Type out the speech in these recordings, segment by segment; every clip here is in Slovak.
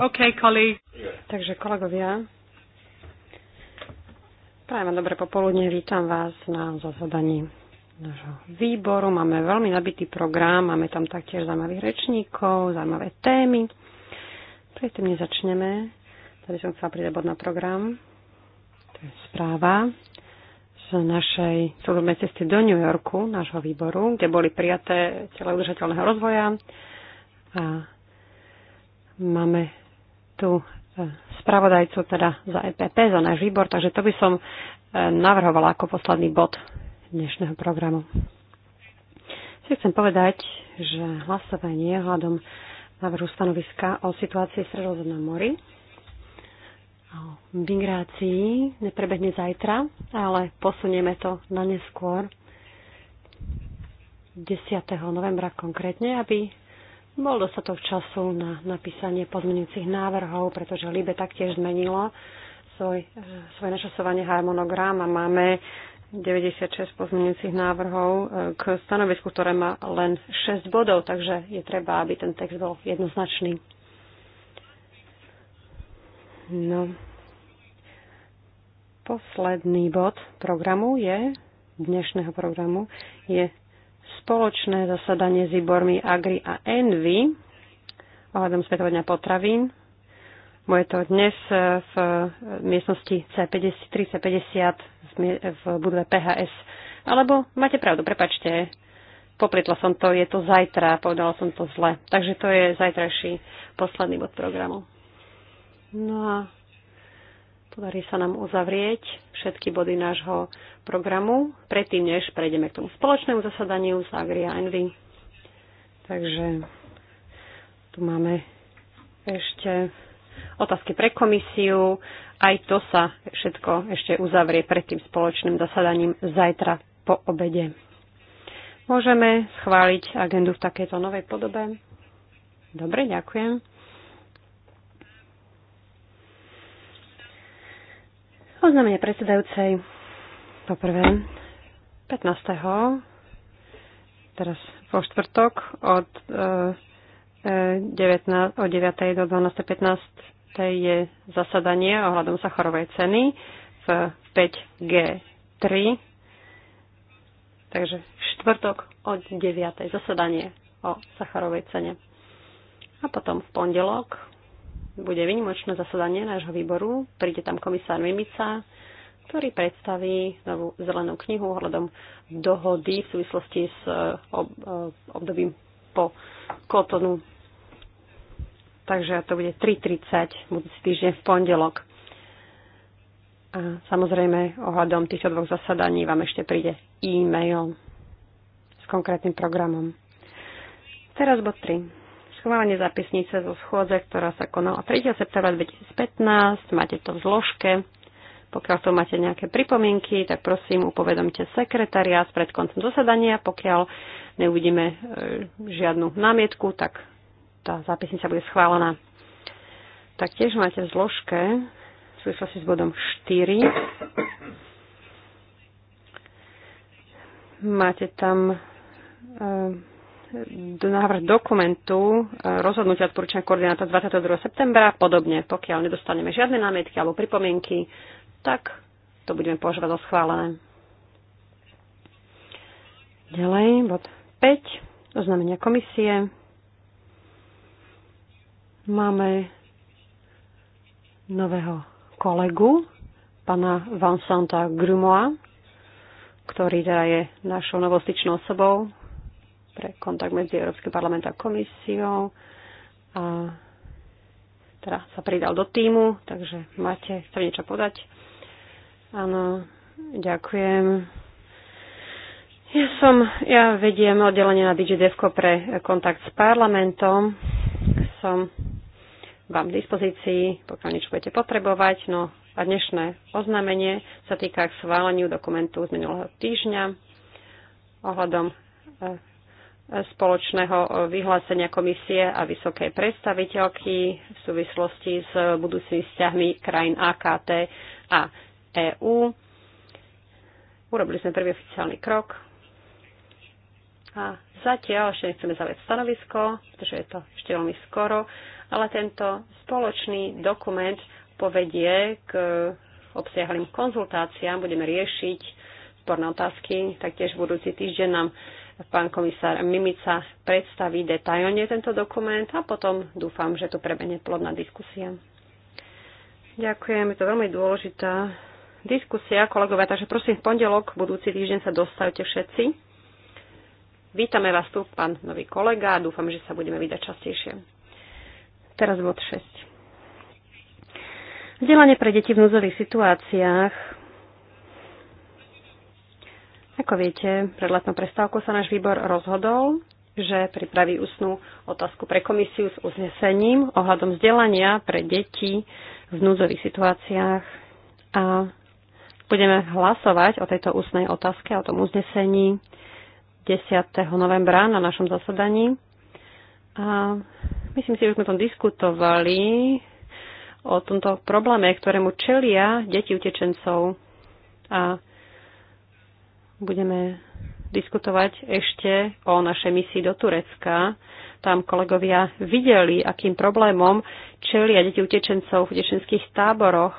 OK, colleague. Takže kolegovia, prajem vám dobré popoludne, vítam vás na zasadaní nášho výboru. Máme veľmi nabitý program, máme tam taktiež zaujímavých rečníkov, zaujímavé témy. Predtým nezačneme, tady by som chcela pridať bod na program. To je správa z našej súdobnej cesty do New Yorku, nášho výboru, kde boli prijaté cieľe udržateľného rozvoja a máme tu e, spravodajcu teda za EPP, za náš výbor, takže to by som e, navrhovala ako posledný bod dnešného programu. Si chcem povedať, že hlasovanie hľadom návrhu stanoviska o situácii v Sredozemnom mori o migrácii neprebehne zajtra, ale posunieme to na neskôr 10. novembra konkrétne, aby bol dostatok času na napísanie pozmenujúcich návrhov, pretože Libe taktiež zmenilo svoj, e, svoje načasovanie harmonogram a máme 96 pozmenujúcich návrhov e, k stanovisku, ktoré má len 6 bodov, takže je treba, aby ten text bol jednoznačný. No. Posledný bod programu je dnešného programu je spoločné zasadanie s výbormi Agri a Envy ohľadom Svetového dňa potravín. moje to dnes eh, eh, v miestnosti C53, C50 v budove PHS. Alebo máte pravdu, prepačte, popletla som to, je to zajtra, povedala som to zle. Takže to je zajtrajší posledný bod programu. No a Podarí sa nám uzavrieť všetky body nášho programu, predtým než prejdeme k tomu spoločnému zasadaniu z Agria Envy. Takže tu máme ešte otázky pre komisiu. Aj to sa všetko ešte uzavrie pred tým spoločným zasadaním zajtra po obede. Môžeme schváliť agendu v takejto novej podobe? Dobre, ďakujem. Oznámenie predsedajúcej. Poprvé, 15. teraz vo štvrtok od uh, e, 9. E, do 12.15 je zasadanie ohľadom sacharovej ceny v 5G3. Takže štvrtok od 9. zasadanie o sacharovej cene. A potom v pondelok bude výnimočné zasadanie nášho výboru. Príde tam komisár Mimica, ktorý predstaví novú zelenú knihu ohľadom dohody v súvislosti s e, e, obdobím po Kotonu. Takže to bude 3.30 budúci týždeň v pondelok. A samozrejme, ohľadom týchto dvoch zasadaní vám ešte príde e-mail s konkrétnym programom. Teraz bod 3 schválenie zapisnice zo schôdze, ktorá sa konala 3. septembra 2015. Máte to v zložke. Pokiaľ tu máte nejaké pripomienky, tak prosím upovedomte sekretariát pred koncom zasadania. Pokiaľ neuvidíme e, žiadnu námietku, tak tá zápisnica bude schválená. Taktiež máte v zložke v súvislosti s bodom 4. Máte tam e, návrh dokumentu e, rozhodnutia odporúčania koordinátora 22. septembra podobne. Pokiaľ nedostaneme žiadne námietky alebo pripomienky, tak to budeme považovať za schválené. Ďalej, bod 5, oznámenia komisie. Máme nového kolegu, pana Vansanta Grumoa, ktorý teda je našou novostičnou osobou pre kontakt medzi Európskym parlamentom a komisiou a teda sa pridal do týmu, takže máte, chce niečo podať. Áno, ďakujem. Ja som, ja vediem oddelenie na DigiDevko pre kontakt s parlamentom. Som vám v dispozícii, pokiaľ niečo budete potrebovať. No a dnešné oznámenie sa týka k schváleniu dokumentu z minulého týždňa ohľadom e, spoločného eh, vyhlásenia komisie a vysokej predstaviteľky v súvislosti s budúcimi vzťahmi krajín AKT a EÚ. Urobili sme prvý oficiálny krok a zatiaľ ešte nechceme zaviať stanovisko, pretože je to ešte veľmi skoro, ale tento spoločný dokument povedie k obsiahlým konzultáciám, budeme riešiť sporné otázky, taktiež budúci týždeň nám pán komisár Mimica predstaví detailne tento dokument a potom dúfam, že to prebehne plodná diskusia. Ďakujem, je to veľmi dôležitá diskusia, kolegovia, takže prosím, v pondelok, budúci týždeň sa dostavte všetci. Vítame vás tu, pán nový kolega, a dúfam, že sa budeme vydať častejšie. Teraz bod 6. Vzdelanie pre deti v núzových situáciách ako viete, pred letnou prestávkou sa náš výbor rozhodol, že pripraví ústnú otázku pre komisiu s uznesením ohľadom vzdelania pre deti v núdzových situáciách. A budeme hlasovať o tejto ústnej otázke, o tom uznesení 10. novembra na našom zasadaní. A myslím si, že sme tam diskutovali o tomto probléme, ktorému čelia deti utečencov. A budeme diskutovať ešte o našej misii do Turecka. Tam kolegovia videli, akým problémom čelia deti utečencov v utečenských táboroch.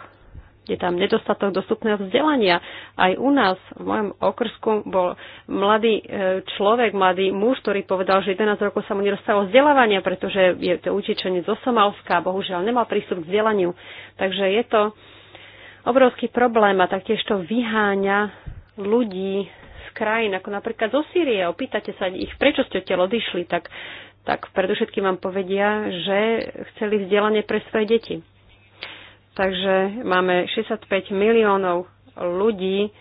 Je tam nedostatok dostupného vzdelania. Aj u nás, v mojom okrsku, bol mladý e, človek, mladý muž, ktorý povedal, že 11 rokov sa mu nedostalo vzdelávania, pretože je to utečenec zo Somalska, bohužiaľ nemal prístup k vzdelaniu. Takže je to obrovský problém a taktiež to vyháňa ľudí z krajín, ako napríklad zo Sýrie, opýtate sa ich, prečo ste odtiaľ odišli, tak, tak predovšetkým vám povedia, že chceli vzdelanie pre svoje deti. Takže máme 65 miliónov ľudí,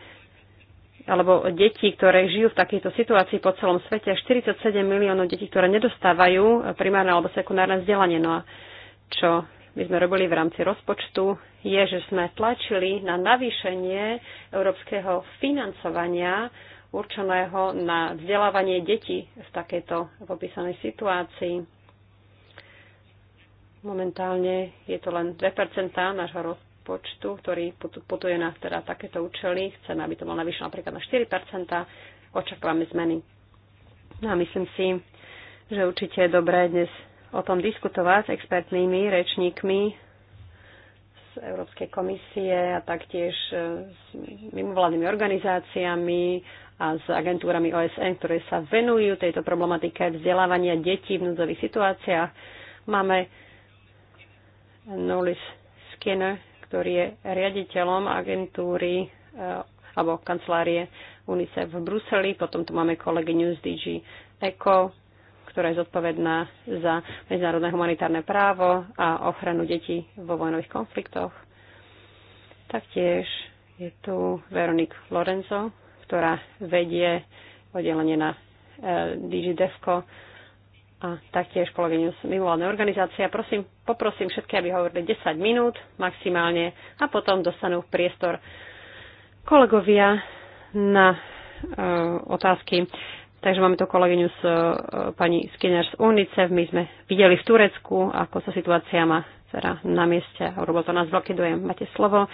alebo detí, ktoré žijú v takejto situácii po celom svete, 47 miliónov detí, ktoré nedostávajú primárne alebo sekundárne vzdelanie. No a čo my sme robili v rámci rozpočtu, je, že sme tlačili na navýšenie európskeho financovania určeného na vzdelávanie detí v takejto popísanej situácii. Momentálne je to len 2% nášho rozpočtu, ktorý putuje na teda takéto účely. Chceme, aby to bolo navýšené napríklad na 4%. Očakávame zmeny. No a myslím si, že určite je dobré dnes o tom diskutovať s expertnými rečníkmi z Európskej komisie a taktiež e, s mimovládnymi organizáciami a s agentúrami OSN, ktoré sa venujú tejto problematike vzdelávania detí v núdzových situáciách. Máme Nulis Skinner, ktorý je riaditeľom agentúry e, alebo kancelárie UNICEF v Bruseli. Potom tu máme kolegyňu z DG ECO, ktorá je zodpovedná za medzinárodné humanitárne právo a ochranu detí vo vojnových konfliktoch. Taktiež je tu Veronik Lorenzo, ktorá vedie oddelenie na e, eh, DigiDevco a taktiež kolegyňu z mimovládnej organizácie. Prosím, poprosím všetky, aby hovorili 10 minút maximálne a potom dostanú priestor kolegovia na e, otázky. Takže máme tu kolegyňu s e, pani Skinner z UNICEF. My sme videli v Turecku, ako sa situácia má teda na mieste. Robo to nás veľký dojem. Máte slovo.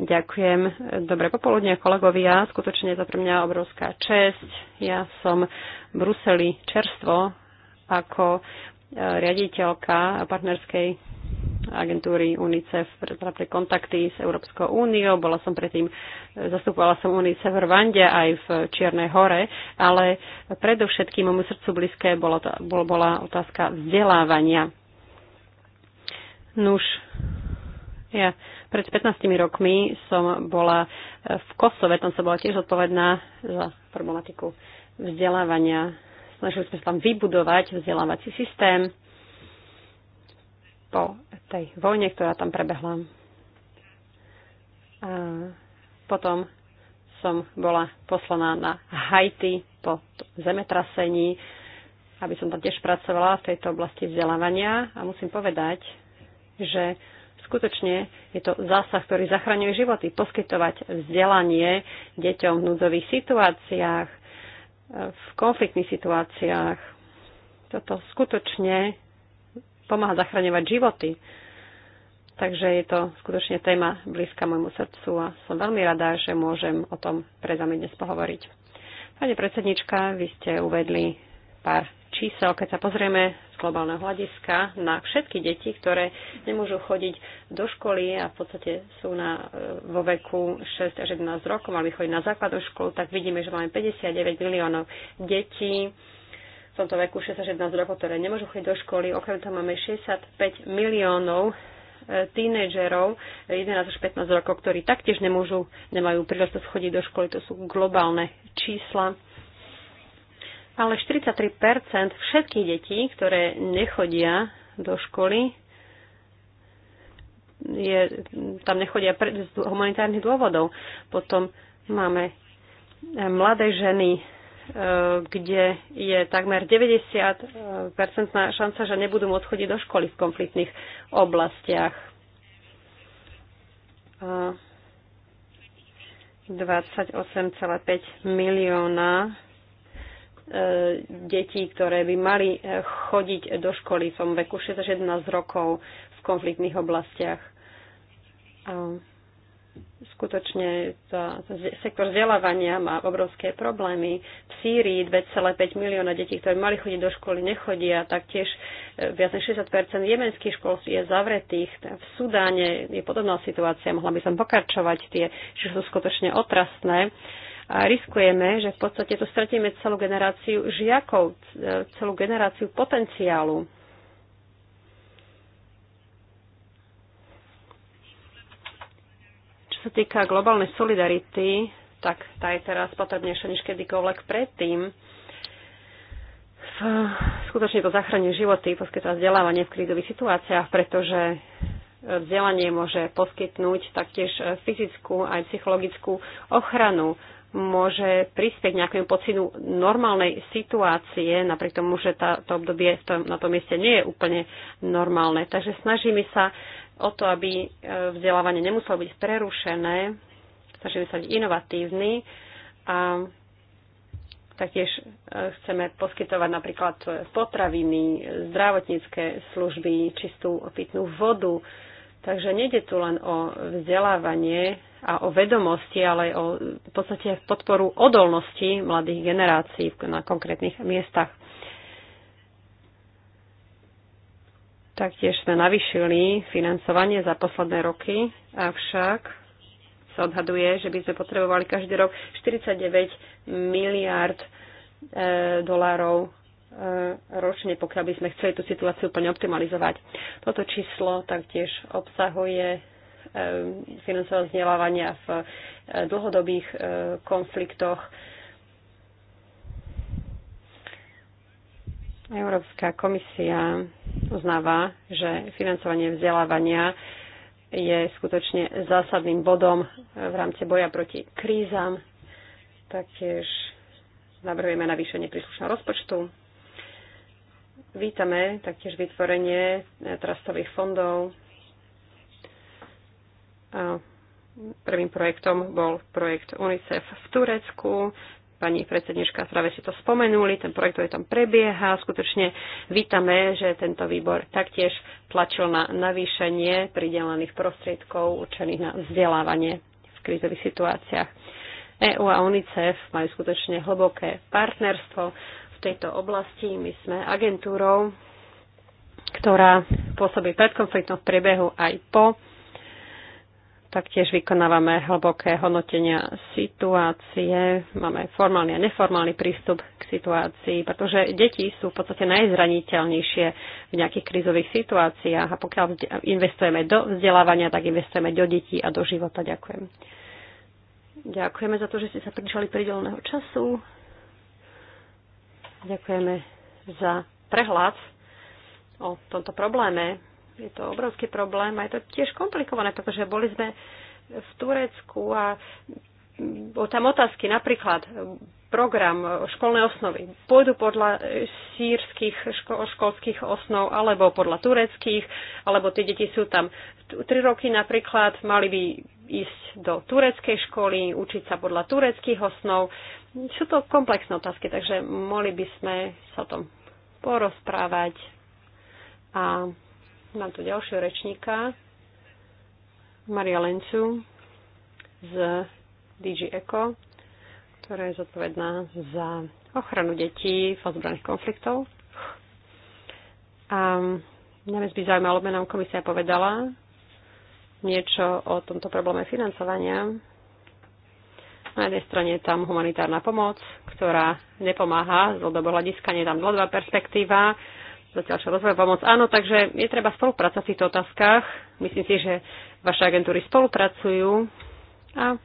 Ďakujem. Dobre popoludne, kolegovia. Skutočne je to pre mňa obrovská česť. Ja som v Bruseli čerstvo ako e, riaditeľka partnerskej agentúry UNICEF pre, teda pre kontakty s Európskou úniou. Bola som predtým, zastupovala som UNICEF v Rwande aj v Čiernej hore, ale predovšetkým môjmu srdcu blízke bola, bola otázka vzdelávania. Nuž, ja pred 15 rokmi som bola v Kosove, tam som bola tiež odpovedná za problematiku vzdelávania. Snažili sme sa tam vybudovať vzdelávací systém po tej vojne, ktorá tam prebehla. A potom som bola poslaná na Haiti po zemetrasení, aby som tam tiež pracovala v tejto oblasti vzdelávania. A musím povedať, že skutočne je to zásah, ktorý zachraňuje životy. Poskytovať vzdelanie deťom v núdzových situáciách, v konfliktných situáciách. Toto skutočne pomáha zachraňovať životy. Takže je to skutočne téma blízka môjmu srdcu a som veľmi rada, že môžem o tom pred vami dnes pohovoriť. Pani predsednička, vy ste uvedli pár čísel. Keď sa pozrieme z globálneho hľadiska na všetky deti, ktoré nemôžu chodiť do školy a v podstate sú na, e, vo veku 6 až 11 rokov, mali chodiť na základnú školu, tak vidíme, že máme 59 miliónov detí tomto veku 6 rokov, ktoré nemôžu chodiť do školy. Okrem toho máme 65 miliónov e, tínedžerov 11 až 15 rokov, ktorí taktiež nemôžu, nemajú príležitosť chodiť do školy. To sú globálne čísla. Ale 43% všetkých detí, ktoré nechodia do školy, je, tam nechodia pre, z humanitárnych dôvodov. Potom máme mladé ženy, Eh, kde je takmer 90-percentná šanca, že nebudú môcť chodiť do školy v konfliktných oblastiach. 28,5 milióna eh, detí, ktoré by mali eh, chodiť do školy v veku 6 až 11 rokov v konfliktných oblastiach skutočne to, sektor vzdelávania má obrovské problémy. V Sýrii 2,5 milióna detí, ktoré mali chodiť do školy, nechodia. Taktiež e, viac než 60 jemenských škôl je zavretých. V Sudáne je podobná situácia. Mohla by som pokračovať tie, že sú skutočne otrasné. A riskujeme, že v podstate tu stratíme celú generáciu žiakov, e, celú generáciu potenciálu. sa týka globálnej solidarity, tak tá je teraz potrebnejšia než kedykoľvek predtým. Skutočne to zachráni životy, poskytá vzdelávanie v krízových situáciách, pretože vzdelanie môže poskytnúť taktiež fyzickú aj psychologickú ochranu môže prispieť nejakému pocitu normálnej situácie, napriek tomu, že táto to obdobie v tom, na tom mieste nie je úplne normálne. Takže snažíme sa o to, aby e, vzdelávanie nemuselo byť prerušené. Snažíme sa byť inovatívni a taktiež e, chceme poskytovať napríklad potraviny, zdravotnícke služby, čistú pitnú vodu. Takže nejde tu len o vzdelávanie a o vedomosti, ale o v podstate podporu odolnosti mladých generácií na konkrétnych miestach. Taktiež sme navyšili financovanie za posledné roky, avšak sa odhaduje, že by sme potrebovali každý rok 49 miliárd e, dolárov e, ročne, pokiaľ by sme chceli tú situáciu úplne optimalizovať. Toto číslo taktiež obsahuje e, financovanie vzdelávania v e, dlhodobých konfliktoch Európska komisia uznáva, že financovanie vzdelávania je skutočne zásadným bodom v rámci boja proti krízam. Taktiež navrhujeme navýšenie príslušného rozpočtu. Vítame taktiež vytvorenie eh, trastových fondov. prvým projektom bol projekt UNICEF v Turecku pani predsednička práve si to spomenuli, ten projekt, ktorý tam prebieha. Skutočne vítame, že tento výbor taktiež tlačil na navýšenie pridelených prostriedkov určených na vzdelávanie v krízových situáciách. EU a UNICEF majú skutočne hlboké partnerstvo v tejto oblasti. My sme agentúrou, ktorá pôsobí predkonfliktnom v priebehu aj po Taktiež vykonávame hlboké hodnotenia situácie, máme formálny a neformálny prístup k situácii, pretože deti sú v podstate najzraniteľnejšie v nejakých krizových situáciách a pokiaľ investujeme do vzdelávania, tak investujeme do detí a do života. Ďakujem. Ďakujeme za to, že ste sa prišli pridelného času. Ďakujeme za prehľad o tomto probléme je to obrovský problém a je to tiež komplikované, pretože boli sme v Turecku a boli tam otázky, napríklad program školnej osnovy. Pôjdu podľa sírskych ško- školských osnov alebo podľa tureckých, alebo tie deti sú tam tri roky napríklad, mali by ísť do tureckej školy, učiť sa podľa tureckých osnov. Sú to komplexné otázky, takže mohli by sme sa o tom porozprávať a Mám tu ďalšieho rečníka, Maria Lencu z DG Eco, ktorá je zodpovedná za ochranu detí v ozbraných konfliktov. A najmä by zaujímalo, by nám komisia povedala niečo o tomto probléme financovania. Na jednej strane je tam humanitárna pomoc, ktorá nepomáha z dlhodobého hľadiska, nie je tam dlhodobá perspektíva zatiaľ čo rozvoj pomoc. Áno, takže je treba spolupracovať v týchto otázkach. Myslím si, že vaše agentúry spolupracujú a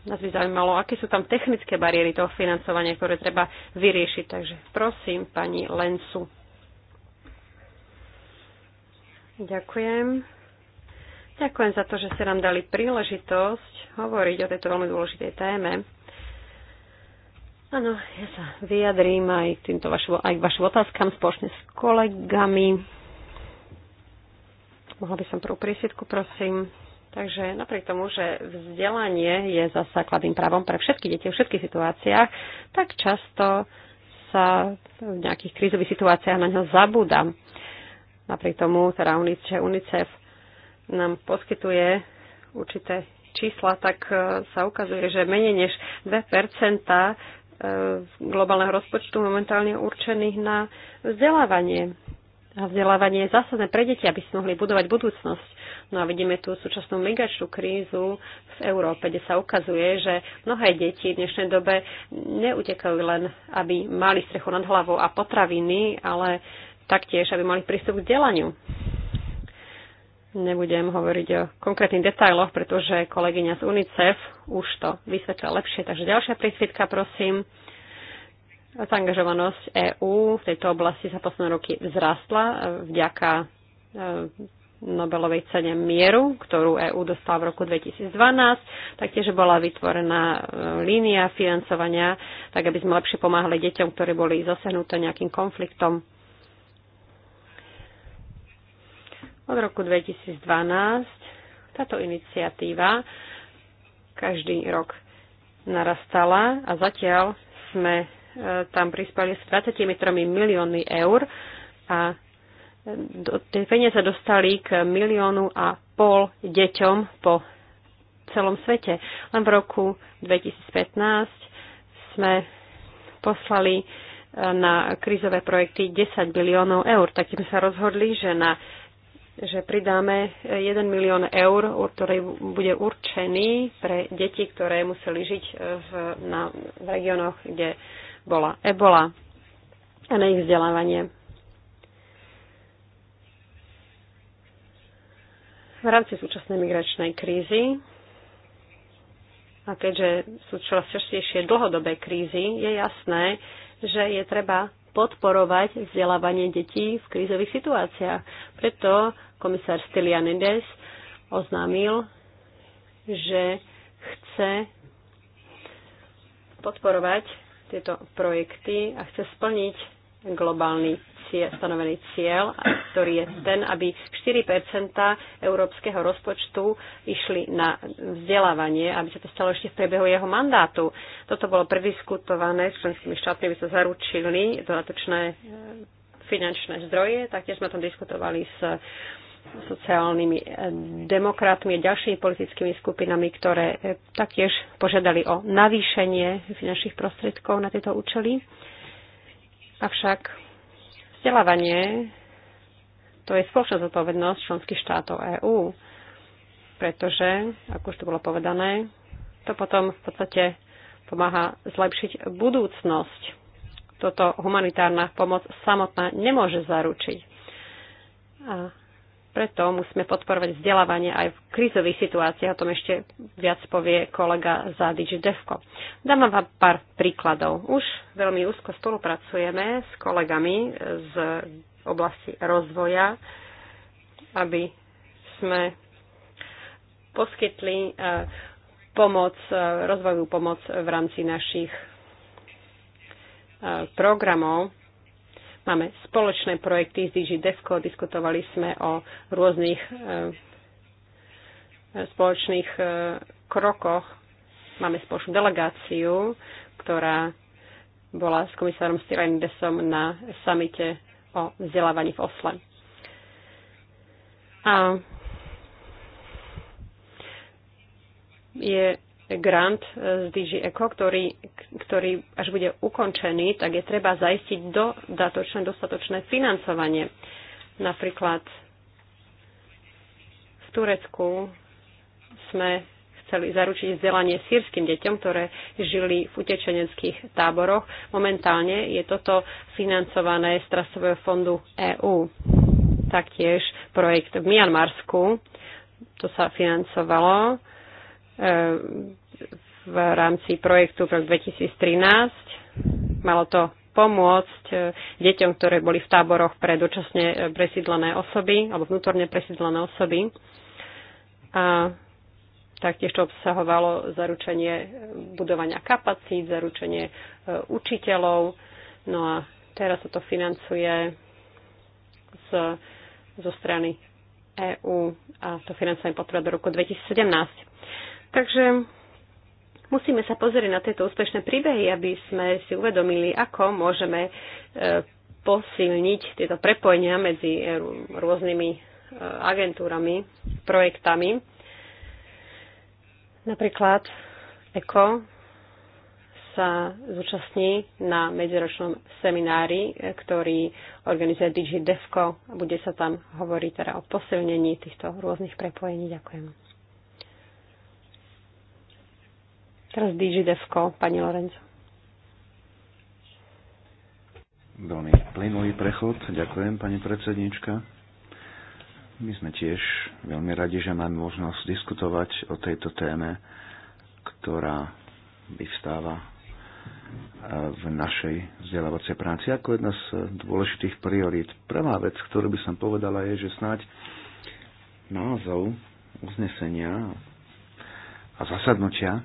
nás by zaujímalo, aké sú tam technické bariéry toho financovania, ktoré treba vyriešiť. Takže prosím, pani lencu. Ďakujem. Ďakujem za to, že ste nám dali príležitosť hovoriť o tejto veľmi dôležitej téme. Áno, ja sa vyjadrím aj k, týmto vašu, aj k vašim otázkam spoločne s kolegami. Mohla by som prvú prísiedku, prosím. Takže napriek tomu, že vzdelanie je za základným právom pre všetky deti v všetkých situáciách, tak často sa v nejakých krízových situáciách na ňo zabúda. Napriek tomu, teda UNICEF nám poskytuje určité čísla, tak sa ukazuje, že menej než 2% z e, globálneho rozpočtu momentálne určených na vzdelávanie. A vzdelávanie je zásadné pre deti, aby si mohli budovať budúcnosť. No a vidíme tú súčasnú migračnú krízu v Európe, kde sa ukazuje, že mnohé deti v dnešnej dobe neutekajú len, aby mali strechu nad hlavou a potraviny, ale taktiež, aby mali prístup k vzdelaniu. Nebudem hovoriť o konkrétnych detailoch, pretože kolegyňa z UNICEF už to vysvetla lepšie. Takže ďalšia prísvitka, prosím. Zaangažovanosť EÚ v tejto oblasti sa posledné roky vzrastla e, vďaka e, Nobelovej cene mieru, ktorú EÚ dostala v roku 2012. Taktiež bola vytvorená e, línia financovania, tak aby sme lepšie pomáhali deťom, ktorí boli zasiahnuté nejakým konfliktom Od roku 2012 táto iniciatíva každý rok narastala a zatiaľ sme e, tam prispali s 23 miliónmi eur a e, tie peniaze dostali k miliónu a pol deťom po celom svete. Len v roku 2015 sme poslali e, na krízové projekty 10 biliónov eur. takým sa rozhodli, že na že pridáme 1 eh, milión eur, ktorý bude určený pre deti, ktoré museli žiť eh, v, na, v regiónoch, kde bola ebola a na ich vzdelávanie. V rámci súčasnej migračnej krízy a keďže sú čoraz častejšie dlhodobé krízy, je jasné, že je treba podporovať vzdelávanie detí v krízových situáciách. Preto komisár Stylianides oznámil, že chce podporovať tieto projekty a chce splniť globálny cieľ, stanovený cieľ, ktorý je ten, aby 4 európskeho rozpočtu išli na vzdelávanie, aby sa to stalo ešte v priebehu jeho mandátu. Toto bolo prediskutované s členskými štátmi, aby sa zaručili dodatočné e, finančné zdroje. Taktiež sme tam diskutovali s sociálnymi eh, demokratmi a ďalšími politickými skupinami, ktoré eh, taktiež požiadali o navýšenie finančných prostriedkov na tieto účely. Avšak vzdelávanie to je spoločná zodpovednosť členských štátov EÚ, pretože, ako už to bolo povedané, to potom v podstate pomáha zlepšiť budúcnosť. Toto humanitárna pomoc samotná nemôže zaručiť. A preto musíme podporovať vzdelávanie aj v krízových situáciách. O tom ešte viac povie kolega za DigiDevko. Dám vám pár príkladov. Už veľmi úzko spolupracujeme s kolegami z oblasti rozvoja, aby sme poskytli eh, pomoc, eh, rozvojovú pomoc v rámci našich eh, programov. Máme spoločné projekty z DigiDesco, diskutovali sme o rôznych eh, spoločných eh, krokoch. Máme spoločnú delegáciu, ktorá bola s komisárom Stylianidesom na samite o vzdelávaní v Osle. A je grant e, z DG ECO, ktorý, ktorý až bude ukončený, tak je treba zaistiť dodatočné, dostatočné financovanie. Napríklad v Turecku sme chceli zaručiť vzdelanie sírským deťom, ktoré žili v utečeneckých táboroch. Momentálne je toto financované z Trasového fondu EÚ. Taktiež projekt v Mianmarsku, to sa financovalo e, v rámci projektu v roku 2013. Malo to pomôcť e, deťom, ktoré boli v táboroch pre dočasne e, presídlené osoby alebo vnútorne presídlené osoby. A taktiež to obsahovalo zaručenie e, budovania kapacít, zaručenie učiteľov. No a teraz sa to financuje z, zo strany EÚ a to financovanie potreba do roku 2017. Takže Musíme sa pozrieť na tieto úspešné príbehy, aby sme si uvedomili, ako môžeme e, posilniť tieto prepojenia medzi rôznymi e, agentúrami, projektami. Napríklad ECO sa zúčastní na medziročnom seminári, e, ktorý organizuje DigiDevco a bude sa tam hovoriť teda o posilnení týchto rôznych prepojení. Ďakujem. Teraz DigiDevko, pani Lorenzo. Veľmi plynulý prechod. Ďakujem, pani predsednička. My sme tiež veľmi radi, že máme možnosť diskutovať o tejto téme, ktorá vyvstáva e, v našej vzdelávacej práci ako jedna z dôležitých priorít. Prvá vec, ktorú by som povedala, je, že snáď názov uznesenia a zasadnutia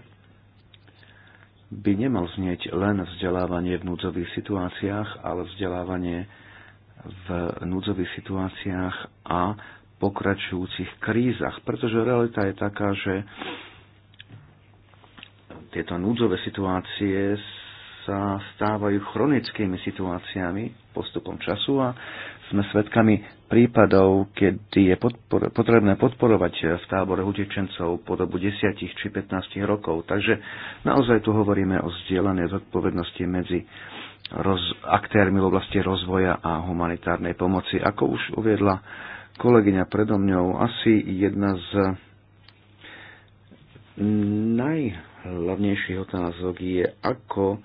by nemal znieť len vzdelávanie v núdzových situáciách, ale vzdelávanie v núdzových situáciách a pokračujúcich krízach, pretože realita je taká, že tieto núdzové situácie sa stávajú chronickými situáciami postupom času a sme svedkami prípadov, kedy je podpor- potrebné podporovať v tábore utečencov po dobu 10 či 15 rokov. Takže naozaj tu hovoríme o zdieľanej zodpovednosti medzi roz- aktérmi v oblasti rozvoja a humanitárnej pomoci. Ako už uviedla kolegyňa predo mňou, asi jedna z najhlavnejších otázok je, ako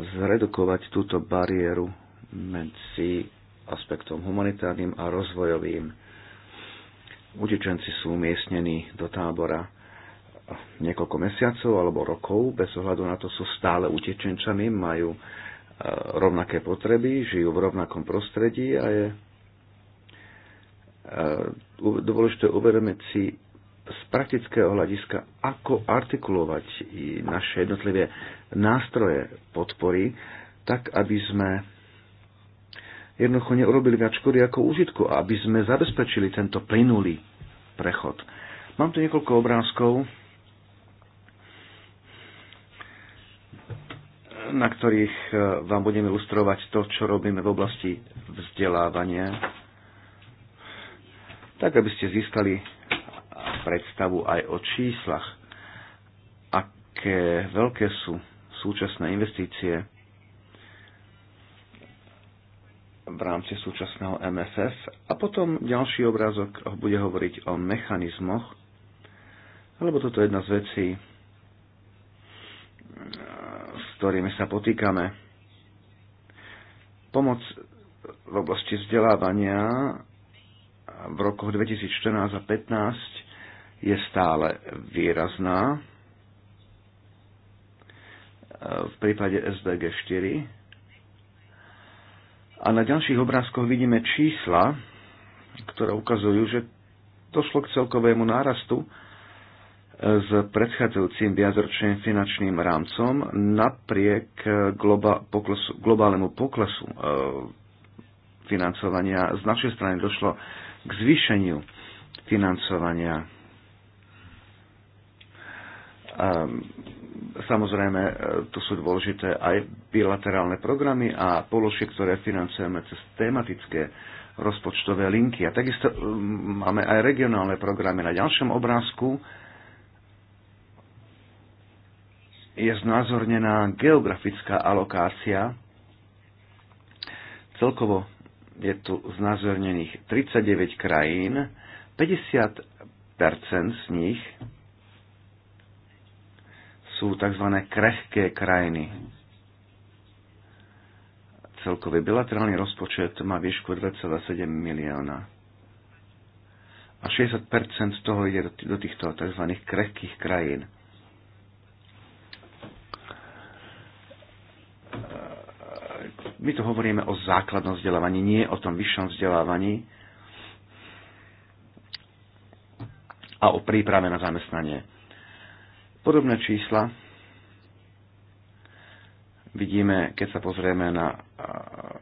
zredukovať túto bariéru medzi aspektom humanitárnym a rozvojovým. Utečenci sú umiestnení do tábora niekoľko mesiacov alebo rokov, bez ohľadu na to sú stále utečenčami, majú e, rovnaké potreby, žijú v rovnakom prostredí a je e, dôležité uvedomiť si z praktického hľadiska, ako artikulovať naše jednotlivé nástroje podpory, tak aby sme jednoducho neurobili viac škody ako užitku, aby sme zabezpečili tento plynulý prechod. Mám tu niekoľko obrázkov, na ktorých e, vám budeme ilustrovať to, čo robíme v oblasti vzdelávania, tak aby ste získali predstavu aj o číslach, aké veľké sú súčasné investície v rámci súčasného MFF a potom ďalší obrázok bude hovoriť o mechanizmoch, lebo toto je jedna z vecí, eh, s ktorými sa potýkame. Pomoc v oblasti vzdelávania v rokoch 2014 a 2015 je stále výrazná. Eh, v prípade SDG 4 a na ďalších obrázkoch vidíme čísla, ktoré ukazujú, že došlo k celkovému nárastu e, s predchádzajúcim viacročným finančným rámcom napriek e, globa, poklesu, globálnemu poklesu e, financovania. Z našej strany došlo k zvýšeniu financovania. E, Samozrejme, e, tu sú dôležité aj bilaterálne programy a položky, ktoré financujeme cez tematické rozpočtové linky. A takisto e, máme aj regionálne programy. Na ďalšom obrázku je znázornená geografická alokácia. Celkovo je tu znázornených 39 krajín, 50 z nich sú tzv. krehké krajiny. Celkový bilaterálny rozpočet má výšku 2,7 milióna. A 60% z toho ide do týchto tzv. krehkých krajín. My tu hovoríme o základnom vzdelávaní, nie o tom vyššom vzdelávaní a o príprave na zamestnanie Podobné čísla vidíme, keď sa pozrieme na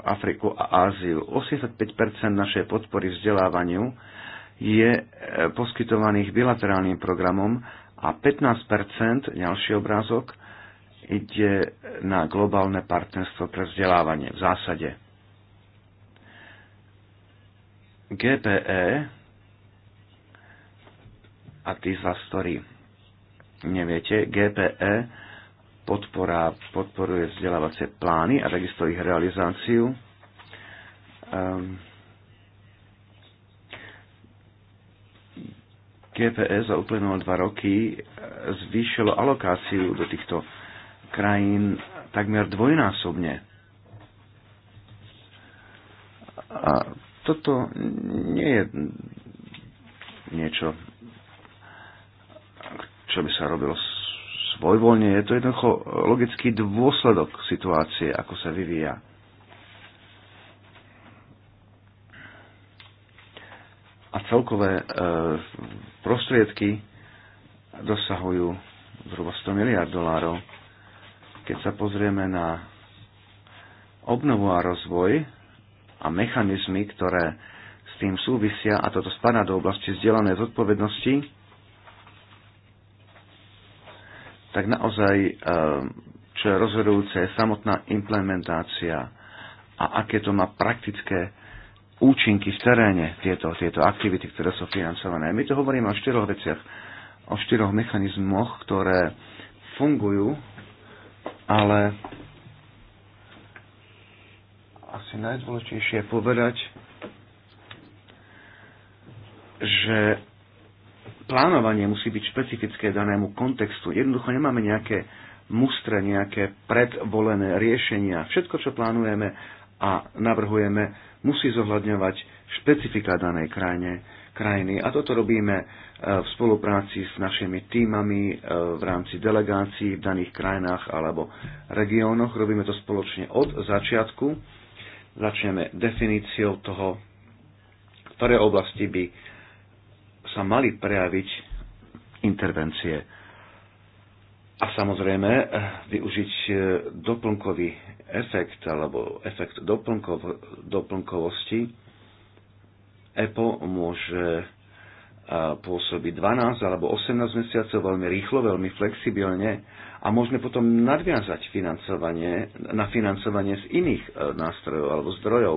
Afriku a Áziu. 85% našej podpory vzdelávaniu je e, poskytovaných bilaterálnym programom a 15%, ďalší obrázok, ide na globálne partnerstvo pre vzdelávanie v zásade. GPE a TISA Story neviete, GPE podpora, podporuje vzdelávacie plány a takisto ich realizáciu. Um, ehm, GPE za uplynulé dva roky e, zvýšilo alokáciu do týchto krajín takmer dvojnásobne. A toto nie je niečo čo by sa robilo svojvoľne. Je to jednoducho logický dôsledok situácie, ako sa vyvíja. A celkové e, prostriedky dosahujú zhruba 100 miliard dolárov. Keď sa pozrieme na obnovu a rozvoj a mechanizmy, ktoré s tým súvisia, a toto spadá do oblasti vzdelanej zodpovednosti, tak naozaj eh, čo je rozhodujúce je samotná implementácia a aké to má praktické účinky v teréne tieto, tieto aktivity, ktoré sú financované. My to hovoríme o štyroch veciach, o štyroch mechanizmoch, ktoré fungujú, ale asi najdôležitejšie je povedať, že plánovanie musí byť špecifické danému kontextu. Jednoducho nemáme nejaké mustre, nejaké predvolené riešenia. Všetko, čo plánujeme a navrhujeme, musí zohľadňovať špecifika danej krajine, krajiny. A toto robíme e, v spolupráci s našimi týmami e, v rámci delegácií v daných krajinách alebo regiónoch. Robíme to spoločne od začiatku. Začneme definíciou toho, ktoré oblasti by sa mali prejaviť intervencie. A samozrejme eh, využiť eh, doplnkový efekt alebo efekt doplnkov, doplnkovosti. EPO môže eh, pôsobiť 12 alebo 18 mesiacov veľmi rýchlo, veľmi flexibilne a môžeme potom nadviazať financovanie, na financovanie z iných nástrojov alebo zdrojov.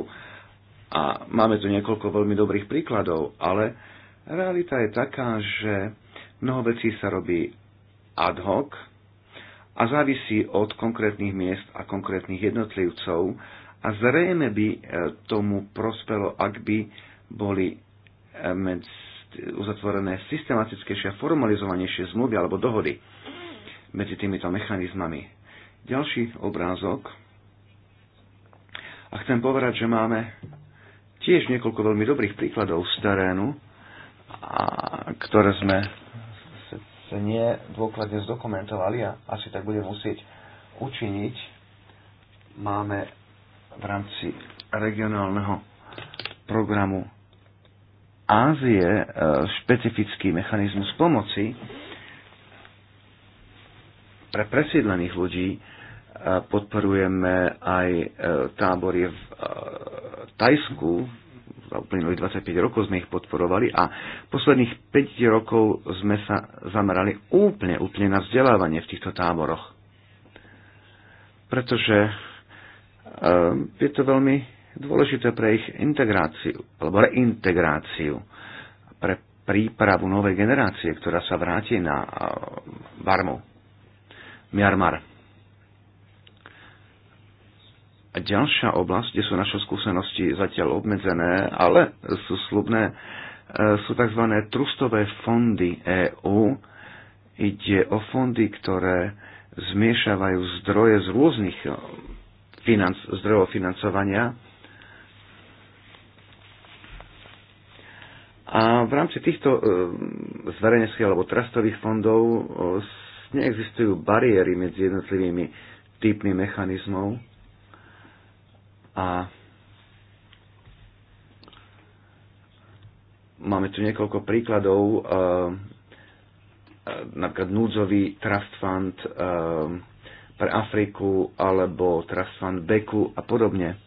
A máme tu niekoľko veľmi dobrých príkladov, ale Realita je taká, že mnoho vecí sa robí ad hoc a závisí od konkrétnych miest a konkrétnych jednotlivcov a zrejme by e, tomu prospelo, ak by boli e, uzatvorené systematickejšie a formalizovanejšie zmluvy alebo dohody medzi týmito mechanizmami. Ďalší obrázok. A chcem povedať, že máme tiež niekoľko veľmi dobrých príkladov z terénu, a, ktoré sme sa nie dôkladne zdokumentovali a asi tak budeme musieť učiniť. Máme v rámci regionálneho programu Ázie e, špecifický mechanizmus pomoci pre presiedlených ľudí. E, podporujeme aj e, tábory v Tajsku, uplynulých 25 rokov sme ich podporovali a posledných 5 rokov sme sa zamerali úplne, úplne na vzdelávanie v týchto táboroch. Pretože ehm, je to veľmi dôležité pre ich integráciu, alebo reintegráciu, pre prípravu novej generácie, ktorá sa vráti na ehm, Barmu, Myanmar. A ďalšia oblasť, kde sú naše skúsenosti zatiaľ obmedzené, ale sú slubné, e, sú tzv. trustové fondy EÚ. Ide o fondy, ktoré zmiešavajú zdroje z rôznych e, financ, zdrojov financovania. A v rámci týchto e, zverejneckých alebo trastových fondov neexistujú bariéry medzi jednotlivými typmi mechanizmov a máme tu niekoľko príkladov, eh, eh, napríklad núdzový trust fund eh, pre Afriku alebo trust fund Beku a podobne.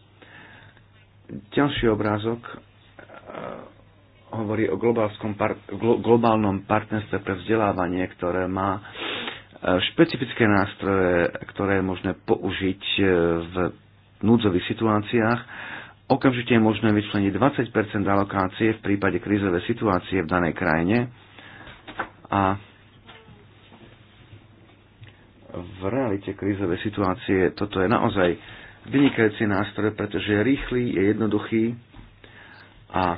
Ďalší obrázok hovorí o globálnom partnerstve pre vzdelávanie, ktoré má špecifické nástroje, ktoré je možné použiť v núdzových situáciách, okamžite je možné vyčleniť 20 alokácie v prípade krízovej situácie v danej krajine a v realite krízovej situácie toto je naozaj vynikajúci nástroj, pretože je rýchly, je jednoduchý a e,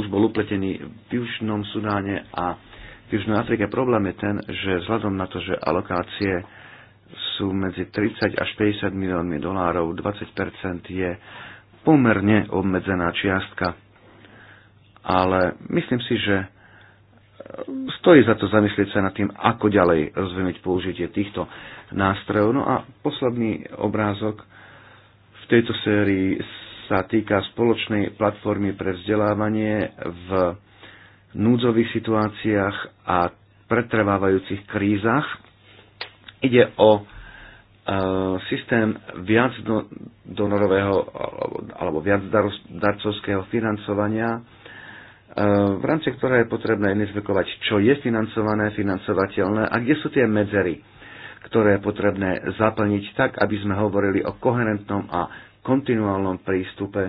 už bol upletený v Južnom Sudáne a v Južnej Afrike. Problém je ten, že vzhľadom na to, že alokácie sú medzi 30 až 50 miliónmi dolárov, 20 je pomerne obmedzená čiastka. Ale myslím si, že stojí za to zamyslieť sa nad tým, ako ďalej rozvinúť použitie týchto nástrojov. No a posledný obrázok v tejto sérii sa týka spoločnej platformy pre vzdelávanie v núdzových situáciách a pretrvávajúcich krízach Ide o e, systém viac do, donorového alebo viac darcovského financovania, e, v rámci ktorého je potrebné identifikovať, čo je financované, financovateľné a kde sú tie medzery, ktoré je potrebné zaplniť tak, aby sme hovorili o koherentnom a kontinuálnom prístupe,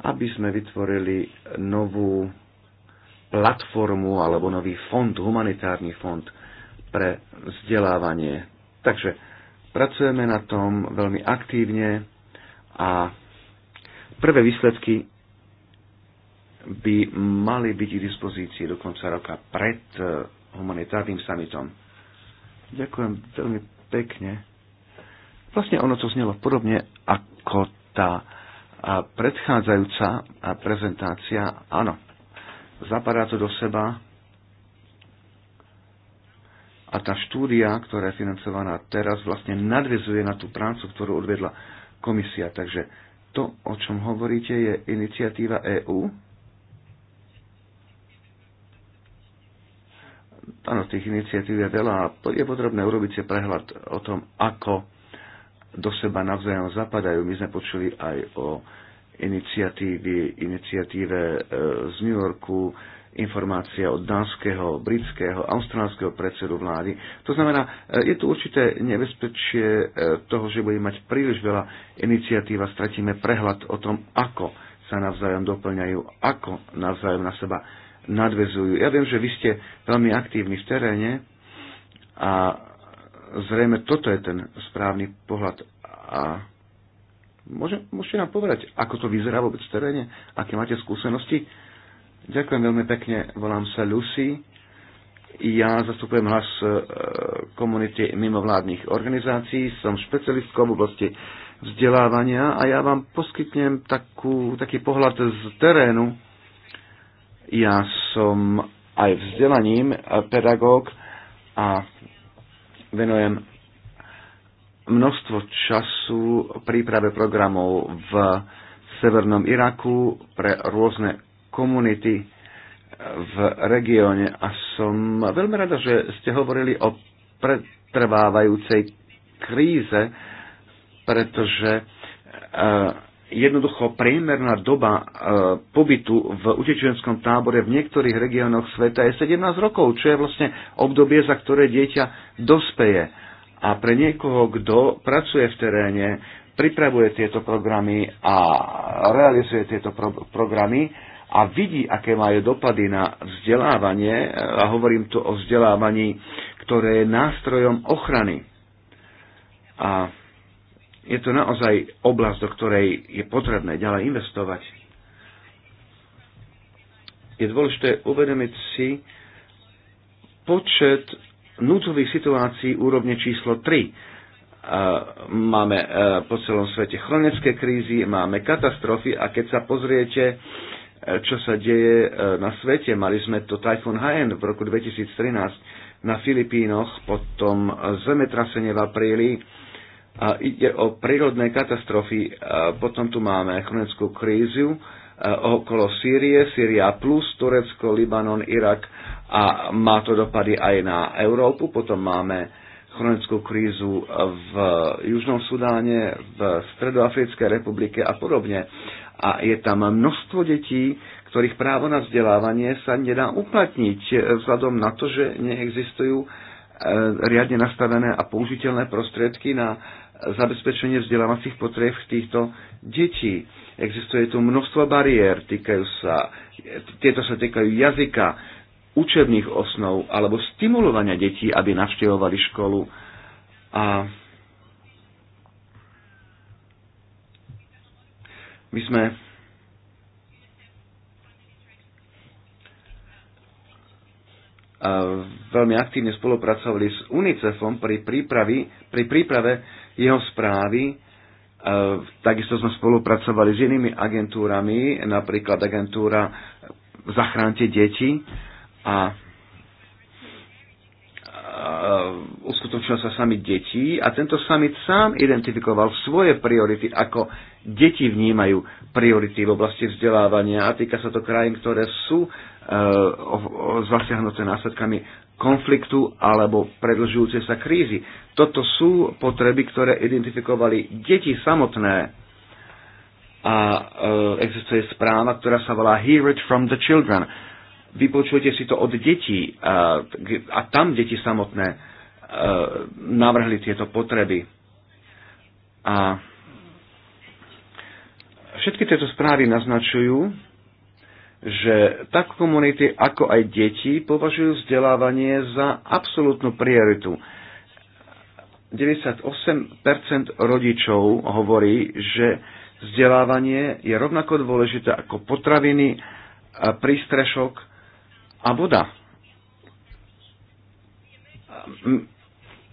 aby sme vytvorili novú platformu alebo nový fond, humanitárny fond – pre vzdelávanie. Takže pracujeme na tom veľmi aktívne a prvé výsledky by mali byť k dispozícii do konca roka pred e, humanitárnym summitom. Ďakujem veľmi pekne. Vlastne ono to znelo podobne ako tá predchádzajúca prezentácia. Áno, zapadá to do seba a tá štúdia, ktorá je financovaná teraz, vlastne nadvezuje na tú prácu, ktorú odvedla komisia. Takže to, o čom hovoríte, je iniciatíva EÚ. Áno, tých iniciatív je veľa a je potrebné urobiť si prehľad o tom, ako do seba navzájom zapadajú. My sme počuli aj o iniciatívy, iniciatíve e, z New Yorku, informácia od dánskeho, britského, austrálskeho predsedu vlády. To znamená, e, je tu určité nebezpečie e, toho, že budeme mať príliš veľa iniciatív a stratíme prehľad o tom, ako sa navzájom doplňajú, ako navzájom na seba nadvezujú. Ja viem, že vy ste veľmi aktívni v teréne a zrejme toto je ten správny pohľad. A môžete nám povedať, ako to vyzerá vôbec v teréne, aké máte skúsenosti? Ďakujem veľmi pekne, volám sa Lucy. Ja zastupujem hlas e, komunity mimovládnych organizácií, som špecialistkou v oblasti vzdelávania a ja vám poskytnem takú, taký pohľad z terénu. Ja som aj vzdelaním e, pedagóg a venujem množstvo času príprave programov v Severnom Iraku pre rôzne komunity v regióne a som veľmi rada, že ste hovorili o pretrvávajúcej kríze, pretože eh, jednoducho priemerná doba eh, pobytu v utečenskom tábore v niektorých regiónoch sveta je 17 rokov, čo je vlastne obdobie, za ktoré dieťa dospeje. A pre niekoho, kto pracuje v teréne, pripravuje tieto programy a realizuje tieto pro- programy, a vidí, aké majú dopady na vzdelávanie, e, a hovorím tu o vzdelávaní, ktoré je nástrojom ochrany. A je to naozaj oblasť, do ktorej je potrebné ďalej investovať. Je dôležité uvedomiť si počet núcových situácií úrovne číslo 3 e, máme e, po celom svete chronické krízy, máme katastrofy a keď sa pozriete E, čo sa deje e, na svete. Mali sme to Typhoon Haiyan v roku 2013 na Filipínoch, potom zemetrasenie v apríli. A ide o prírodné katastrofy. A e, potom tu máme chronickú krízu okolo Sýrie, Sýria plus Turecko, Libanon, Irak a má to dopady aj na Európu. Potom máme chronickú krízu v Južnom Sudáne, v Stredoafrickej republike a podobne a je tam množstvo detí, ktorých právo na vzdelávanie sa nedá uplatniť vzhľadom na to, že neexistujú e, riadne nastavené a použiteľné prostriedky na zabezpečenie vzdelávacích potrieb týchto detí. Existuje tu množstvo bariér, týkajú sa, tieto sa týkajú jazyka, učebných osnov alebo stimulovania detí, aby navštevovali školu. A My sme veľmi aktívne spolupracovali s UNICEFom pri, prípravi, pri príprave jeho správy. Takisto sme spolupracovali s inými agentúrami, napríklad agentúra Zachránte deti a uskutočnil sa summit detí a tento summit sám identifikoval svoje priority, ako deti vnímajú priority v oblasti vzdelávania a týka sa to krajín, ktoré sú e, zasiahnuté následkami konfliktu alebo predlžujúce sa krízy. Toto sú potreby, ktoré identifikovali deti samotné. A e, existuje správa, ktorá sa volá Hear it from the Children vypočujete si to od detí a, a tam deti samotné a, navrhli tieto potreby. A všetky tieto správy naznačujú, že tak komunity, ako aj deti považujú vzdelávanie za absolútnu prioritu. 98% rodičov hovorí, že vzdelávanie je rovnako dôležité ako potraviny, prístrešok a voda.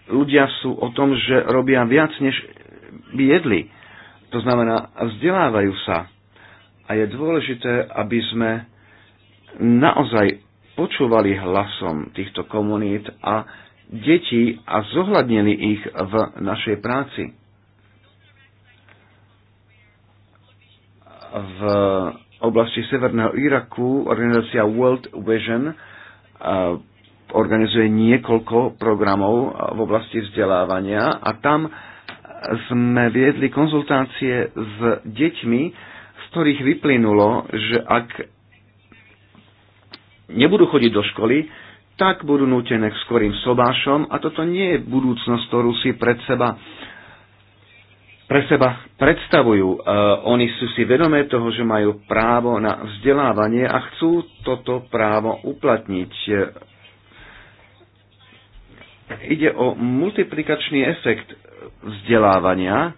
Ľudia sú o tom, že robia viac, než by jedli. To znamená, vzdelávajú sa. A je dôležité, aby sme naozaj počúvali hlasom týchto komunít a detí a zohľadnili ich v našej práci. V oblasti Severného Iraku organizácia World Vision organizuje niekoľko programov v oblasti vzdelávania a tam sme viedli konzultácie s deťmi, z ktorých vyplynulo, že ak nebudú chodiť do školy, tak budú nútené k skorým sobášom a toto nie je budúcnosť, ktorú si pred seba pre seba predstavujú. E, Oni sú si vedomé toho, že majú právo na vzdelávanie a chcú toto právo uplatniť. E, ide o multiplikačný efekt vzdelávania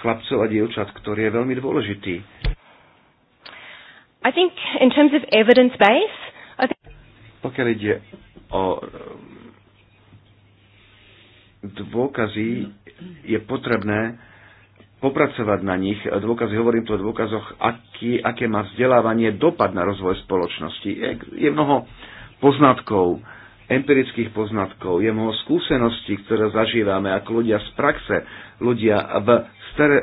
chlapcov a dievčat, ktorý je veľmi dôležitý. I think in terms of evidence base, I think... Pokiaľ ide o e, dôkazy, je potrebné popracovať na nich. Dôkazy, hovorím tu o dôkazoch, aký, aké má vzdelávanie dopad na rozvoj spoločnosti. Je, je mnoho poznatkov, empirických poznatkov, je mnoho skúseností, ktoré zažívame ako ľudia z praxe, ľudia v,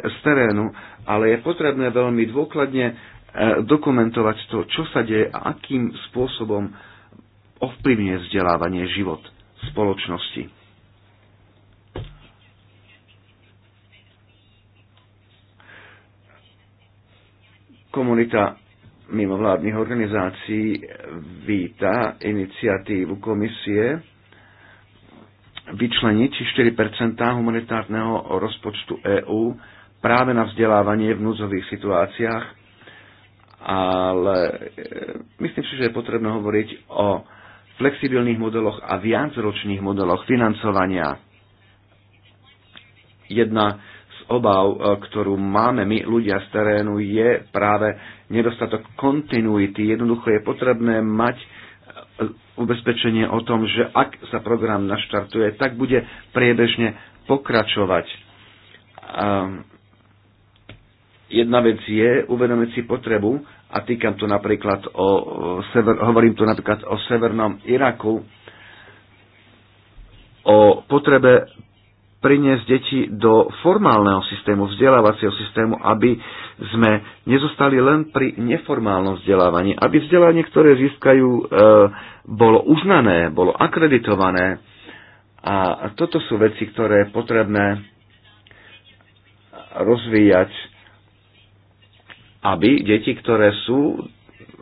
z terénu, ale je potrebné veľmi dôkladne e, dokumentovať to, čo sa deje a akým spôsobom ovplyvňuje vzdelávanie život spoločnosti. Komunita mimovládnych organizácií víta iniciatívu komisie vyčleniť 4 humanitárneho rozpočtu EÚ práve na vzdelávanie v núzových situáciách, ale e, myslím si, že je potrebné hovoriť o flexibilných modeloch a viacročných modeloch financovania. Jedna obav, e, ktorú máme my ľudia z terénu, je práve nedostatok kontinuity. Jednoducho je potrebné mať e, ubezpečenie o tom, že ak sa program naštartuje, tak bude priebežne pokračovať. Jedna vec je uvedomiť si potrebu, a týkam tu napríklad o, e, sever, hovorím tu napríklad o severnom Iraku, o potrebe priniesť deti do formálneho systému, vzdelávacieho systému, aby sme nezostali len pri neformálnom vzdelávaní, aby vzdelanie, ktoré získajú, e, bolo uznané, bolo akreditované. A toto sú veci, ktoré je potrebné rozvíjať, aby deti, ktoré sú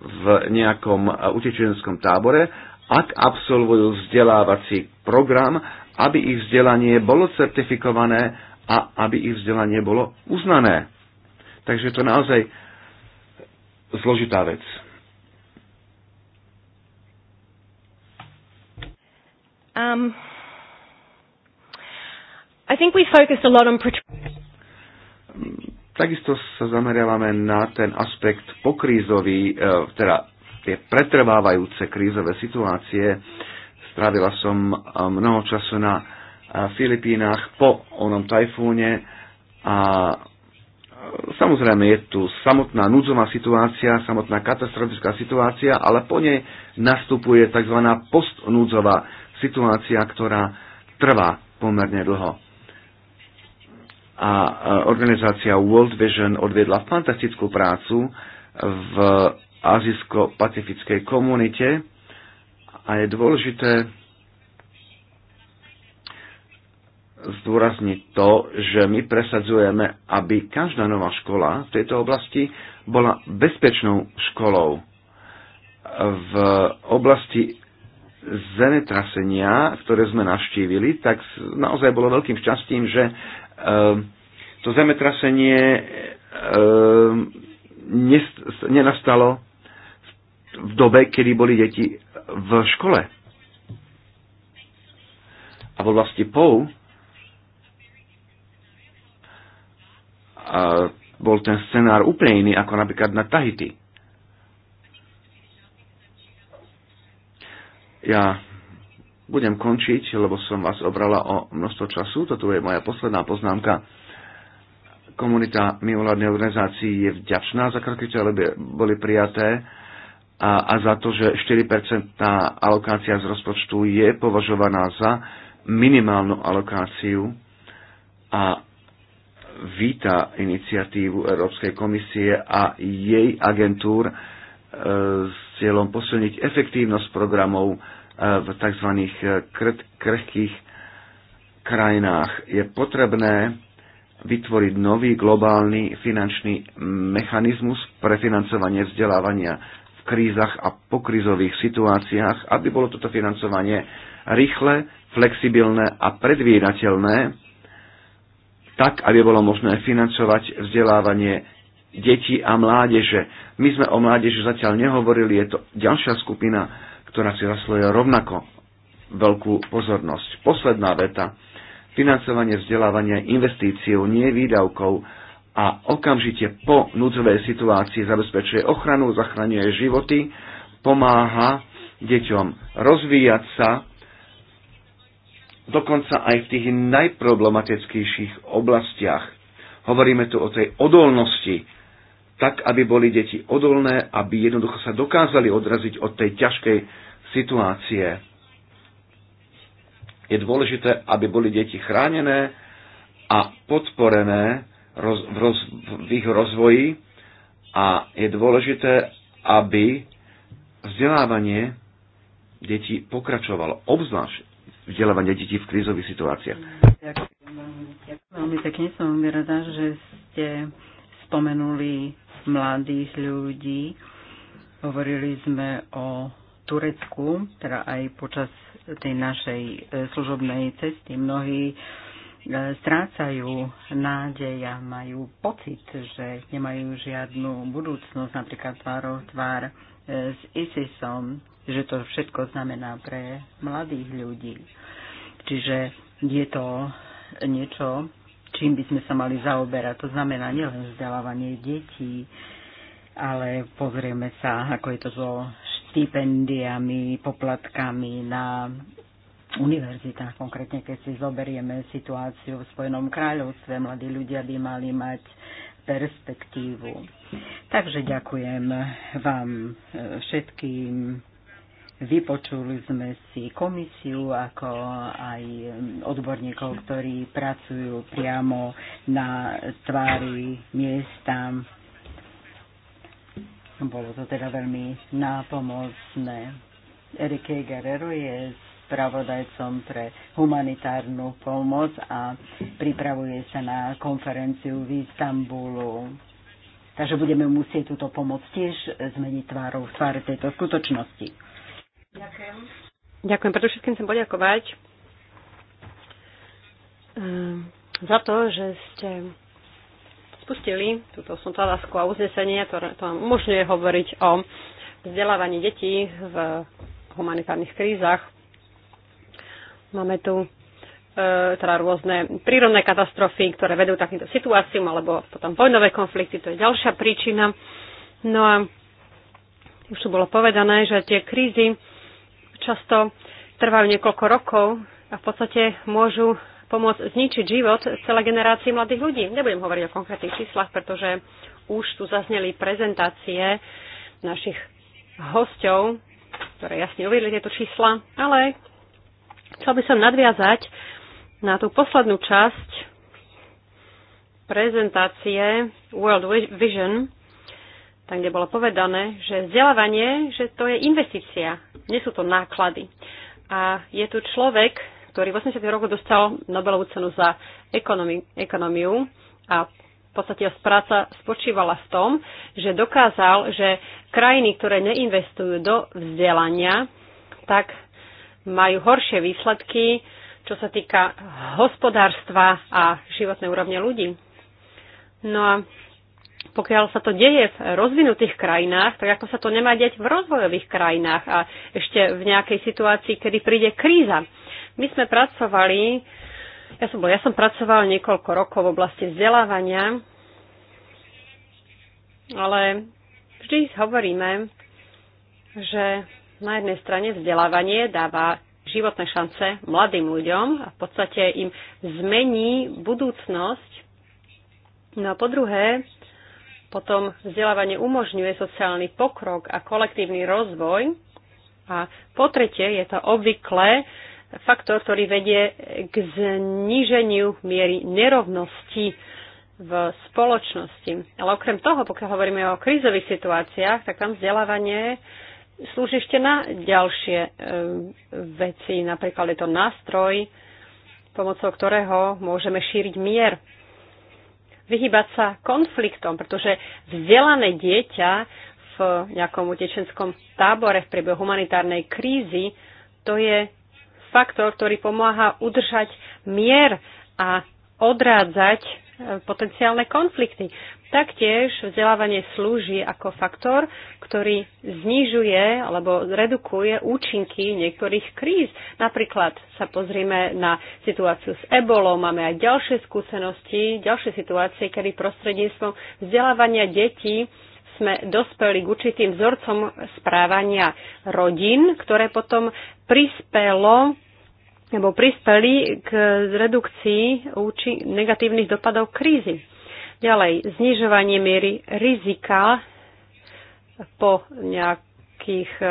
v nejakom utečenskom tábore, ak absolvujú vzdelávací program, aby ich vzdelanie bolo certifikované a aby ich vzdelanie bolo uznané. Takže to je naozaj zložitá vec. Um, I think we focus a lot on Takisto sa zameriavame na ten aspekt pokrízový, e, teda tie pretrvávajúce krízové situácie. Strávila som eh, mnoho času na eh, Filipínach po onom tajfúne a eh, samozrejme je tu samotná núdzová situácia, samotná katastrofická situácia, ale po nej nastupuje tzv. postnúdzová situácia, ktorá trvá pomerne dlho. A organizácia World Vision odviedla fantastickú prácu v azijsko-pacifickej komunite a je dôležité zdôrazniť to, že my presadzujeme, aby každá nová škola v tejto oblasti bola bezpečnou školou. V oblasti zemetrasenia, ktoré sme navštívili, tak naozaj bolo veľkým šťastím, že ehm, to zemetrasenie ehm, nenastalo v dobe, kedy boli deti v škole. A v oblasti POU bol ten scenár úplne iný ako napríklad na Tahiti. Ja budem končiť, lebo som vás obrala o množstvo času. Toto je moja posledná poznámka. Komunita mimovládnej organizácií je vďačná za kroky, ktoré boli prijaté a, a za to, že 4% alokácia z rozpočtu je považovaná za minimálnu alokáciu a víta iniciatívu Európskej komisie a jej agentúr e, s cieľom posilniť efektívnosť programov e, v tzv. E, Kr- krehkých krajinách. Je potrebné vytvoriť nový globálny finančný mechanizmus pre financovanie vzdelávania krízach a pokrizových situáciách, aby bolo toto financovanie rýchle, flexibilné a predvídateľné, tak, aby bolo možné financovať vzdelávanie detí a mládeže. My sme o mládeži zatiaľ nehovorili, je to ďalšia skupina, ktorá si zasloje rovnako veľkú pozornosť. Posledná veta. Financovanie vzdelávania investíciou, nie výdavkou, a okamžite po núdzovej situácii zabezpečuje ochranu, zachraňuje životy, pomáha deťom rozvíjať sa, dokonca aj v tých najproblematickejších oblastiach. Hovoríme tu o tej odolnosti, tak aby boli deti odolné, aby jednoducho sa dokázali odraziť od tej ťažkej situácie. Je dôležité, aby boli deti chránené a podporené roz, v, roz, v ich rozvoji a je dôležité, aby vzdelávanie detí pokračovalo, obzvlášť vzdelávanie detí v krízových situáciách. Ďakujem veľmi pekne, som veľmi rada, že ste spomenuli mladých ľudí. Hovorili sme o Turecku, teda aj počas tej našej e, služobnej cesty. Mnohí E, strácajú nádej a majú pocit, že nemajú žiadnu budúcnosť, napríklad tvárov tvár e, s ISISom, že to všetko znamená pre mladých ľudí. Čiže je to niečo, čím by sme sa mali zaoberať. To znamená nielen vzdelávanie detí, ale pozrieme sa, ako je to so štipendiami, poplatkami na univerzitách, konkrétne keď si zoberieme situáciu v Spojenom kráľovstve, mladí ľudia by mali mať perspektívu. Takže ďakujem vám všetkým. Vypočuli sme si komisiu, ako aj odborníkov, ktorí pracujú priamo na tvári miesta. Bolo to teda veľmi nápomocné. Erike Guerrero je z spravodajcom pre humanitárnu pomoc a pripravuje sa na konferenciu v Istambulu. Takže budeme musieť túto pomoc tiež zmeniť tvárou v tváre tejto skutočnosti. Ďakujem. Ďakujem. Preto všetkým chcem poďakovať ehm, za to, že ste spustili túto sotavasku a uznesenie, ktoré to nám umožňuje hovoriť o vzdelávaní detí v humanitárnych krízach. Máme tu e, teda rôzne prírodné katastrofy, ktoré vedú takýmto situáciám, alebo potom vojnové konflikty, to je ďalšia príčina. No a už tu bolo povedané, že tie krízy často trvajú niekoľko rokov a v podstate môžu pomôcť zničiť život celé generácie mladých ľudí. Nebudem hovoriť o konkrétnych číslach, pretože už tu zazneli prezentácie našich hostov, ktoré jasne uvedli tieto čísla, ale Chcel by som nadviazať na tú poslednú časť prezentácie World Vision, tam, kde bolo povedané, že vzdelávanie, že to je investícia, nie sú to náklady. A je tu človek, ktorý v 80. roku dostal Nobelovú cenu za ekonomi- ekonomiu a v podstate práca spočívala v tom, že dokázal, že krajiny, ktoré neinvestujú do vzdelania, tak majú horšie výsledky, čo sa týka hospodárstva a životnej úrovne ľudí. No a pokiaľ sa to deje v rozvinutých krajinách, tak ako sa to nemá deť v rozvojových krajinách a ešte v nejakej situácii, kedy príde kríza. My sme pracovali, ja som, bol, ja som pracoval niekoľko rokov v oblasti vzdelávania, ale vždy hovoríme, že na jednej strane vzdelávanie dáva životné šance mladým ľuďom a v podstate im zmení budúcnosť. No a po druhé, potom vzdelávanie umožňuje sociálny pokrok a kolektívny rozvoj. A po tretie, je to obvykle faktor, ktorý vedie k zníženiu miery nerovnosti v spoločnosti. Ale okrem toho, pokiaľ hovoríme o krízových situáciách, tak tam vzdelávanie slúži ešte na ďalšie e, veci. Napríklad je to nástroj, pomocou ktorého môžeme šíriť mier. Vyhybať sa konfliktom, pretože vzdelané dieťa v nejakom utečenskom tábore v priebehu humanitárnej krízy, to je faktor, ktorý pomáha udržať mier a odrádzať e, potenciálne konflikty. Taktiež vzdelávanie slúži ako faktor, ktorý znižuje alebo redukuje účinky niektorých kríz. Napríklad sa pozrieme na situáciu s ebolou, máme aj ďalšie skúsenosti, ďalšie situácie, kedy prostredníctvom vzdelávania detí sme dospeli k určitým vzorcom správania rodín, ktoré potom prispelo alebo prispeli k redukcii negatívnych dopadov krízy. Ďalej, znižovanie miery rizika po nejakých e,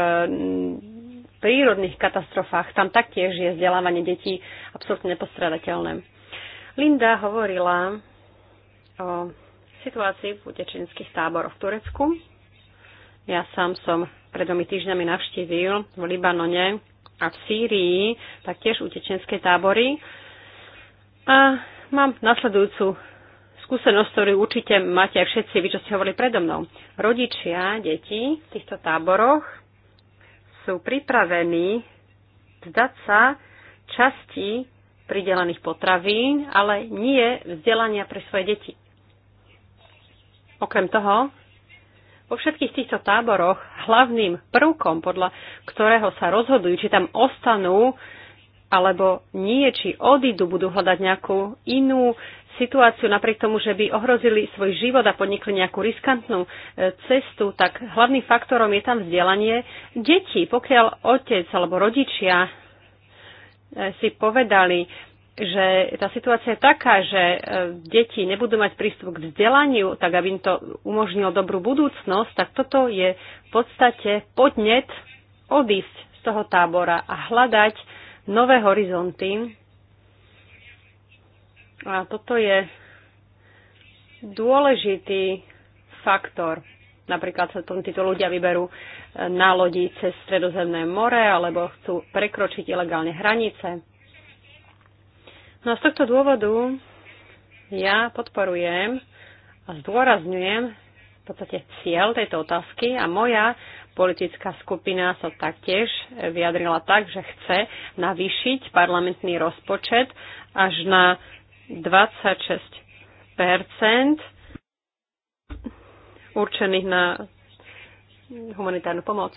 prírodných katastrofách. Tam taktiež je vzdelávanie detí absolútne nepostradateľné. Linda hovorila o situácii v utečenských táboroch v Turecku. Ja sám som pred dvomi týždňami navštívil v Libanone a v Sýrii taktiež utečenské tábory. A mám nasledujúcu skúsenosť, ktorú určite máte aj všetci, vy, čo ste hovorili predo mnou. Rodičia, deti v týchto táboroch sú pripravení vzdať sa časti pridelených potravín, ale nie vzdelania pre svoje deti. Okrem toho, vo všetkých týchto táboroch hlavným prvkom, podľa ktorého sa rozhodujú, či tam ostanú alebo nie, či odídu, budú hľadať nejakú inú situáciu napriek tomu, že by ohrozili svoj život a podnikli nejakú riskantnú e, cestu, tak hlavným faktorom je tam vzdelanie detí. Pokiaľ otec alebo rodičia e, si povedali, že tá situácia je taká, že e, deti nebudú mať prístup k vzdelaniu, tak aby im to umožnilo dobrú budúcnosť, tak toto je v podstate podnet odísť z toho tábora a hľadať nové horizonty a toto je dôležitý faktor. Napríklad sa tom títo ľudia vyberú e, na lodi cez Stredozemné more alebo chcú prekročiť ilegálne hranice. No a z tohto dôvodu ja podporujem a zdôrazňujem v podstate cieľ tejto otázky a moja politická skupina sa taktiež vyjadrila tak, že chce navýšiť parlamentný rozpočet až na 26 určených na humanitárnu pomoc.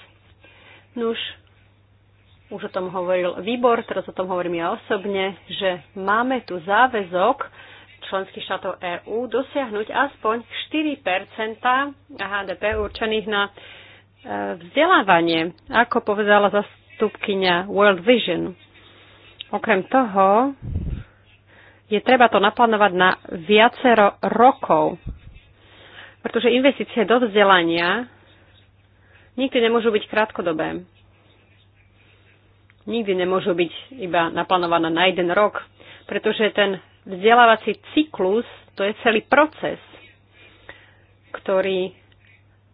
Nuž, už o tom hovoril výbor, teraz o tom hovorím ja osobne, že máme tu záväzok členských štátov EÚ dosiahnuť aspoň 4 HDP určených na e, vzdelávanie, ako povedala zastupkynia World Vision. Okrem toho, je treba to naplánovať na viacero rokov. Pretože investície do vzdelania nikdy nemôžu byť krátkodobé. Nikdy nemôžu byť iba naplánované na jeden rok, pretože ten vzdelávací cyklus to je celý proces, ktorý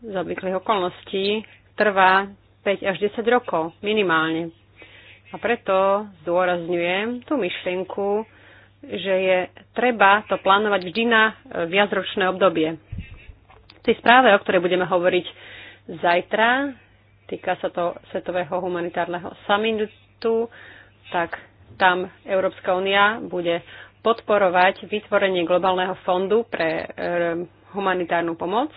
z obvyklých okolností trvá 5 až 10 rokov minimálne. A preto zdôrazňujem tú myšlienku, že je treba to plánovať vždy na e, viacročné obdobie. V tej správe, o ktorej budeme hovoriť zajtra, týka sa to Svetového humanitárneho samitu, tak tam Európska únia bude podporovať vytvorenie globálneho fondu pre e, humanitárnu pomoc.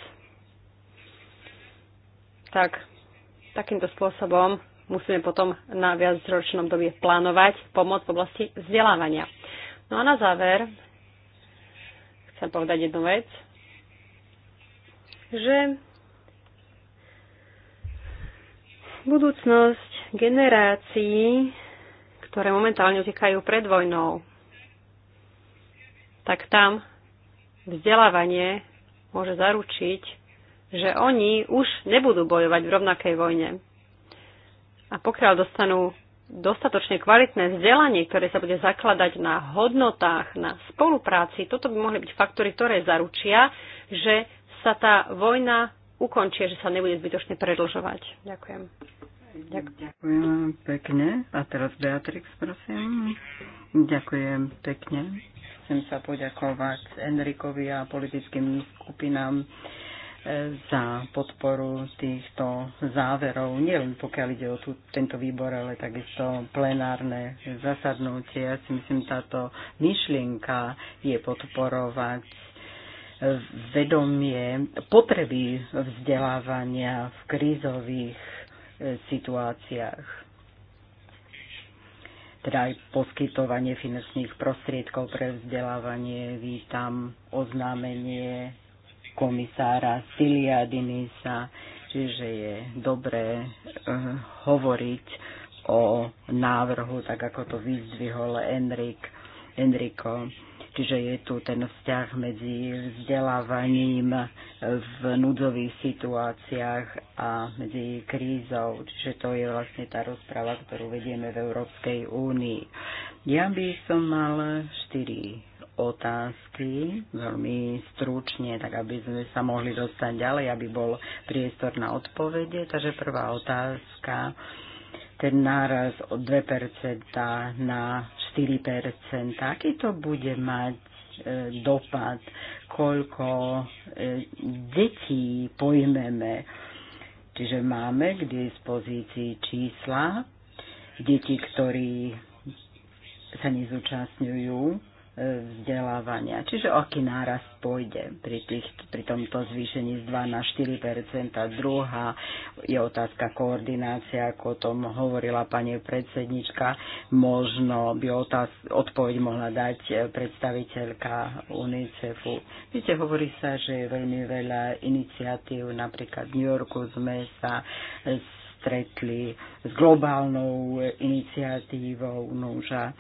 Tak takýmto spôsobom musíme potom na viacročnom dobie plánovať pomoc v oblasti vzdelávania. No a na záver chcem povedať jednu vec, že budúcnosť generácií, ktoré momentálne utekajú pred vojnou, tak tam vzdelávanie môže zaručiť, že oni už nebudú bojovať v rovnakej vojne. A pokiaľ dostanú dostatočne kvalitné vzdelanie, ktoré sa bude zakladať na hodnotách, na spolupráci, toto by mohli byť faktory, ktoré zaručia, že sa tá vojna ukončí, že sa nebude zbytočne predlžovať. Ďakujem. Ďakujem pekne. A teraz Beatrix, prosím. Ďakujem pekne. Chcem sa poďakovať Enrikovi a politickým skupinám za podporu týchto záverov, nielen pokiaľ ide o tú, tento výbor, ale takisto plenárne zasadnutie. Ja si myslím, táto myšlienka je podporovať vedomie potreby vzdelávania v krízových e, situáciách teda aj poskytovanie finančných prostriedkov pre vzdelávanie. Vítam oznámenie komisára Silia Dinisa, čiže je dobré eh, hovoriť o návrhu, tak ako to vyzdvihol Enrik, Enrico. Čiže je tu ten vzťah medzi vzdelávaním v núdzových situáciách a medzi krízou. Čiže to je vlastne tá rozpráva, ktorú vedieme v Európskej únii. Ja by som mal štyri otázky veľmi stručne, tak aby sme sa mohli dostať ďalej, aby bol priestor na odpovede. Takže prvá otázka, ten náraz od 2% na 4%, aký to bude mať e, dopad, koľko e, detí pojmeme. Čiže máme k dispozícii čísla detí, ktorí sa nezúčastňujú vzdelávania. Čiže o aký náraz pôjde pri, tých, pri tomto zvýšení z 2 na 4 Druhá je otázka koordinácia, ako o tom hovorila pani predsednička. Možno by otáz, odpoveď mohla dať predstaviteľka UNICEFu. Viete, hovorí sa, že je veľmi veľa iniciatív, napríklad v New Yorku sme sa stretli s globálnou iniciatívou núža. No,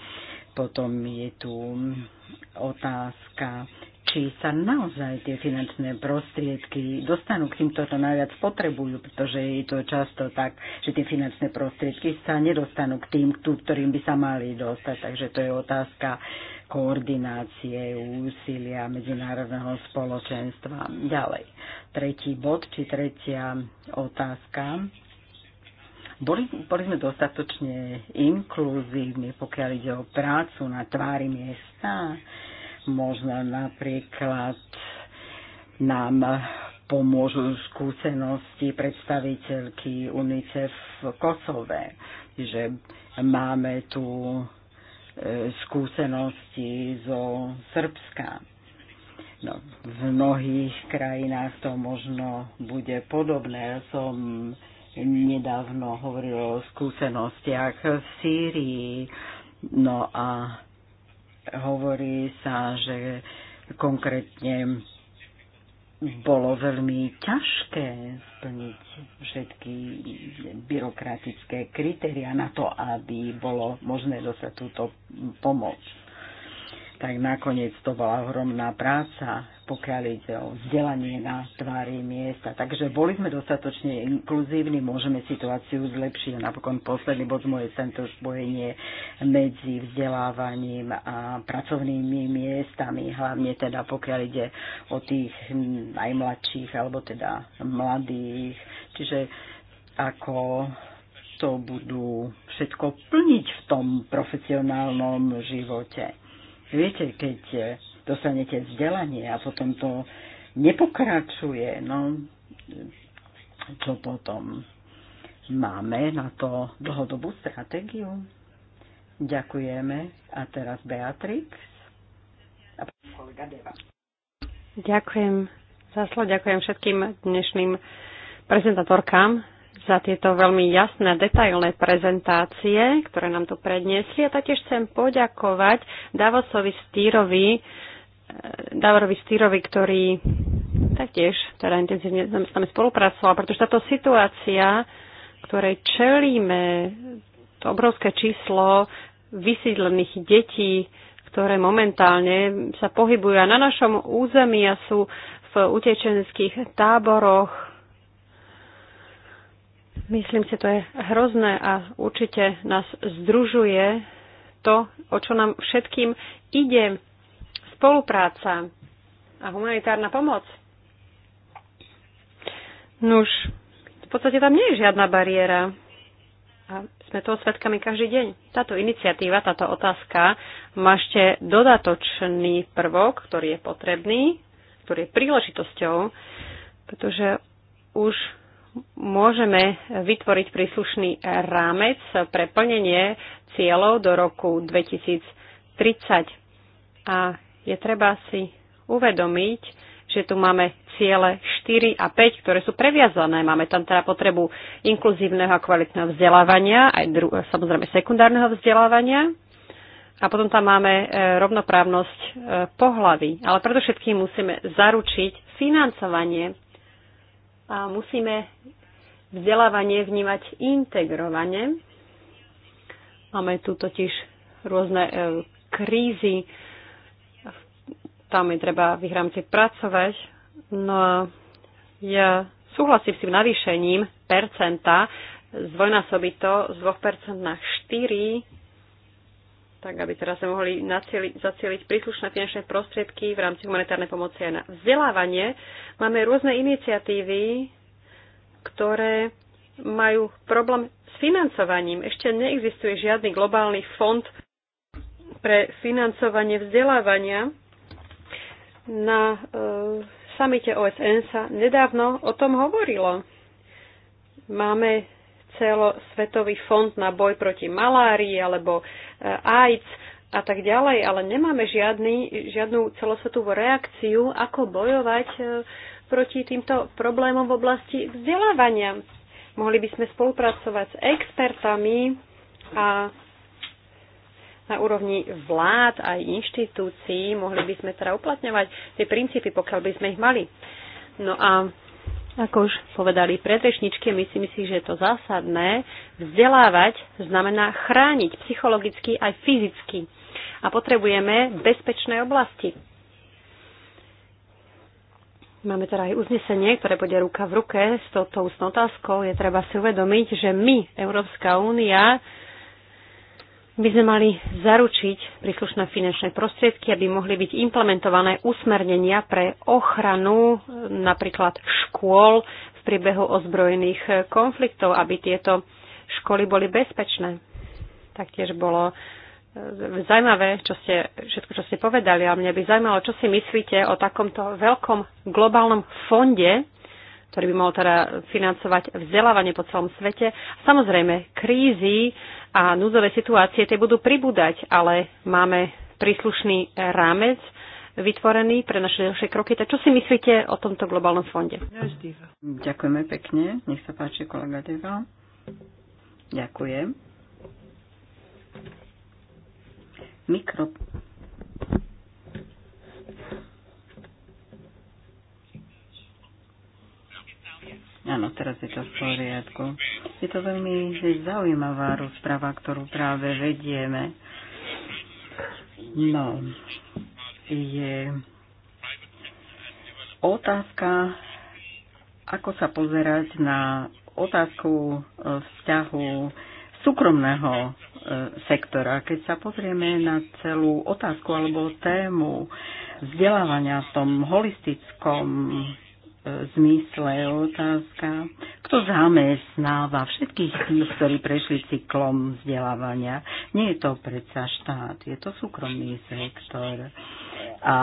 potom je tu otázka, či sa naozaj tie finančné prostriedky dostanú k tým, kto to najviac potrebujú, pretože je to často tak, že tie finančné prostriedky sa nedostanú k tým, ktorým by sa mali dostať. Takže to je otázka koordinácie úsilia medzinárodného spoločenstva. Ďalej. Tretí bod, či tretia otázka boli, boli sme dostatočne inkluzívni, pokiaľ ide o prácu na tvári miesta. Možno napríklad nám pomôžu skúsenosti predstaviteľky UNICEF v Kosove, že máme tu e, skúsenosti zo Srbska. No, v mnohých krajinách to možno bude podobné. Ja som nedávno hovoril o skúsenostiach v Sýrii. No a hovorí sa, že konkrétne bolo veľmi ťažké splniť všetky byrokratické kritéria na to, aby bolo možné dostať túto pomoc tak nakoniec to bola ohromná práca, pokiaľ ide o vzdelanie na tvári miesta. Takže boli sme dostatočne inkluzívni, môžeme situáciu zlepšiť. Napokon posledný bod z mojej sem to spojenie medzi vzdelávaním a pracovnými miestami, hlavne teda pokiaľ ide o tých najmladších alebo teda mladých. Čiže ako to budú všetko plniť v tom profesionálnom živote. Viete, keď e, dostanete vzdelanie a potom to nepokračuje, no čo potom? Máme na to dlhodobú stratégiu? Ďakujeme. A teraz Beatrix. A kolega Deva. Ďakujem Zaslo ďakujem všetkým dnešným prezentatorkám za tieto veľmi jasné, detailné prezentácie, ktoré nám tu predniesli. A taktiež chcem poďakovať Davosovi Stýrovi, eh, Davorovi Stýrovi, ktorý taktiež teda intenzívne s nami spolupracoval, pretože táto situácia, ktorej čelíme, to obrovské číslo vysídlených detí, ktoré momentálne sa pohybujú na našom území a sú v utečenských táboroch, Myslím si, to je hrozné a určite nás združuje to, o čo nám všetkým ide. Spolupráca a humanitárna pomoc. Nuž, v podstate tam nie je žiadna bariéra. A sme toho svetkami každý deň. Táto iniciatíva, táto otázka má ešte dodatočný prvok, ktorý je potrebný, ktorý je príležitosťou, pretože už môžeme vytvoriť príslušný rámec pre plnenie cieľov do roku 2030. A je treba si uvedomiť, že tu máme ciele 4 a 5, ktoré sú previazané. Máme tam teda potrebu inkluzívneho a kvalitného vzdelávania, aj dru- samozrejme sekundárneho vzdelávania. A potom tam máme e, rovnoprávnosť e, pohlavy, Ale predovšetkým musíme zaručiť financovanie a musíme vzdelávanie vnímať integrovane. Máme tu totiž rôzne e, krízy, tam je treba v ich rámci pracovať. No a ja súhlasím s tým navýšením percenta, zdvojnásobiť to z 2% na 4 tak aby teraz sme mohli nacieliť, zacieliť príslušné finančné prostriedky v rámci humanitárnej pomoci aj na vzdelávanie. Máme rôzne iniciatívy, ktoré majú problém s financovaním. Ešte neexistuje žiadny globálny fond pre financovanie vzdelávania. Na e, samite OSN sa nedávno o tom hovorilo. Máme celosvetový fond na boj proti malárii alebo e, AIDS a tak ďalej, ale nemáme žiadny, žiadnu celosvetovú reakciu, ako bojovať e, proti týmto problémom v oblasti vzdelávania. Mohli by sme spolupracovať s expertami a na úrovni vlád aj inštitúcií mohli by sme teda uplatňovať tie princípy, pokiaľ by sme ich mali. No a ako už povedali predrečničky, myslím si, že je to zásadné. Vzdelávať znamená chrániť psychologicky aj fyzicky. A potrebujeme bezpečné oblasti. Máme teda aj uznesenie, ktoré bude ruka v ruke s touto ústnou otázkou. Je treba si uvedomiť, že my, Európska únia, by sme mali zaručiť príslušné finančné prostriedky, aby mohli byť implementované usmernenia pre ochranu napríklad škôl v priebehu ozbrojených konfliktov, aby tieto školy boli bezpečné. Taktiež bolo e, zaujímavé, čo ste, všetko, čo ste povedali, ale mňa by zaujímalo, čo si myslíte o takomto veľkom globálnom fonde, ktorý by mohol teda financovať vzdelávanie po celom svete. Samozrejme, krízy a núdzové situácie tie budú pribúdať, ale máme príslušný rámec vytvorený pre naše ďalšie kroky. Tak čo si myslíte o tomto globálnom fonde? Ďakujeme pekne. Nech sa páči, kolega Deva. Ďakujem. Mikro Áno, teraz je to v poriadku. Je to veľmi zaujímavá rozprava, ktorú práve vedieme. No, je otázka, ako sa pozerať na otázku e, vzťahu súkromného e, sektora. Keď sa pozrieme na celú otázku alebo tému vzdelávania v tom holistickom zmysle je otázka, kto zamestnáva všetkých tých, ktorí prešli cyklom vzdelávania. Nie je to predsa štát, je to súkromný sektor a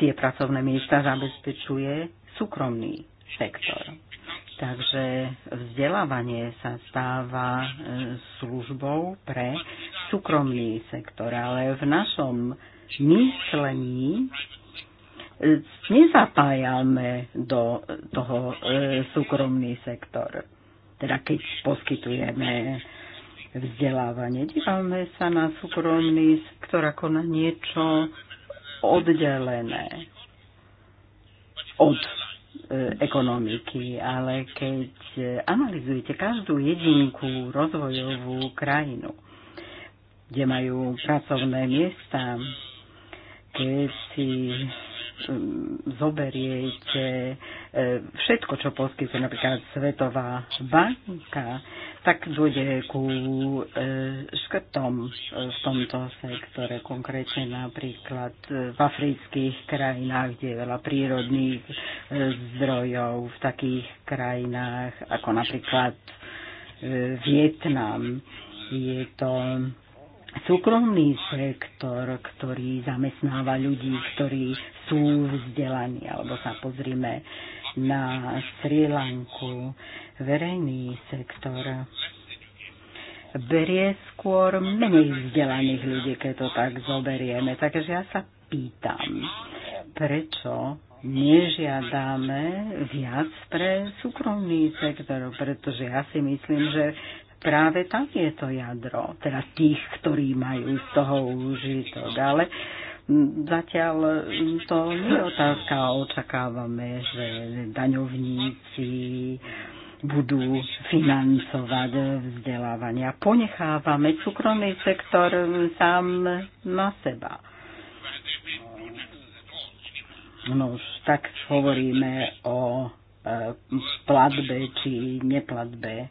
tie pracovné miesta zabezpečuje súkromný sektor. Takže vzdelávanie sa stáva e, službou pre súkromný sektor, ale v našom myslení nezapájame do toho e, súkromný sektor. Teda keď poskytujeme vzdelávanie, dívame sa na súkromný sektor ako na niečo oddelené od e, ekonomiky, ale keď e, analizujete každú jedinku rozvojovú krajinu, kde majú pracovné miesta, keď si Mm, zoberiete e, všetko, čo poskytuje napríklad Svetová banka, tak dôjde ku e, škrtom e, v tomto sektore, konkrétne napríklad v afrických krajinách, kde je veľa prírodných zdrojov, v takých krajinách ako napríklad Vietnam. Je to súkromný sektor, ktorý zamestnáva ľudí, ktorí sú vzdelaní, alebo sa pozrime na Sri Lanku, verejný sektor berie skôr menej vzdelaných ľudí, keď to tak zoberieme. Takže ja sa pýtam, prečo nežiadame viac pre súkromný sektor, pretože ja si myslím, že práve tam je to jadro, teda tých, ktorí majú z toho užitok. Ale zatiaľ to nie je otázka, očakávame, že daňovníci budú financovať vzdelávania. Ponechávame súkromný sektor sám na seba. No už tak hovoríme o e, platbe či neplatbe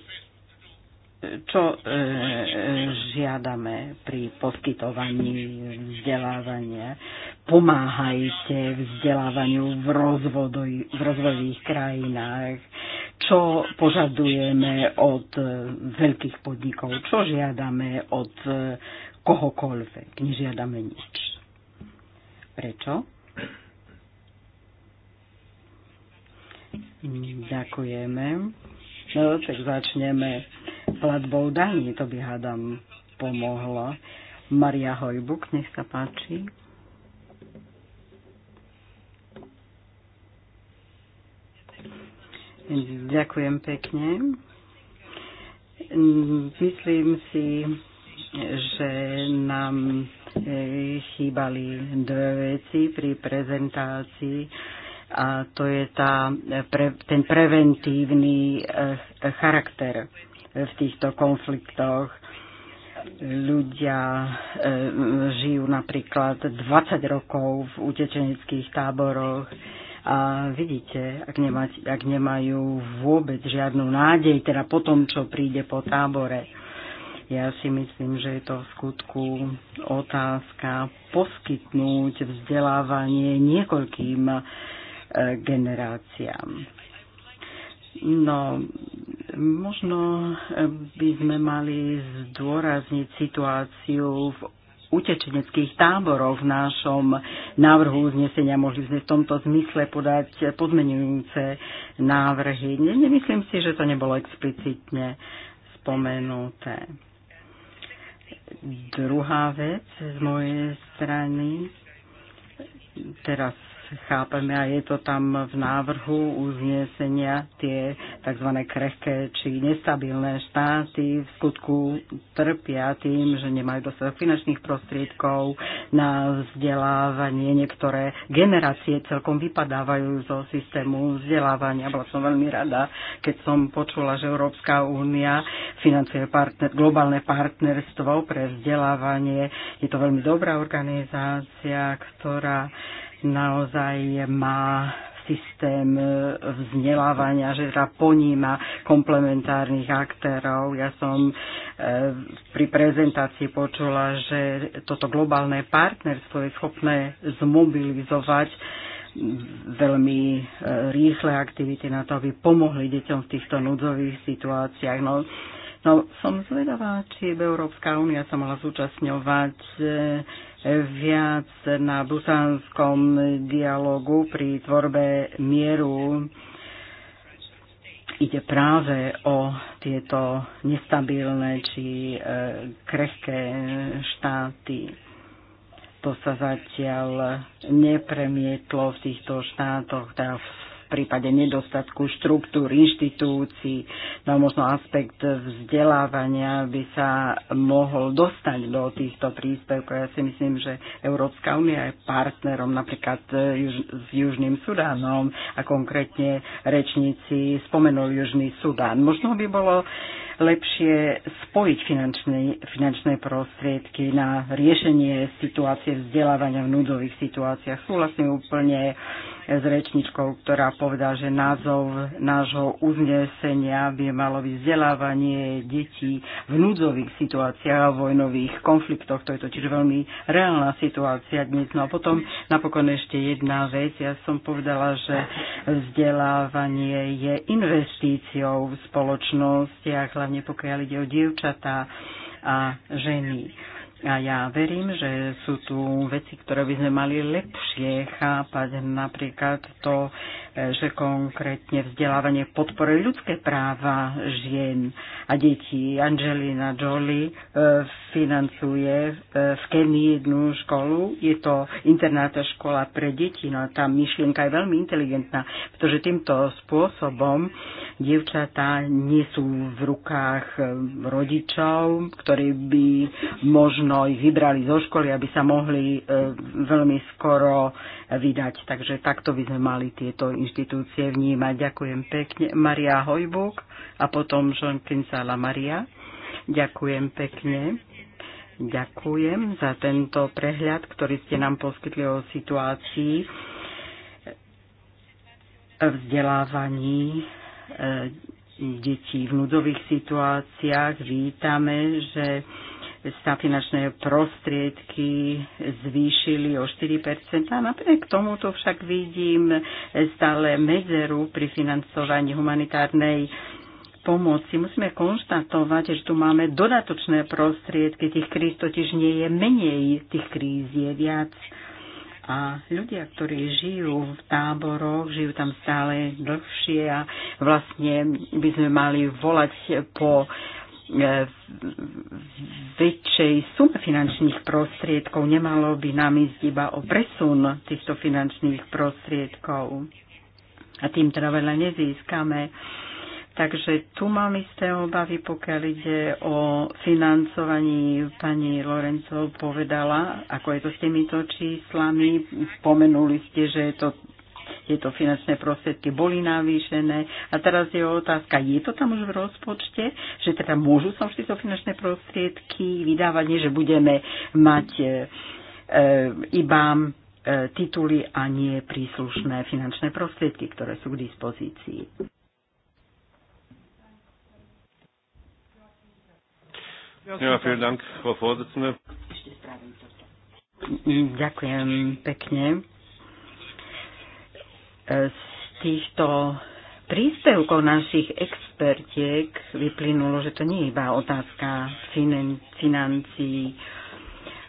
čo e, e, žiadame pri poskytovaní vzdelávania. Pomáhajte vzdelávaniu v, rozvodoj, v rozvojových krajinách, čo požadujeme od veľkých podnikov, čo žiadame od kohokoľvek. Nežiadame nič. Prečo? Ďakujeme. No, tak začneme platbou daní. To by, hádam, pomohlo. Maria Hojbuk, nech sa páči. Ďakujem pekne. Myslím si, že nám e, chýbali dve veci pri prezentácii a to je tá, pre, ten preventívny e, charakter v týchto konfliktoch. Ľudia e, žijú napríklad 20 rokov v utečeneckých táboroch a vidíte, ak, nema, ak nemajú vôbec žiadnu nádej, teda po tom, čo príde po tábore. Ja si myslím, že je to v skutku otázka poskytnúť vzdelávanie niekoľkým e, generáciám. No, možno eh, by sme mali zdôrazniť situáciu v utečeneckých táboroch v našom návrhu uznesenia. Mohli sme v tomto zmysle podať pozmenujúce návrhy. Nemyslím si, že to nebolo explicitne spomenuté. Druhá vec z mojej strany, teraz chápeme a je to tam v návrhu uznesenia tie tzv. krehké či nestabilné štáty v skutku trpia tým, že nemajú dostatok finančných prostriedkov na vzdelávanie. Niektoré generácie celkom vypadávajú zo systému vzdelávania. Bola som veľmi rada, keď som počula, že Európska únia financuje partner, globálne partnerstvo pre vzdelávanie. Je to veľmi dobrá organizácia, ktorá naozaj má systém e, vzdelávania, že teda poníma komplementárnych aktérov. Ja som e, pri prezentácii počula, že toto globálne partnerstvo je schopné zmobilizovať veľmi e, rýchle aktivity na to, aby pomohli deťom v týchto núdzových situáciách. No, No, som zvedavá, či by Európska únia sa mala zúčastňovať eh, viac na busánskom dialogu pri tvorbe mieru. Ide práve o tieto nestabilné či eh, krehké štáty. To sa zatiaľ nepremietlo v týchto štátoch, teda v prípade nedostatku štruktúr, inštitúcií, no možno aspekt vzdelávania by sa mohol dostať do týchto príspevkov. Ja si myslím, že Európska únia je partnerom napríklad s Južným Sudánom a konkrétne rečníci spomenul Južný Sudán. Možno by bolo lepšie spojiť finančné, finančné prostriedky na riešenie situácie vzdelávania v núdzových situáciách. Súhlasím úplne s rečničkou, ktorá povedala, že názov nášho uznesenia by malo byť vzdelávanie detí v núdzových situáciách a vojnových konfliktoch. To je totiž veľmi reálna situácia dnes. No a potom napokon ešte jedna vec. Ja som povedala, že vzdelávanie je investíciou v spoločnostiach, hlavne pokiaľ ide o dievčatá a ženy. A ja verím, že sú tu veci, ktoré by sme mali lepšie chápať, napríklad to, že konkrétne vzdelávanie podporuje ľudské práva žien a detí. Angelina Jolie e, financuje e, v Kenii jednu školu. Je to internáta škola pre deti. No a tá myšlienka je veľmi inteligentná, pretože týmto spôsobom dievčatá nie sú v rukách e, rodičov, ktorí by možno ich vybrali zo školy, aby sa mohli veľmi skoro vydať. Takže takto by sme mali tieto inštitúcie vnímať. Ďakujem pekne. Maria Hojbuk a potom John Kinsala Maria. Ďakujem pekne. Ďakujem za tento prehľad, ktorý ste nám poskytli o situácii vzdelávaní eh, detí v núdzových situáciách. Vítame, že sa finančné prostriedky zvýšili o 4%. A napriek tomuto však vidím stále medzeru pri financovaní humanitárnej pomoci. Musíme konštatovať, že tu máme dodatočné prostriedky. Tých kríz totiž nie je menej, tých kríz je viac. A ľudia, ktorí žijú v táboroch, žijú tam stále dlhšie a vlastne by sme mali volať po E, väčšej sume finančných prostriedkov. Nemalo by nám ísť iba o presun týchto finančných prostriedkov. A tým teda veľa nezískame. Takže tu mám isté obavy, pokiaľ ide o financovaní. Pani Lorenco povedala, ako je to s týmito číslami. Spomenuli ste, že je to tieto finančné prostriedky boli navýšené. A teraz je otázka, je to tam už v rozpočte, že teda môžu sa už tieto finančné prostriedky vydávať, nie že budeme mať e, e iba e, tituly a nie príslušné finančné prostriedky, ktoré sú k dispozícii. Ja, vielen Dank, Frau Vorsitzende. Ďakujem pekne, E, z týchto príspevkov našich expertiek vyplynulo, že to nie je iba otázka finan- financií.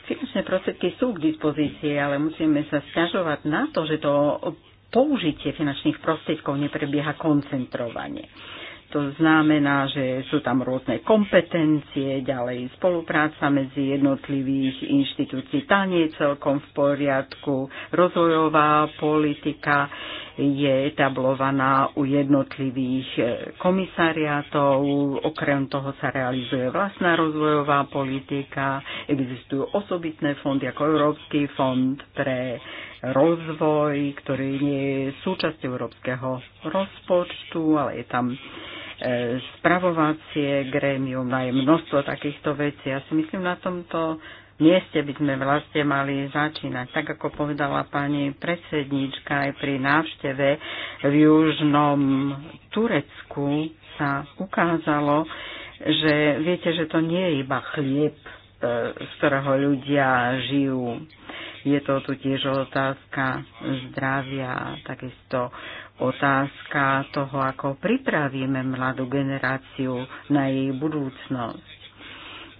Finančné prostriedky sú k dispozícii, ale musíme sa stiažovať na to, že to použitie finančných prostriedkov neprebieha koncentrovanie. To znamená, že sú tam rôzne kompetencie, ďalej spolupráca medzi jednotlivých inštitúcií. Tá nie je celkom v poriadku. Rozvojová politika je etablovaná u jednotlivých e, komisariátov. Okrem toho sa realizuje vlastná rozvojová politika. Existujú osobitné fondy ako Európsky fond pre rozvoj, ktorý nie je súčasť európskeho rozpočtu, ale je tam E, spravovacie grémium, aj množstvo takýchto vecí. Ja si myslím, na tomto mieste by sme vlastne mali začínať. Tak ako povedala pani predsednička, aj pri návšteve v južnom Turecku sa ukázalo, že viete, že to nie je iba chlieb, e, z ktorého ľudia žijú. Je to tu tiež otázka zdravia, takisto otázka toho, ako pripravíme mladú generáciu na jej budúcnosť.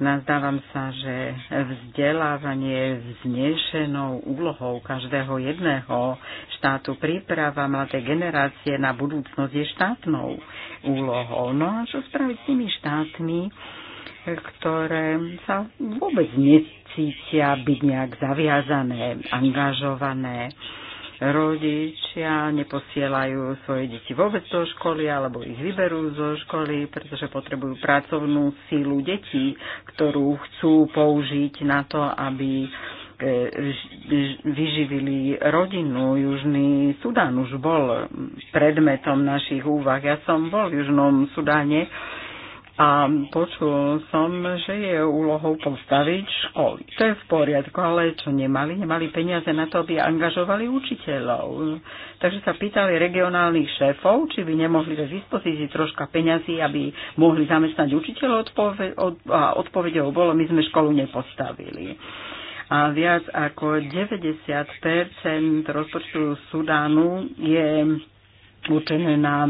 Nazdávam sa, že vzdelávanie je vznešenou úlohou každého jedného štátu. Príprava mladé generácie na budúcnosť je štátnou úlohou. No a čo spraviť s tými štátmi, ktoré sa vôbec necítia byť nejak zaviazané, angažované? rodičia neposielajú svoje deti vôbec do školy alebo ich vyberú zo školy, pretože potrebujú pracovnú sílu detí, ktorú chcú použiť na to, aby e, vyživili rodinu. Južný Sudán už bol predmetom našich úvah. Ja som bol v Južnom Sudáne a počul som, že je úlohou postaviť školy. To je v poriadku, ale čo nemali? Nemali peniaze na to, aby angažovali učiteľov. Takže sa pýtali regionálnych šéfov, či by nemohli do dispozícii troška peňazí, aby mohli zamestnať učiteľov. Odpove- od- a odpovedou bolo, my sme školu nepostavili a viac ako 90 rozpočtu Sudánu je určené na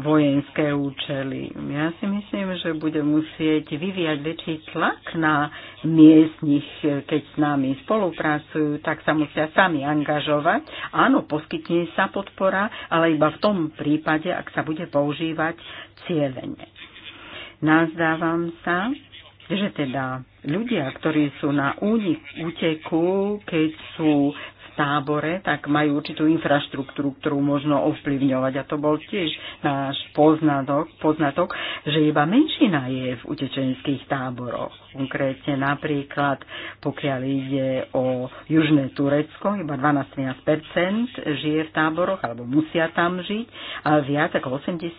vojenské účely. Ja si myslím, že bude musieť vyvíjať väčší tlak na miestnych, keď s nami spolupracujú, tak sa musia sami angažovať. Áno, poskytne sa podpora, ale iba v tom prípade, ak sa bude používať cieľene. Nazdávam sa, že teda ľudia, ktorí sú na úteku, keď sú tábore, tak majú určitú infraštruktúru, ktorú možno ovplyvňovať. A to bol tiež náš poznatok, poznatok že iba menšina je v utečenských táboroch. Konkrétne napríklad, pokiaľ ide o južné Turecko, iba 12-13% žije v táboroch, alebo musia tam žiť, a viac ako 85%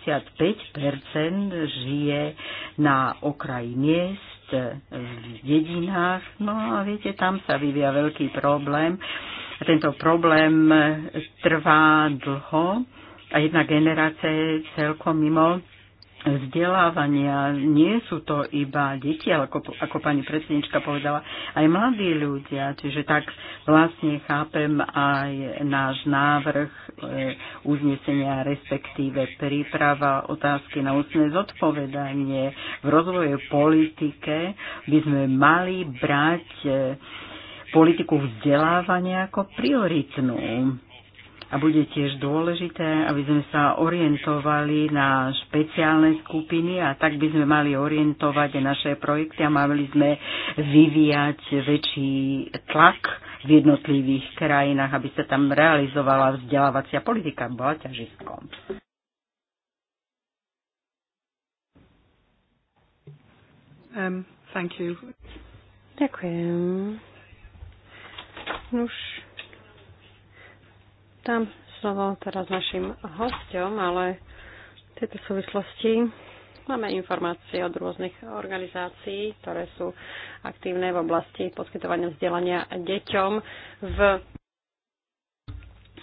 žije na okraji miest, v dedinách. No a viete, tam sa vyvia veľký problém, a tento problém trvá dlho a jedna generácia je celkom mimo vzdelávania nie sú to iba deti, ale ako, ako pani predsednička povedala, aj mladí ľudia. Čiže tak vlastne chápem aj náš návrh e, uznesenia, respektíve príprava otázky na ústne zodpovedanie v rozvoje politike by sme mali brať e, politiku vzdelávania ako prioritnú. A bude tiež dôležité, aby sme sa orientovali na špeciálne skupiny a tak by sme mali orientovať naše projekty a mali sme vyvíjať väčší tlak v jednotlivých krajinách, aby sa tam realizovala vzdelávacia politika, bola ťažiskom. Um, thank you. Ďakujem. Už tam slovo teraz našim hostom, ale v tejto súvislosti máme informácie od rôznych organizácií, ktoré sú aktívne v oblasti poskytovania vzdelania deťom v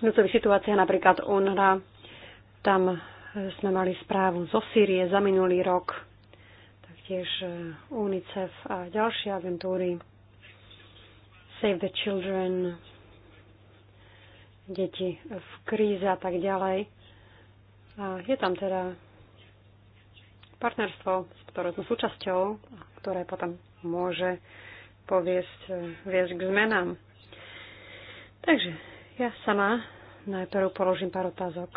núcových situáciách, napríklad UNRA. Tam sme mali správu zo Sýrie za minulý rok, taktiež eh, UNICEF a ďalšie agentúry Save the Children, deti v kríze a tak ďalej. A je tam teda partnerstvo, s ktorou sme súčasťou, ktoré potom môže poviesť, viesť k zmenám. Takže ja sama najprv položím pár otázok.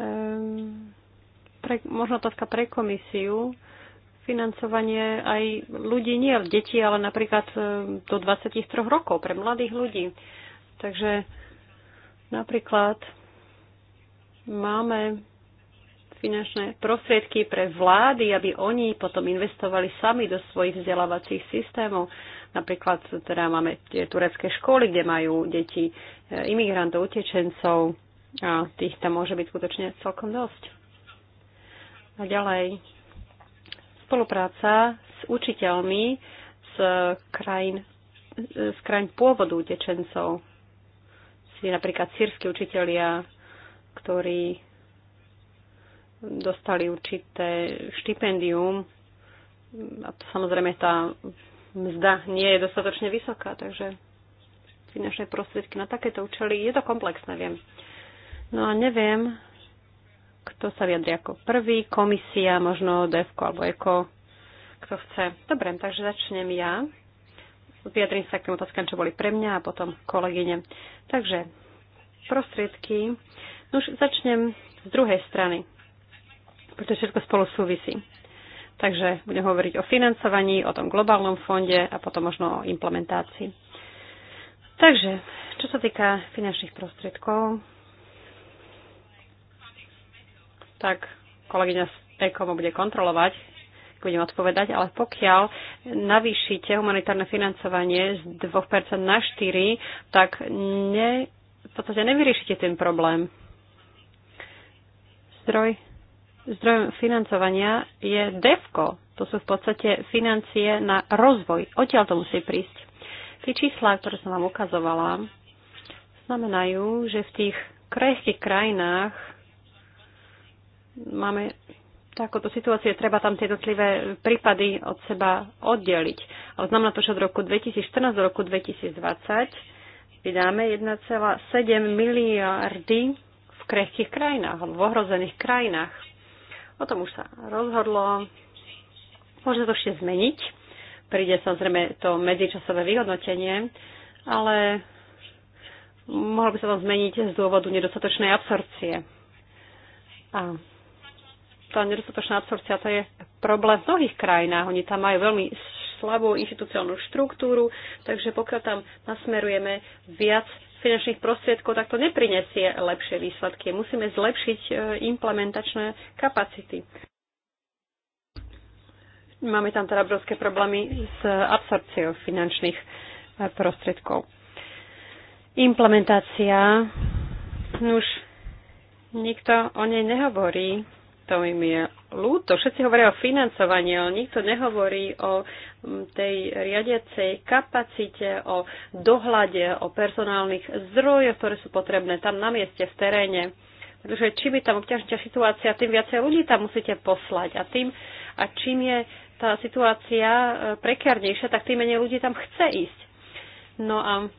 Ehm, pre, možno otázka pre komisiu financovanie aj ľudí, nie detí, ale napríklad e, do 23 rokov pre mladých ľudí. Takže napríklad máme finančné prostriedky pre vlády, aby oni potom investovali sami do svojich vzdelávacích systémov. Napríklad teda máme tie turecké školy, kde majú deti e, imigrantov, utečencov a tých tam môže byť skutočne celkom dosť. A ďalej, Spolupráca s učiteľmi z krajín, z krajín pôvodu utečencov. Si napríklad sírsky učitelia, ktorí dostali určité štipendium a to, samozrejme tá mzda nie je dostatočne vysoká, takže finančné prostriedky na takéto účely je to komplexné, viem. No a neviem, kto sa vyjadri ako prvý? Komisia, možno DEFKO alebo EKO? Kto chce? Dobre, takže začnem ja. Vyjadrím sa k tým otázkam, čo boli pre mňa a potom kolegyne. Takže prostriedky. No už začnem z druhej strany, pretože všetko spolu súvisí. Takže budem hovoriť o financovaní, o tom globálnom fonde a potom možno o implementácii. Takže, čo sa týka finančných prostriedkov, tak kolegyňa z ECOMO bude kontrolovať, budem odpovedať, ale pokiaľ navýšite humanitárne financovanie z 2% na 4%, tak ne, v podstate nevyriešite ten problém. Zdroj, zdrojom financovania je DEFCO. To sú v podstate financie na rozvoj. Odtiaľ to musí prísť. Tie čísla, ktoré som vám ukazovala, znamenajú, že v tých krajských krajinách máme takúto situáciu, treba tam tie jednotlivé prípady od seba oddeliť. Ale znamená to, že od roku 2014 do roku 2020 vydáme 1,7 miliardy v krehkých krajinách, v ohrozených krajinách. O tom už sa rozhodlo. Môže to ešte zmeniť. Príde samozrejme to medzičasové vyhodnotenie, ale mohlo by sa to zmeniť z dôvodu nedostatočnej absorpcie. A tá nedostatočná absorpcia to je problém v mnohých krajinách. Oni tam majú veľmi slabú inštitúciálnu štruktúru, takže pokiaľ tam nasmerujeme viac finančných prostriedkov, tak to neprinesie lepšie výsledky. Musíme zlepšiť e, implementačné kapacity. Máme tam teda obrovské problémy s absorciou finančných e, prostriedkov. Implementácia. Už nikto o nej nehovorí to im je ľúto. Všetci hovoria o financovaní, ale nikto nehovorí o tej riadiacej kapacite, o dohľade, o personálnych zdrojoch, ktoré sú potrebné tam na mieste, v teréne. Pretože čím je tam obťažnejšia situácia, tým viacej ľudí tam musíte poslať. A, tým, a čím je tá situácia e, prekarnejšia, tak tým menej ľudí tam chce ísť. No a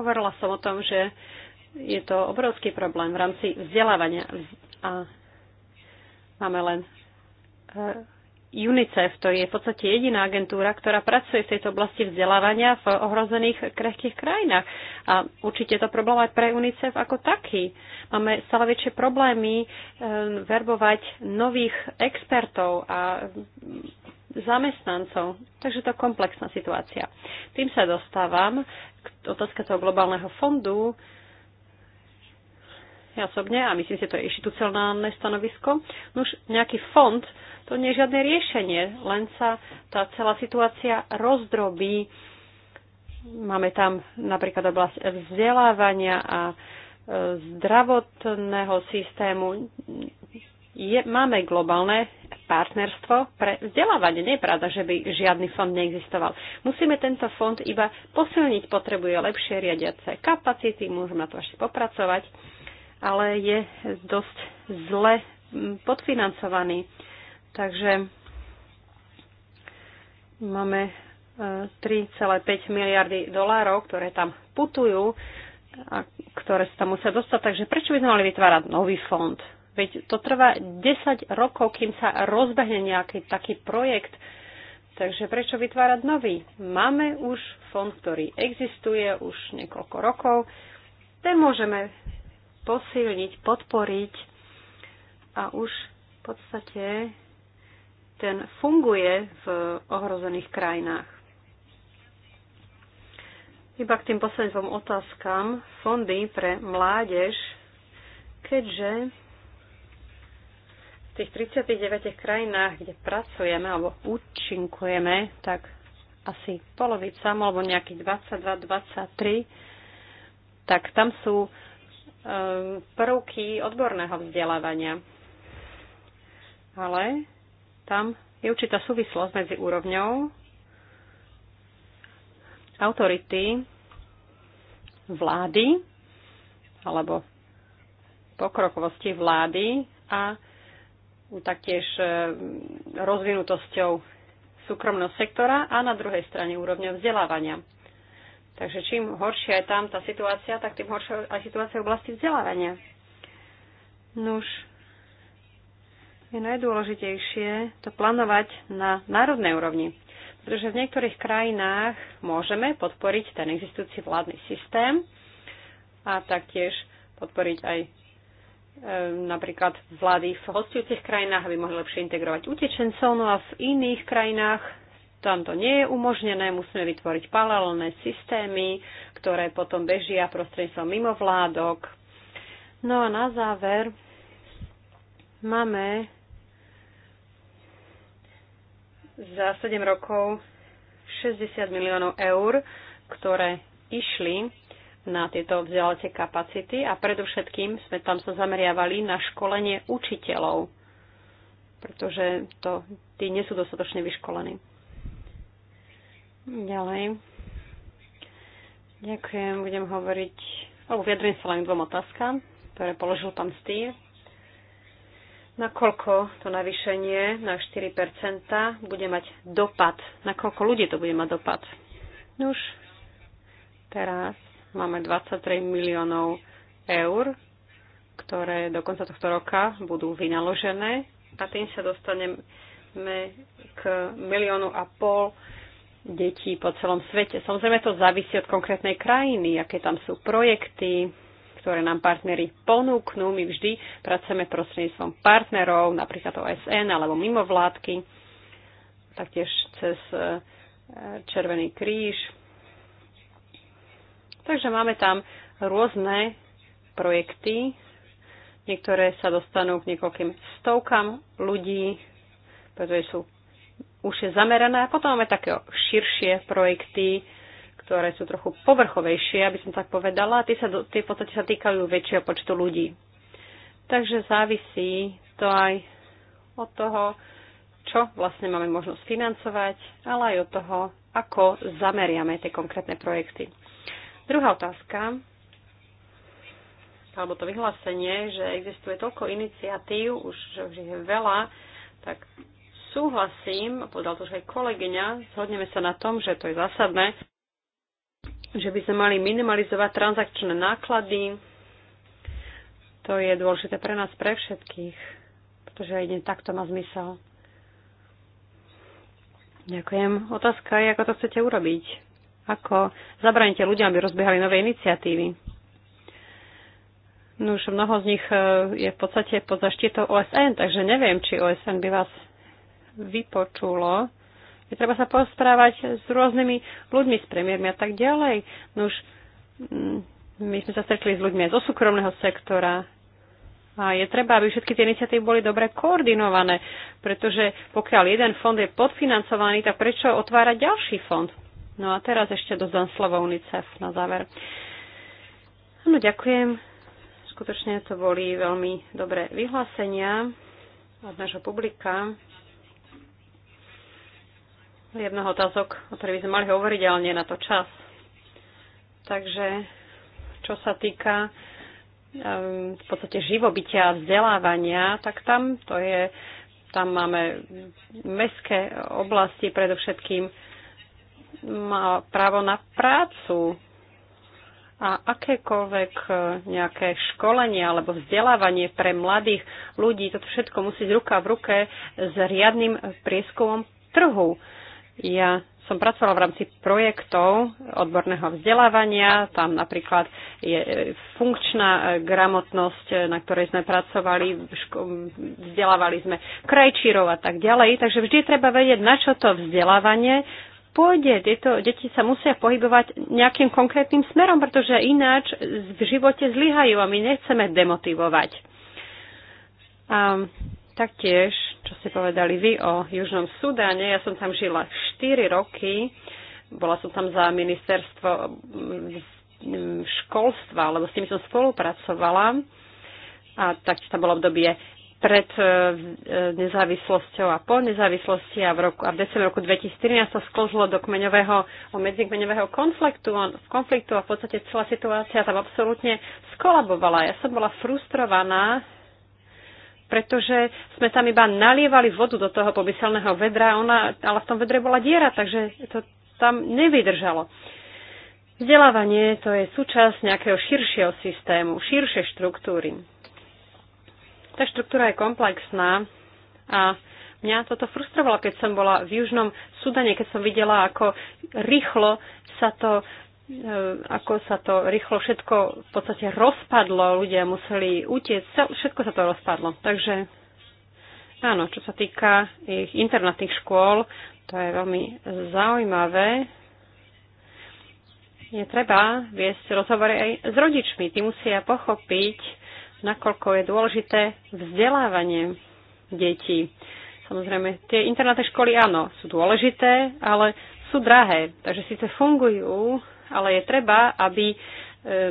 hovorila som o tom, že je to obrovský problém v rámci vzdelávania. A máme len eh, UNICEF, to je v podstate jediná agentúra, ktorá pracuje v tejto oblasti vzdelávania v ohrozených krehkých krajinách. A určite je to problém aj pre UNICEF ako taký. Máme stále väčšie problémy eh, verbovať nových expertov a zamestnancov. Takže to je komplexná situácia. Tým sa dostávam k otázke toho globálneho fondu ja osobne, a myslím si, že to je inštitucionálne stanovisko, no už nejaký fond, to nie je žiadne riešenie, len sa tá celá situácia rozdrobí. Máme tam napríklad oblasť vzdelávania a e, zdravotného systému. Je, máme globálne partnerstvo pre vzdelávanie. Nie je pravda, že by žiadny fond neexistoval. Musíme tento fond iba posilniť, potrebuje lepšie riadiace kapacity, môžeme na to ešte popracovať ale je dosť zle mm, podfinancovaný. Takže máme 3,5 e, miliardy dolárov, ktoré tam putujú a ktoré sa tam musia dostať. Takže prečo by sme mali vytvárať nový fond? Veď to trvá 10 rokov, kým sa rozbehne nejaký taký projekt. Takže prečo vytvárať nový? Máme už fond, ktorý existuje už niekoľko rokov. Ten môžeme posilniť, podporiť a už v podstate ten funguje v ohrozených krajinách. Iba k tým posledným dvom otázkam. Fondy pre mládež, keďže v tých 39 krajinách, kde pracujeme alebo účinkujeme, tak asi polovica, alebo nejakých 22-23, tak tam sú prvky odborného vzdelávania. Ale tam je určitá súvislosť medzi úrovňou autority vlády alebo pokrokovosti vlády a taktiež e, rozvinutosťou súkromného sektora a na druhej strane úrovňou vzdelávania. Takže čím horšia je tam tá situácia, tak tým horšia aj situácia v oblasti vzdelávania. Nuž, je najdôležitejšie to plánovať na národnej úrovni. Pretože v niektorých krajinách môžeme podporiť ten existujúci vládny systém a taktiež podporiť aj e, napríklad vlády v hostujúcich krajinách, aby mohli lepšie integrovať utečencov, no a v iných krajinách tam to nie je umožnené, musíme vytvoriť paralelné systémy, ktoré potom bežia prostredníctvom mimovládok. No a na záver máme za 7 rokov 60 miliónov eur, ktoré išli na tieto vzdelávacie kapacity a predovšetkým sme tam sa zameriavali na školenie učiteľov, pretože to, tí nie sú dostatočne vyškolení. Ďalej. Ďakujem, budem hovoriť, alebo vyjadrím sa len dvom otázkam, ktoré položil pán Stýr. Nakoľko to navýšenie na 4% bude mať dopad? Nakoľko ľudí to bude mať dopad? Už teraz máme 23 miliónov eur, ktoré do konca tohto roka budú vynaložené a tým sa dostaneme k miliónu a pol detí po celom svete. Samozrejme to závisí od konkrétnej krajiny, aké tam sú projekty, ktoré nám partnery ponúknú. My vždy pracujeme prostredníctvom partnerov, napríklad OSN alebo mimovládky, taktiež cez e, Červený kríž. Takže máme tam rôzne projekty. Niektoré sa dostanú k niekoľkým stovkám ľudí, pretože sú už je zamerané A potom máme také širšie projekty, ktoré sú trochu povrchovejšie, aby som tak povedala, a tie, sa, tie v podstate sa týkajú väčšieho počtu ľudí. Takže závisí to aj od toho, čo vlastne máme možnosť financovať, ale aj od toho, ako zameriame tie konkrétne projekty. Druhá otázka, alebo to vyhlásenie, že existuje toľko iniciatív, už, že už je veľa, tak súhlasím, povedal to už aj kolegyňa, zhodneme sa na tom, že to je zásadné, že by sme mali minimalizovať transakčné náklady. To je dôležité pre nás, pre všetkých, pretože jedine takto má zmysel. Ďakujem. Otázka je, ako to chcete urobiť. Ako zabraníte ľuďom, aby rozbiehali nové iniciatívy? No už mnoho z nich eh, je v podstate pod zaštitou OSN, takže neviem, či OSN by vás vypočulo. Je treba sa posprávať s rôznymi ľuďmi, s premiérmi a tak ďalej. No už mm, my sme sa stretli s ľuďmi aj zo súkromného sektora. A je treba, aby všetky tie iniciatívy boli dobre koordinované, pretože pokiaľ jeden fond je podfinancovaný, tak prečo otvárať ďalší fond? No a teraz ešte dozdám slovo UNICEF na záver. No ďakujem. Skutočne to boli veľmi dobré vyhlásenia od nášho publika jedného otázok, o ktorých by sme mali hovoriť, ale nie na to čas. Takže čo sa týka um, v podstate živobytia a vzdelávania, tak tam to je, tam máme mestské oblasti predovšetkým má právo na prácu a akékoľvek e, nejaké školenie alebo vzdelávanie pre mladých ľudí, toto všetko musí z ruka v ruke s riadnym prieskumom trhu. Ja som pracovala v rámci projektov odborného vzdelávania, tam napríklad je funkčná e, gramotnosť, e, na ktorej sme pracovali, vzdelávali sme krajčírov a tak ďalej, takže vždy treba vedieť, na čo to vzdelávanie pôjde. Tieto deti sa musia pohybovať nejakým konkrétnym smerom, pretože ináč v živote zlyhajú a my nechceme demotivovať. A Taktiež, čo ste povedali vy o Južnom Sudáne, ja som tam žila 4 roky, bola som tam za ministerstvo mm, školstva, lebo s tým som spolupracovala a taktiež tam bolo obdobie pred e, nezávislosťou a po nezávislosti a v, roku, a v decembri roku 2013 sa sklzlo do kmeňového, o medzikmeňového konfliktu, konfliktu a v podstate celá situácia tam absolútne skolabovala. Ja som bola frustrovaná pretože sme tam iba nalievali vodu do toho pomyselného vedra, ona, ale v tom vedre bola diera, takže to tam nevydržalo. Vzdelávanie to je súčasť nejakého širšieho systému, širšie štruktúry. Tá štruktúra je komplexná a mňa toto frustrovalo, keď som bola v Južnom Sudane, keď som videla, ako rýchlo sa to Ehm, ako sa to rýchlo všetko v podstate rozpadlo, ľudia museli utiecť, všetko sa to rozpadlo. Takže áno, čo sa týka ich internátnych škôl, to je veľmi zaujímavé. Je treba viesť rozhovory aj s rodičmi. Tí musia pochopiť, nakoľko je dôležité vzdelávanie detí. Samozrejme, tie internátne školy áno, sú dôležité, ale sú drahé. Takže síce fungujú, ale je treba, aby e,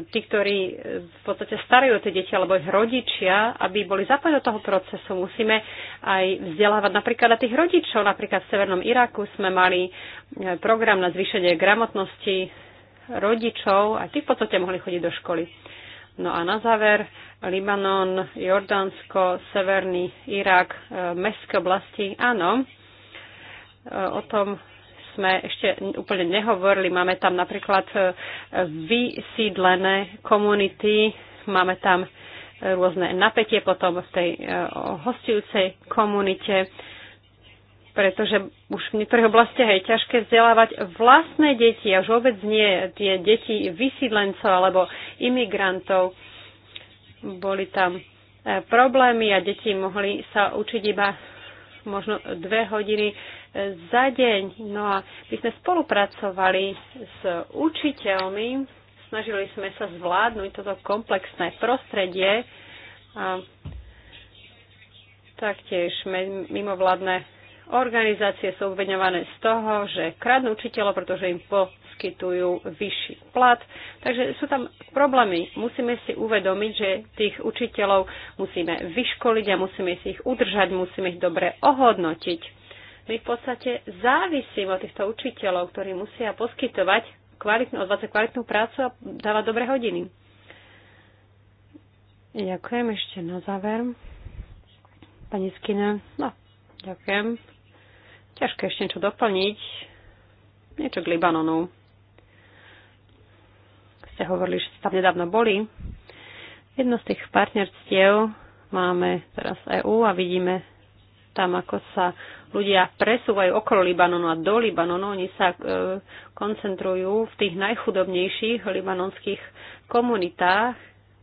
tí, ktorí e, v podstate starajú tie deti alebo ich rodičia, aby boli zapojení do toho procesu. Musíme aj vzdelávať napríklad na tých rodičov. Napríklad v Severnom Iraku sme mali e, program na zvýšenie gramotnosti rodičov a tí v podstate mohli chodiť do školy. No a na záver Libanon, Jordánsko, Severný Irak, mestské oblasti. Áno, o tom sme ešte úplne nehovorili. Máme tam napríklad e, vysídlené komunity, máme tam e, rôzne napätie potom v tej e, hostujúcej komunite, pretože už v niektorých oblastiach je ťažké vzdelávať vlastné deti a už vôbec nie tie deti vysídlencov alebo imigrantov. Boli tam problémy a deti mohli sa učiť iba možno dve hodiny za deň. No a my sme spolupracovali s učiteľmi, snažili sme sa zvládnuť toto komplexné prostredie a taktiež mimovládne organizácie sú obveňované z toho, že kradnú učiteľov, pretože im poskytujú vyšší plat. Takže sú tam problémy. Musíme si uvedomiť, že tých učiteľov musíme vyškoliť a musíme si ich udržať, musíme ich dobre ohodnotiť my v podstate závisíme od týchto učiteľov, ktorí musia poskytovať kvalitnú, odvádzať kvalitnú prácu a dávať dobré hodiny. Ďakujem ešte na záver. Pani Skina, no, ďakujem. Ťažké ešte niečo doplniť. Niečo k Libanonu. Ste hovorili, že ste tam nedávno boli. Jedno z tých partnerstiev máme teraz EU a vidíme tam, ako sa ľudia presúvajú okolo Libanonu a do Libanonu. Oni sa e, koncentrujú v tých najchudobnejších libanonských komunitách,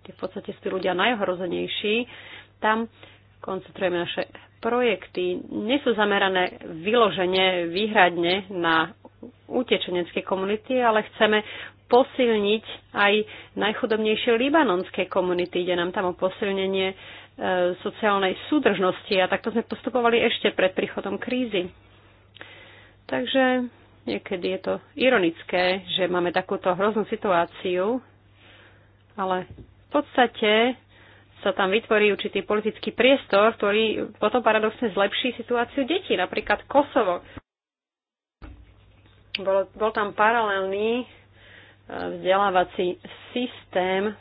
kde v podstate sú tí ľudia najhrozenejší, Tam koncentrujeme naše projekty. Nie sú zamerané vyložene, výhradne na utečenecké komunity, ale chceme posilniť aj najchudobnejšie libanonské komunity. Ide nám tam o posilnenie E, sociálnej súdržnosti a takto sme postupovali ešte pred príchodom krízy. Takže niekedy je to ironické, že máme takúto hroznú situáciu, ale v podstate sa tam vytvorí určitý politický priestor, ktorý potom paradoxne zlepší situáciu detí, napríklad Kosovo. Bol, bol tam paralelný e, vzdelávací systém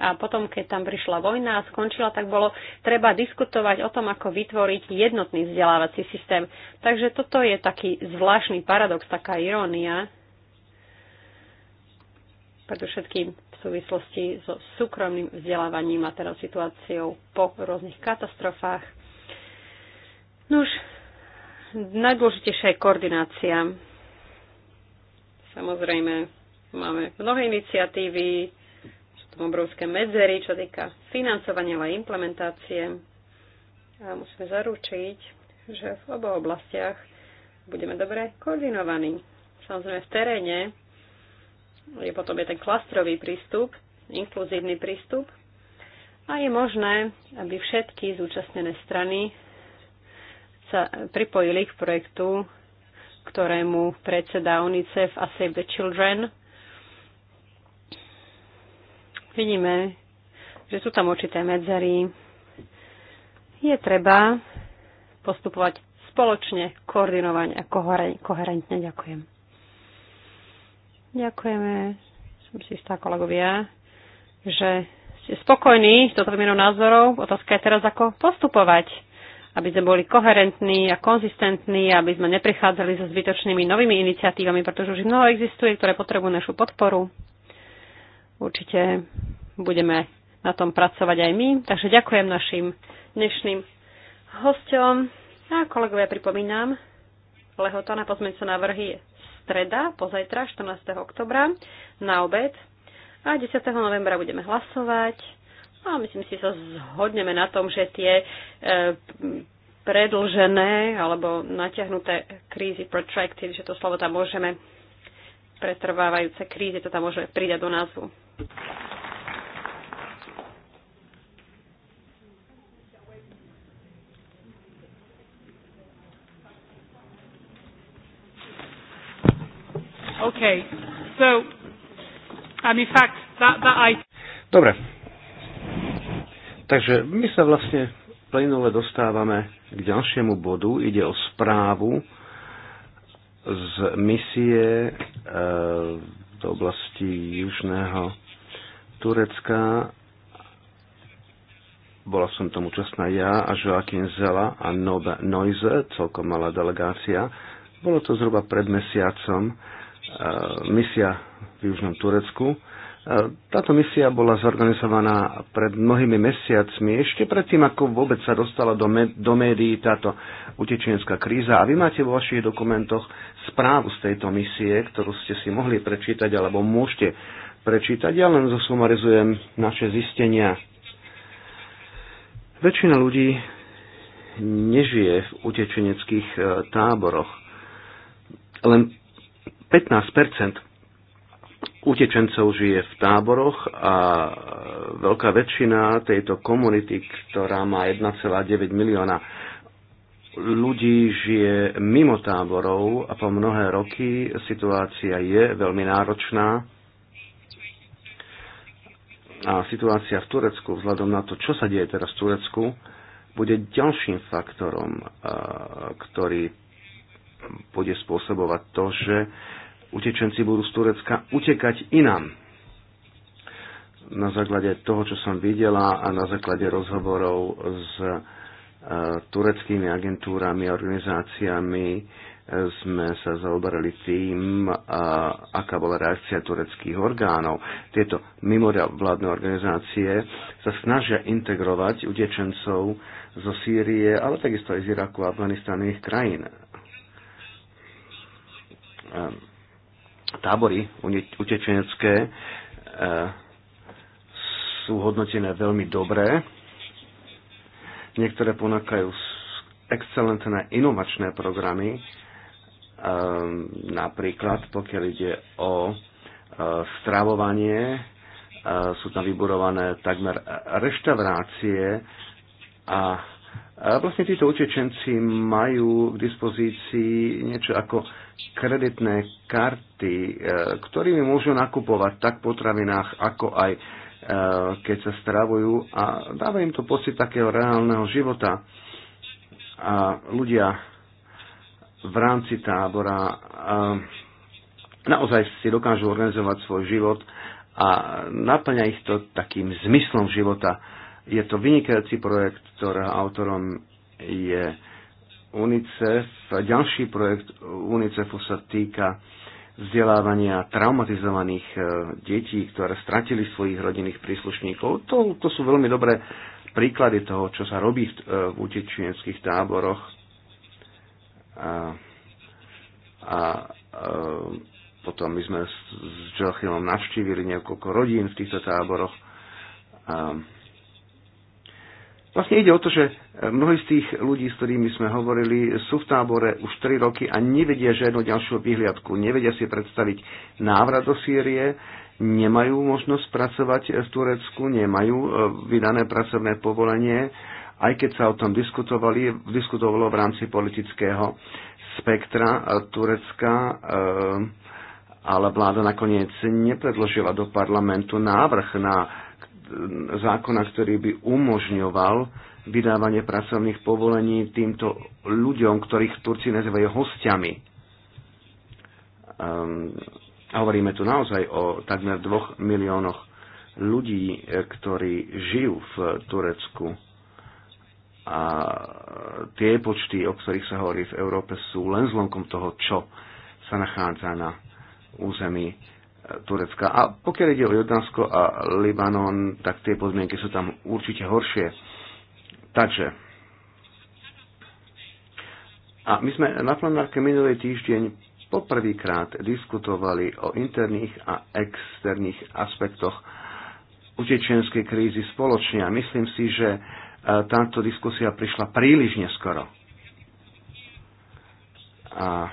a potom, keď tam prišla vojna a skončila, tak bolo treba diskutovať o tom, ako vytvoriť jednotný vzdelávací systém. Takže toto je taký zvláštny paradox, taká irónia, predovšetkým v súvislosti so súkromným vzdelávaním a teraz situáciou po rôznych katastrofách. Nuž, najdôležitejšia je koordinácia. Samozrejme, máme mnohé iniciatívy, tom obrovské medzery, čo týka financovania, ale implementácie. A musíme zaručiť, že v oboch oblastiach budeme dobre koordinovaní. Samozrejme v teréne je potom je ten klastrový prístup, inkluzívny prístup a je možné, aby všetky zúčastnené strany sa pripojili k projektu, ktorému predseda UNICEF a Save the Children vidíme, že sú tam určité medzery. Je treba postupovať spoločne, koordinovane a koherentne. Ďakujem. Ďakujeme. Som si istá, kolegovia, že ste spokojní s touto výmenou názorov. Otázka je teraz, ako postupovať aby sme boli koherentní a konzistentní, aby sme neprichádzali so zbytočnými novými iniciatívami, pretože už mnoho existuje, ktoré potrebujú našu podporu. Určite budeme na tom pracovať aj my. Takže ďakujem našim dnešným hostom. A kolegovia, pripomínam, lehota na sa návrhy je streda, pozajtra, 14. oktobra, na obed. A 10. novembra budeme hlasovať. A myslím si, sa zhodneme na tom, že tie e, predlžené alebo natiahnuté krízy, protracted, že to slovo tam môžeme, pretrvávajúce krízy, to tam môžeme pridať do názvu. Okay. So, um, in fact, that, that I... Dobre. Takže my sa vlastne plynule dostávame k ďalšiemu bodu. Ide o správu z misie e, do oblasti Južného Turecka. Bola som tomu časná ja a Joachim Zela a Noba Noise, celkom malá delegácia. Bolo to zhruba pred mesiacom. E, misia v Južnom Turecku. E, táto misia bola zorganizovaná pred mnohými mesiacmi, ešte predtým, ako vôbec sa dostala do, med- do médií táto utečenská kríza. A vy máte vo vašich dokumentoch správu z tejto misie, ktorú ste si mohli prečítať alebo môžete prečítať. Ja len zosumarizujem naše zistenia. Väčšina ľudí nežije v utečeneckých e, táboroch. Len 15 utečencov žije v táboroch a e, veľká väčšina tejto komunity, ktorá má 1,9 milióna ľudí žije mimo táborov a po mnohé roky situácia je veľmi náročná a situácia v Turecku vzhľadom na to, čo sa deje teraz v Turecku, bude ďalším faktorom, ktorý bude spôsobovať to, že utečenci budú z Turecka utekať inám. Na základe toho, čo som videla a na základe rozhovorov s tureckými agentúrami a organizáciami, sme sa zaoberali tým, aká bola reakcia tureckých orgánov. Tieto mimoľadné organizácie sa snažia integrovať utečencov zo Sýrie, ale takisto aj z Iraku a ich krajín. Tábory utečenecké sú hodnotené veľmi dobré. Niektoré ponúkajú excelentné inovačné programy, Ehm, napríklad pokiaľ ide o e, stravovanie, e, sú tam vyburované takmer reštaurácie a vlastne títo utečenci majú k dispozícii niečo ako kreditné karty, e, ktorými môžu nakupovať tak v potravinách, ako aj keď sa stravujú a dáva im to pocit takého reálneho života. A ľudia v rámci tábora naozaj si dokážu organizovať svoj život a naplňa ich to takým zmyslom života. Je to vynikajúci projekt, ktorého autorom je UNICEF. Ďalší projekt UNICEFu sa týka vzdelávania traumatizovaných e, detí, ktoré stratili svojich rodinných príslušníkov. To, to sú veľmi dobré príklady toho, čo sa robí v, e, v utečeneckých táboroch a, a, a potom my sme s, s Joachimom navštívili niekoľko rodín v týchto táboroch. A, Vlastne ide o to, že mnohí z tých ľudí, s ktorými sme hovorili, sú v tábore už 3 roky a nevedia žiadnu ďalšiu vyhliadku. Nevedia si predstaviť návrat do Sýrie, nemajú možnosť pracovať v Turecku, nemajú e, vydané pracovné povolenie aj keď sa o tom diskutovali, diskutovalo v rámci politického spektra e, Turecka, e, ale vláda nakoniec nepredložila do parlamentu návrh na e, zákona, ktorý by umožňoval vydávanie pracovných povolení týmto ľuďom, ktorých Turci nazývajú hostiami. Um, hovoríme tu naozaj o takmer dvoch miliónoch ľudí, ktorí žijú v Turecku a tie počty, o ktorých sa hovorí v Európe, sú len zlomkom toho, čo sa nachádza na území e, Turecka. A pokiaľ ide o Jordánsko a Libanon, tak tie podmienky sú tam určite horšie. Takže a my sme na plenárke minulý týždeň poprvýkrát diskutovali o interných a externých aspektoch utečenskej krízy spoločne a myslím si, že E, táto diskusia prišla príliš neskoro. A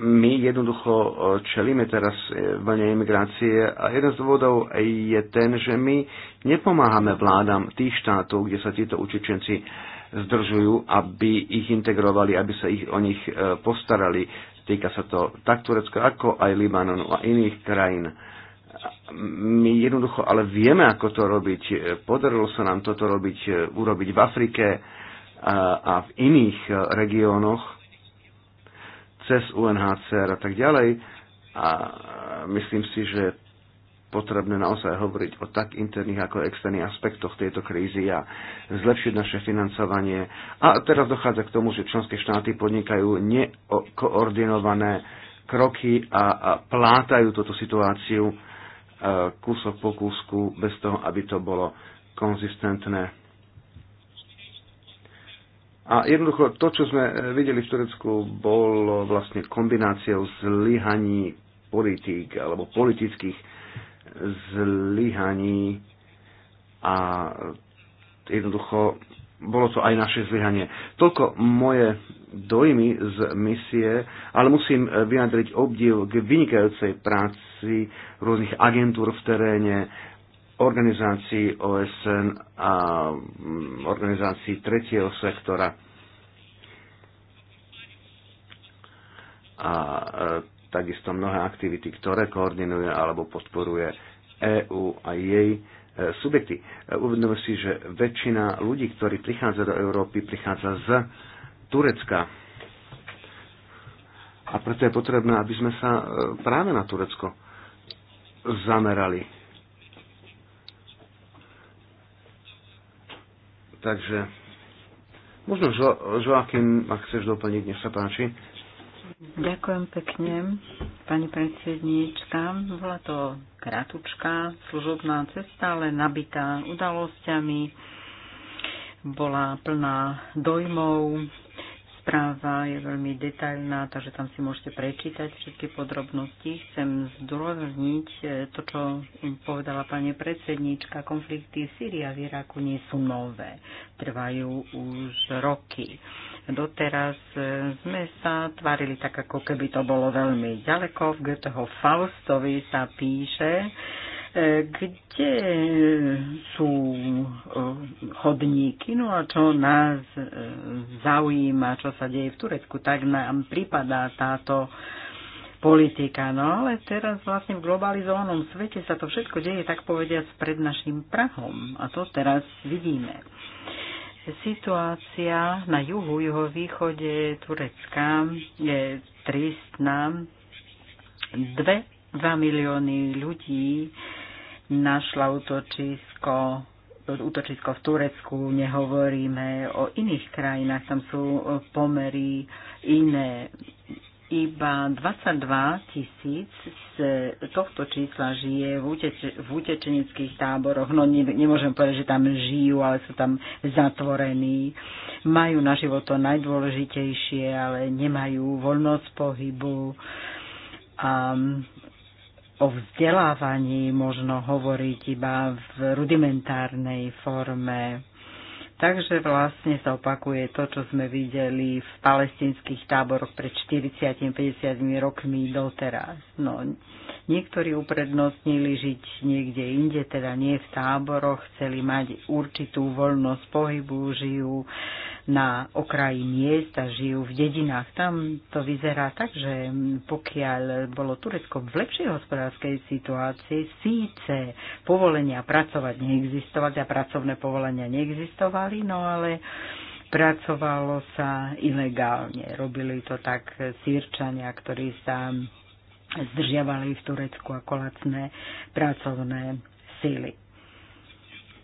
my jednoducho e, čelíme teraz e, vlne imigrácie a jeden z dôvodov je ten, že my nepomáhame vládam tých štátov, kde sa títo učičenci zdržujú, aby ich integrovali, aby sa ich, o nich postarali. Týka sa to tak Turecka, ako aj Libanonu a iných krajín. Uh, my jednoducho ale vieme, ako to robiť. E, podarilo sa nám toto robiť, e, urobiť v Afrike a, e, a v iných regiónoch cez UNHCR a tak ďalej. A myslím si, že potrebné naozaj hovoriť o tak interných ako externých aspektoch tejto krízy a zlepšiť naše financovanie. A teraz dochádza k tomu, že členské štáty podnikajú nekoordinované kroky a, a plátajú túto situáciu kúsok po kúsku, bez toho, aby to bolo konzistentné. A jednoducho to, čo sme eh, videli v Turecku, bolo vlastne kombináciou zlyhaní politík alebo politických zlyhaní a jednoducho bolo to aj naše zlyhanie. Toľko moje dojmy z misie, ale musím e, vyjadriť obdiv k vynikajúcej práci rôznych agentúr v teréne, organizácií OSN a mm, organizácií tretieho sektora. A e, takisto mnohé aktivity, ktoré koordinuje alebo podporuje EÚ a jej E, subjekty. E, Uvedomujú si, že väčšina ľudí, ktorí prichádza do Európy, prichádza z Turecka. A preto je potrebné, aby sme sa e, práve na Turecko zamerali. Takže možno Joachim, ak chceš doplniť, nech sa páči. Ďakujem pekne, pani predsedníčka. Bola to kratučká služobná cesta, ale nabitá udalosťami. Bola plná dojmov. Správa je veľmi detailná, takže tam si môžete prečítať všetky podrobnosti. Chcem zdôrazniť to, čo povedala pani predsedníčka. Konflikty v Syrii a v Iraku nie sú nové. Trvajú už roky Doteraz e, sme sa tvárili tak, ako keby to bolo veľmi ďaleko. V Goetheho Faustovi sa píše, e, kde sú chodníky. E, no a čo nás zaujíma, čo sa deje v Turecku, tak nám pripadá táto politika. No ale teraz vlastne v globalizovanom svete sa to všetko deje, tak povediať, pred našim prahom. A to teraz vidíme. Situácia na juhu, juhovýchode Turecka je tristná. Dve, dva milióny ľudí našla útočisko útočisko v Turecku, nehovoríme o iných krajinách, tam sú pomery iné. Iba 22 tisíc z tohto čísla žije v, uteč- v utečeneckých táboroch. No ne- nemôžem povedať, že tam žijú, ale sú tam zatvorení. Majú na život to najdôležitejšie, ale nemajú voľnosť pohybu. A o vzdelávaní možno hovoriť iba v rudimentárnej forme. Takže vlastne sa opakuje to, čo sme videli v palestinských táboroch pred 40-50 rokmi doteraz. No, Niektorí uprednostnili žiť niekde inde, teda nie v táboroch, chceli mať určitú voľnosť pohybu, žijú na okraji miest a žijú v dedinách. Tam to vyzerá tak, že pokiaľ bolo Turecko v lepšej hospodárskej situácii, síce povolenia pracovať neexistovať a pracovné povolenia neexistovali, no ale pracovalo sa ilegálne. Robili to tak sírčania, ktorí sa zdržiavali v Turecku ako lacné pracovné síly.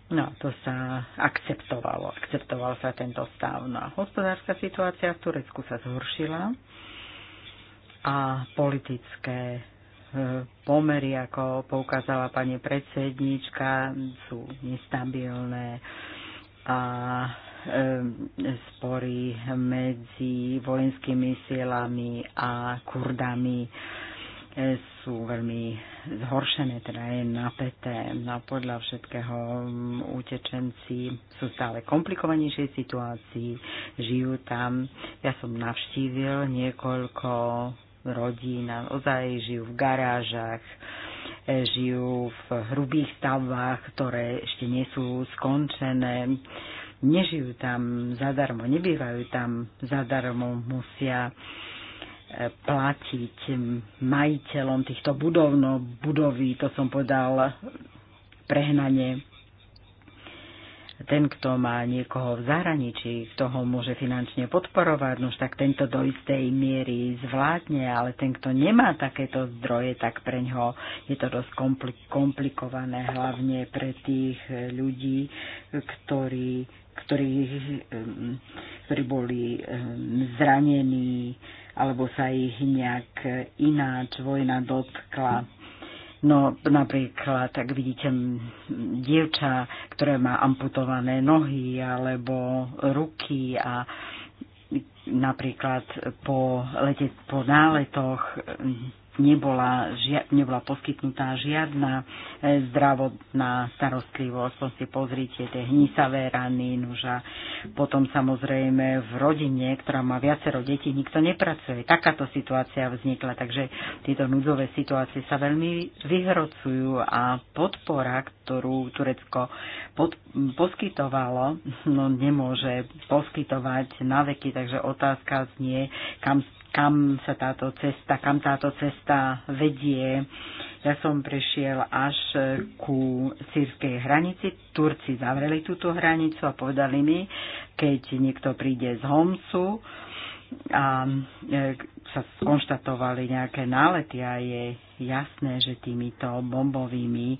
No, to sa akceptovalo. Akceptoval sa tento stav. No a hospodárska situácia v Turecku sa zhoršila a politické e, pomery, ako poukázala pani predsednička, sú nestabilné a e, spory medzi vojenskými silami a kurdami sú veľmi zhoršené, teda je napäté. No a podľa všetkého mm, utečenci sú stále komplikovanejšej situácii, žijú tam. Ja som navštívil niekoľko rodín, ozaj žijú v garážach, e, žijú v hrubých stavbách, ktoré ešte nie sú skončené. Nežijú tam zadarmo, nebývajú tam zadarmo, musia platiť majiteľom týchto budov, no budovy, to som podal prehnanie. Ten, kto má niekoho v zahraničí, kto ho môže finančne podporovať, nož tak tento do istej miery zvládne, ale ten, kto nemá takéto zdroje, tak pre ňo je to dosť komplikované, hlavne pre tých ľudí, ktorí ktorí, ktorí boli zranení alebo sa ich nejak ináč vojna dotkla. No napríklad, tak vidíte dievča, ktoré má amputované nohy alebo ruky a napríklad po, lete, po náletoch nebola, žia, nebola poskytnutá žiadna e, zdravotná starostlivosť. To si pozrite, tie hnisavé rany, nuža. Potom samozrejme v rodine, ktorá má viacero detí, nikto nepracuje. Takáto situácia vznikla, takže tieto núdzové situácie sa veľmi vyhrocujú a podpora, ktorú Turecko pod, poskytovalo, no nemôže poskytovať na veky, takže otázka znie, kam kam sa táto cesta, kam táto cesta vedie. Ja som prešiel až ku sírskej hranici. Turci zavreli túto hranicu a povedali mi, keď niekto príde z Homsu, a e, sa skonštatovali nejaké nálety a je jasné, že týmito bombovými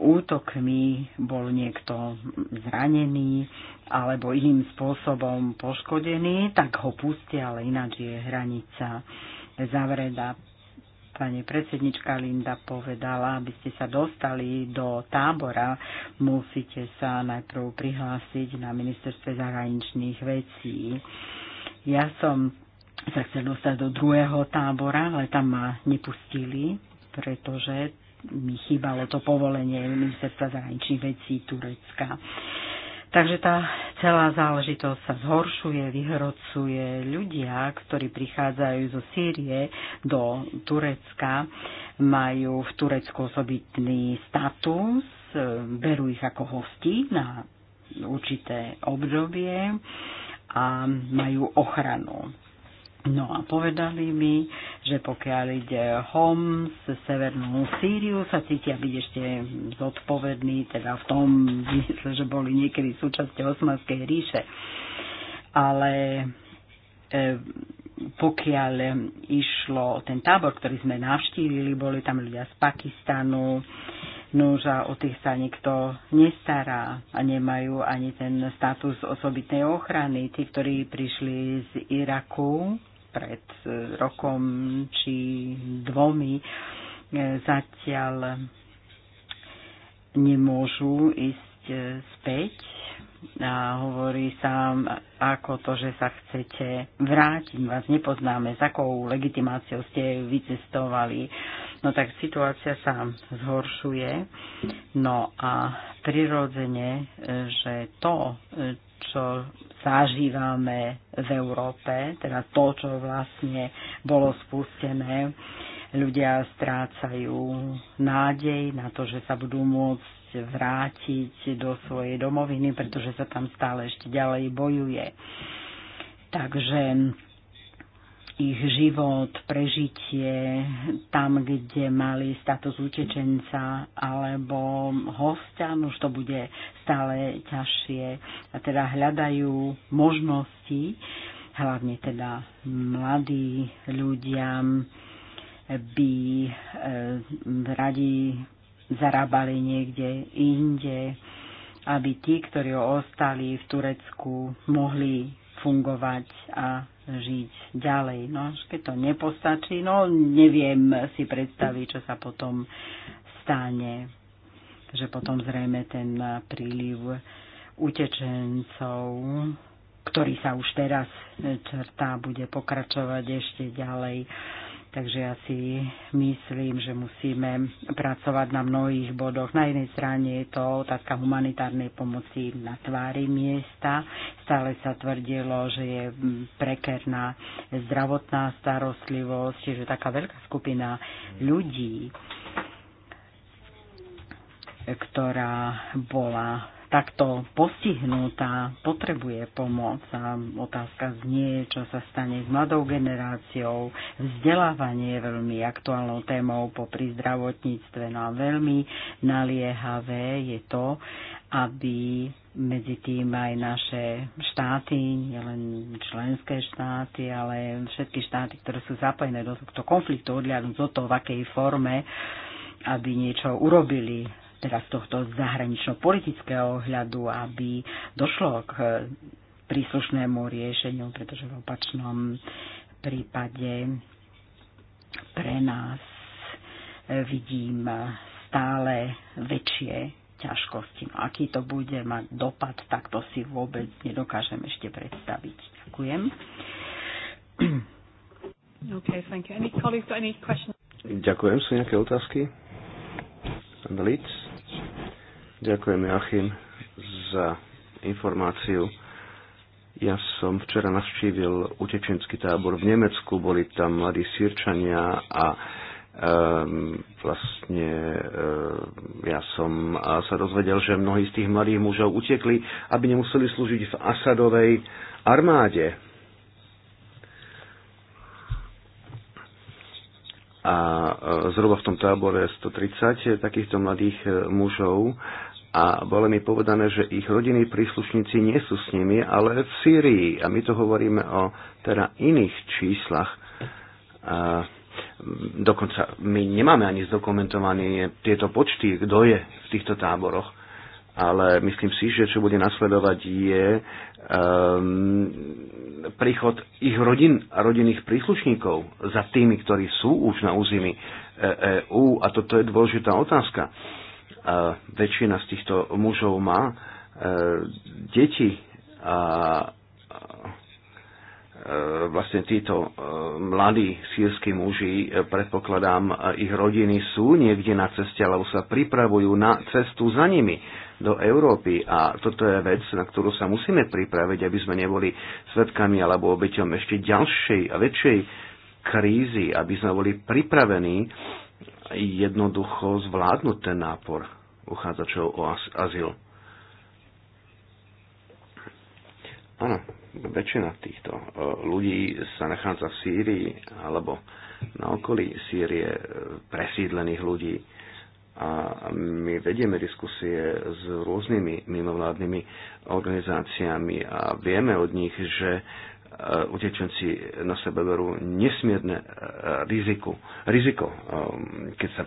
útokmi bol niekto zranený alebo iným spôsobom poškodený, tak ho pustia, ale ináč je hranica zavreda. Pani predsednička Linda povedala, aby ste sa dostali do tábora, musíte sa najprv prihlásiť na ministerstve zahraničných vecí. Ja som sa chcel dostať do druhého tábora, ale tam ma nepustili, pretože mi chýbalo to povolenie ministerstva zahraničných vecí Turecka. Takže tá celá záležitosť sa zhoršuje, vyhrocuje. Ľudia, ktorí prichádzajú zo Sýrie do Turecka, majú v Turecku osobitný status, berú ich ako hosti na určité obdobie a majú ochranu. No a povedali mi, že pokiaľ ide Homs, Severnú Sýriu, sa cítia byť ešte zodpovedný, teda v tom mysle, že boli niekedy súčasťou Osmanskej ríše. Ale e, pokiaľ išlo ten tábor, ktorý sme navštívili, boli tam ľudia z Pakistanu, núža, o tých sa nikto nestará a nemajú ani ten status osobitnej ochrany. Tí, ktorí prišli z Iraku, pred e, rokom či dvomi e, zatiaľ nemôžu ísť e, späť a hovorí sa, ako to, že sa chcete vrátiť, vás nepoznáme, s akou legitimáciou ste vycestovali. No tak situácia sa zhoršuje. No a prirodzene, že to, čo zažívame v Európe, teda to, čo vlastne bolo spustené. Ľudia strácajú nádej na to, že sa budú môcť vrátiť do svojej domoviny, pretože sa tam stále ešte ďalej bojuje. Takže ich život, prežitie tam, kde mali status utečenca alebo hostia, no už to bude stále ťažšie. A teda hľadajú možnosti, hlavne teda mladí ľudia by eh, radi zarábali niekde inde, aby tí, ktorí ostali v Turecku, mohli fungovať a žiť ďalej. No až keď to nepostačí, no neviem si predstaviť, čo sa potom stane. Že potom zrejme ten príliv utečencov, ktorý sa už teraz črtá, bude pokračovať ešte ďalej. Takže ja si myslím, že musíme pracovať na mnohých bodoch. Na jednej strane je to otázka humanitárnej pomoci na tvári miesta. Stále sa tvrdilo, že je prekerná zdravotná starostlivosť, čiže taká veľká skupina ľudí, ktorá bola takto postihnutá, potrebuje pomoc a otázka znie, čo sa stane s mladou generáciou. Vzdelávanie je veľmi aktuálnou témou popri zdravotníctve, no a veľmi naliehavé je to, aby medzi tým aj naše štáty, nielen členské štáty, ale všetky štáty, ktoré sú zapojené do tohto konfliktu, odliadnúť do toho, v akej forme, aby niečo urobili teda z tohto zahranično-politického hľadu, aby došlo k príslušnému riešeniu, pretože v opačnom prípade pre nás vidím stále väčšie ťažkosti. No aký to bude mať dopad, tak to si vôbec nedokážem ešte predstaviť. Ďakujem. Okay, thank you. Any colleagues any questions? Ďakujem. Sú nejaké otázky? Lids? Ďakujem, Joachim, za informáciu. Ja som včera navštívil utečenský tábor v Nemecku, boli tam mladí sírčania a um, vlastne um, ja som sa dozvedel, že mnohí z tých mladých mužov utekli, aby nemuseli slúžiť v Asadovej armáde. A e, zhruba v tom tábore 130 takýchto mladých e, mužov a bolo mi povedané, že ich rodiny príslušníci nie sú s nimi, ale v Sýrii. A my tu hovoríme o teda iných číslach. A dokonca my nemáme ani zdokumentované tieto počty, kto je v týchto táboroch. Ale myslím si, že čo bude nasledovať je um, príchod ich rodin a rodinných príslušníkov za tými, ktorí sú už na území EÚ. E a toto je dôležitá otázka väčšina z týchto mužov má e, deti a e, vlastne títo e, mladí sírsky muži, predpokladám, ich rodiny sú niekde na ceste, alebo sa pripravujú na cestu za nimi do Európy. A toto je vec, na ktorú sa musíme pripraviť, aby sme neboli svetkami alebo obeťom ešte ďalšej a väčšej krízy, aby sme boli pripravení jednoducho zvládnuť ten nápor uchádzačov o azyl. Áno, väčšina týchto e, ľudí sa nachádza v Sýrii alebo na okolí Sýrie e, presídlených ľudí. A my vedieme diskusie s rôznymi mimovládnymi organizáciami a vieme od nich, že E, utečenci na sebe berú nesmierne e, riziko, riziko e, keď sa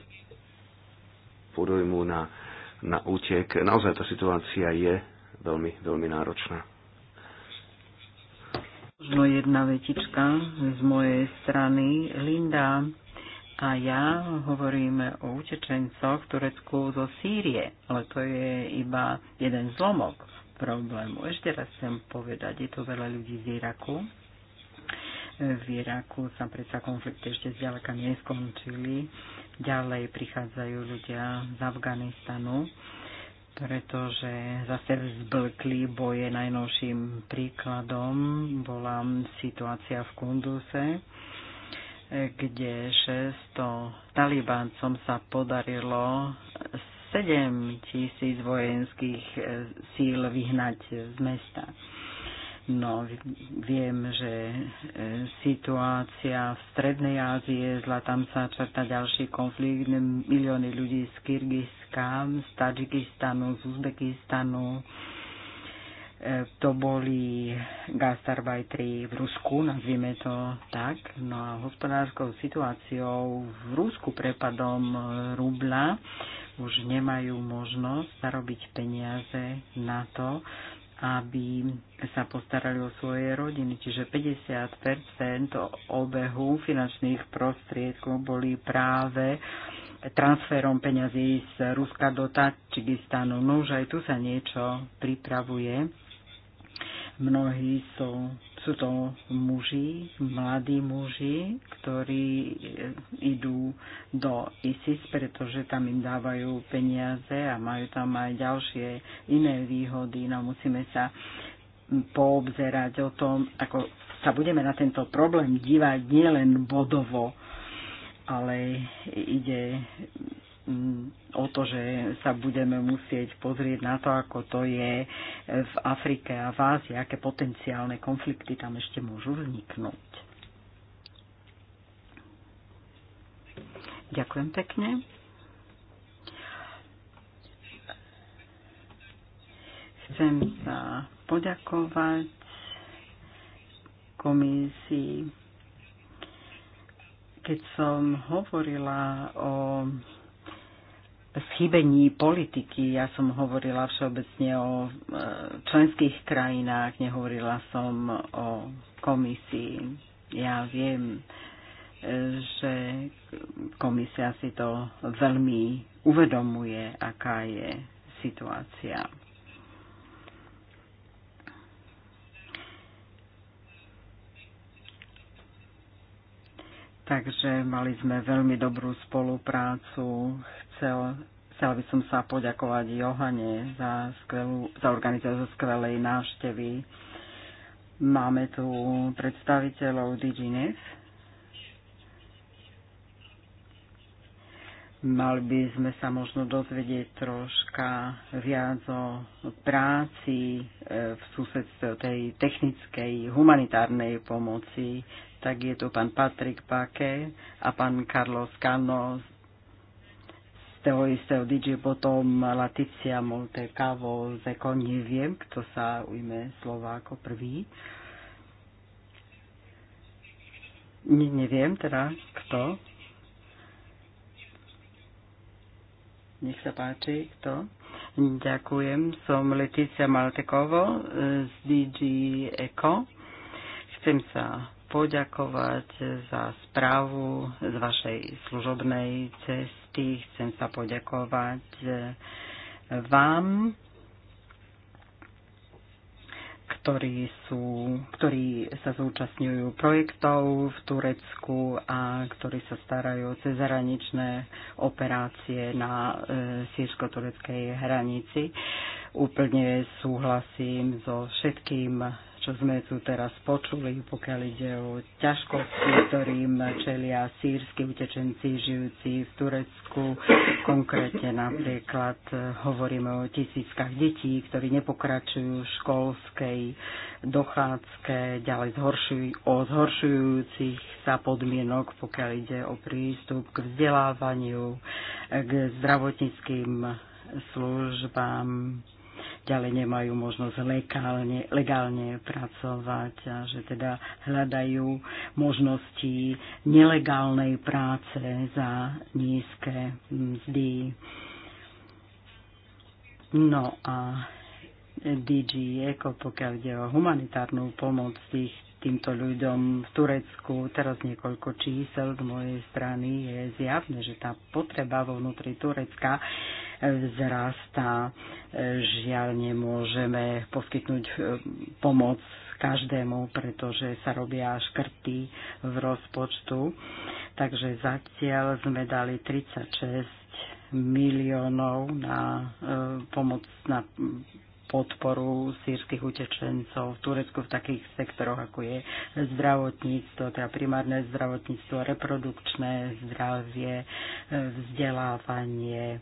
podujmú na, na útek. Naozaj tá situácia je veľmi, veľmi náročná. Možno jedna vetička z mojej strany. Linda a ja hovoríme o utečencoch v Turecku zo Sýrie, ale to je iba jeden zlomok problému. Ešte raz chcem povedať, je to veľa ľudí z Iraku. V Iraku sa predsa konflikty ešte zďaleka neskončili. Ďalej prichádzajú ľudia z Afganistanu, pretože zase vzblkli boje. Najnovším príkladom bola situácia v Kunduse, kde 600 talibáncom sa podarilo 7 tisíc vojenských e, síl vyhnať z mesta. No, viem, že e, situácia v Strednej Ázie zla, tam sa črta ďalší konflikt, milióny ľudí z Kyrgyzska, z Tadžikistanu, z Uzbekistanu. E, to boli gastarbajtri v Rusku, nazvime to tak. No a hospodárskou situáciou v Rusku prepadom rubla už nemajú možnosť zarobiť peniaze na to, aby sa postarali o svoje rodiny. Čiže 50 obehu finančných prostriedkov boli práve transferom peňazí z Ruska do Tadžikistanu. No už aj tu sa niečo pripravuje. Mnohí sú sú to muži, mladí muži, ktorí idú do ISIS, pretože tam im dávajú peniaze a majú tam aj ďalšie iné výhody. No musíme sa poobzerať o tom, ako sa budeme na tento problém dívať nielen bodovo, ale ide o to, že sa budeme musieť pozrieť na to, ako to je v Afrike a v Ázii, aké potenciálne konflikty tam ešte môžu vzniknúť. Ďakujem pekne. Chcem sa poďakovať komisii, keď som hovorila o schybení politiky. Ja som hovorila všeobecne o e, členských krajinách, nehovorila som o komisii. Ja viem, e, že komisia si to veľmi uvedomuje, aká je situácia. Takže mali sme veľmi dobrú spoluprácu chcel, chcel by som sa poďakovať Johane za, skvelú, za organizáciu skvelej návštevy. Máme tu predstaviteľov DigiNet. Mali by sme sa možno dozvedieť troška viac o práci e, v susedstve tej technickej humanitárnej pomoci. Tak je tu pán Patrik Pake a pán Carlos Cano z toho istého DJ, potom Laticia Montekavo, Zeko, neviem, kto sa ujme slova ako prvý. Ne, neviem teda, kto. Nech sa páči, kto. Ďakujem, som Leticia Maltekovo e, z DG Eko. Chcem sa poďakovať za správu z vašej služobnej cesty účty. Chcem sa poďakovať e, vám, ktorí, sú, ktorí sa zúčastňujú projektov v Turecku a ktorí sa starajú o cezhraničné operácie na e, sírsko-tureckej hranici. Úplne súhlasím so všetkým, čo sme tu teraz počuli, pokiaľ ide o ťažkosti, ktorým čelia sírsky utečenci žijúci v Turecku. Konkrétne napríklad hovoríme o tisíckach detí, ktorí nepokračujú v školskej dochádzke, ďalej zhoršujú, o zhoršujúcich sa podmienok, pokiaľ ide o prístup k vzdelávaniu, k zdravotníckým službám ďalej nemajú možnosť legálne, legálne pracovať a že teda hľadajú možnosti nelegálnej práce za nízke mzdy. No a DG Eco, pokiaľ ide o humanitárnu pomoc tých týmto ľuďom v Turecku. Teraz niekoľko čísel z mojej strany je zjavné, že tá potreba vo vnútri Turecka vzrastá. Žiaľ, nemôžeme poskytnúť e, pomoc každému, pretože sa robia škrty v rozpočtu. Takže zatiaľ sme dali 36 miliónov na e, pomoc na podporu sírskych utečencov v Turecku v takých sektoroch, ako je zdravotníctvo, teda primárne zdravotníctvo, reprodukčné zdravie, e, vzdelávanie,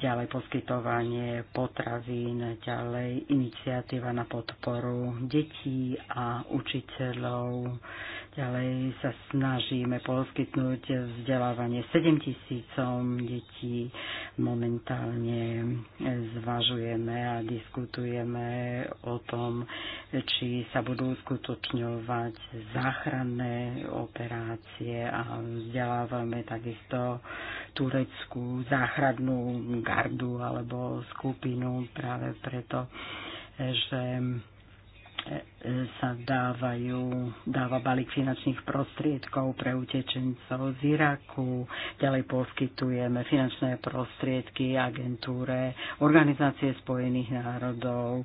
ďalej poskytovanie potravín, ďalej iniciatíva na podporu detí a učiteľov. Ďalej sa snažíme poskytnúť vzdelávanie 7 tisícom detí. Momentálne zvažujeme a diskutujeme o tom, či sa budú uskutočňovať záchranné operácie a vzdelávame takisto tureckú záchrannú gardu alebo skupinu práve preto, že e, sa dávajú, dáva balík finančných prostriedkov pre utečencov z Iraku. Ďalej poskytujeme finančné prostriedky agentúre Organizácie spojených národov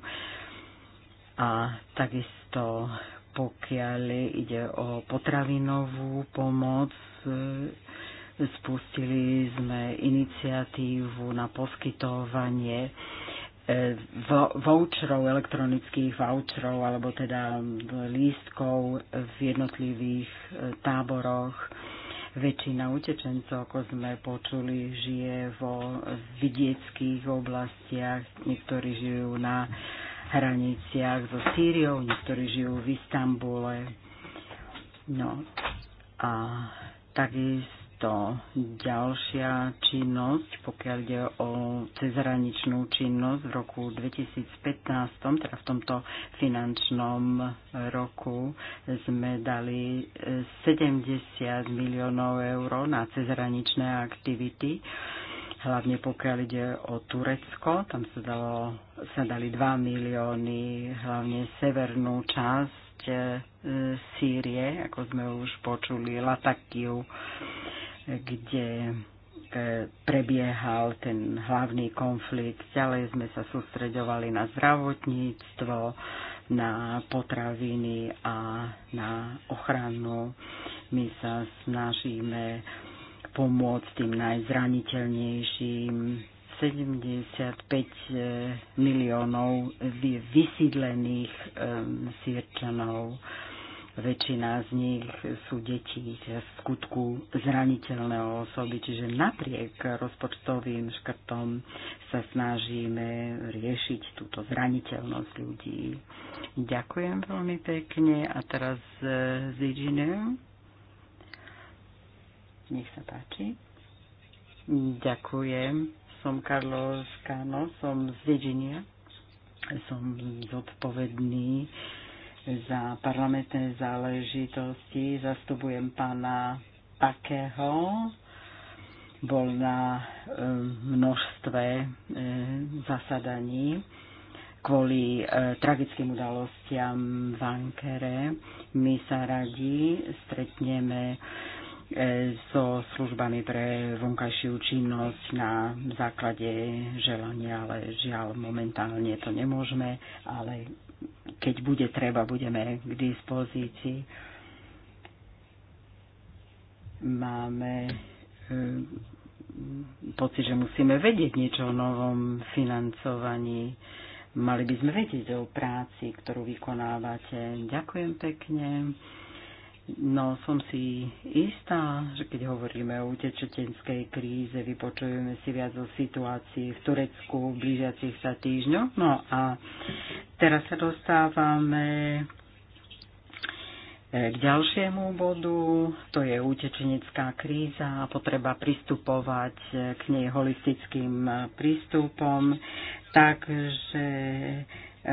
a takisto pokiaľ ide o potravinovú pomoc, e, Spustili sme iniciatívu na poskytovanie e, voucherov, elektronických voucherov, alebo teda lístkov v jednotlivých e, táboroch. Väčšina utečencov, ako sme počuli, žije vo vidieckých oblastiach, niektorí žijú na hraniciach so Sýriou, niektorí žijú v Istambule. No a takisto to ďalšia činnosť, pokiaľ ide o cezhraničnú činnosť v roku 2015, teda v tomto finančnom roku sme dali 70 e, miliónov eur na cezhraničné aktivity hlavne pokiaľ ide o Turecko, tam sa, dalo, sa dali 2 milióny, hlavne severnú časť e, Sýrie, ako sme už počuli, Latakiu kde e, prebiehal ten hlavný konflikt. Ďalej sme sa sústreďovali na zdravotníctvo, na potraviny a na ochranu. My sa snažíme pomôcť tým najzraniteľnejším. 75 e, miliónov vysídlených um, sírčanov väčšina z nich sú deti v skutku zraniteľné osoby, čiže napriek rozpočtovým škrtom sa snažíme riešiť túto zraniteľnosť ľudí. Ďakujem veľmi pekne a teraz e, Zidžine. Nech sa páči. Ďakujem. Som Carlos Cano, som z Virginia. Som zodpovedný za parlamentné záležitosti. Zastupujem pána Takého. Bol na e, množstve e, zasadaní kvôli e, tragickým udalostiam v Ankere. My sa radi stretneme so službami pre vonkajšiu činnosť na základe želania, ale žiaľ momentálne to nemôžeme, ale keď bude treba, budeme k dispozícii. Máme e, pocit, že musíme vedieť niečo o novom financovaní. Mali by sme vedieť o práci, ktorú vykonávate. Ďakujem pekne. No som si istá, že keď hovoríme o utečetenskej kríze, vypočujeme si viac o situácii v Turecku v blížiacich sa týždňoch. No a teraz sa dostávame e, k ďalšiemu bodu, to je utečenecká kríza a potreba pristupovať e, k nej holistickým e, prístupom. Takže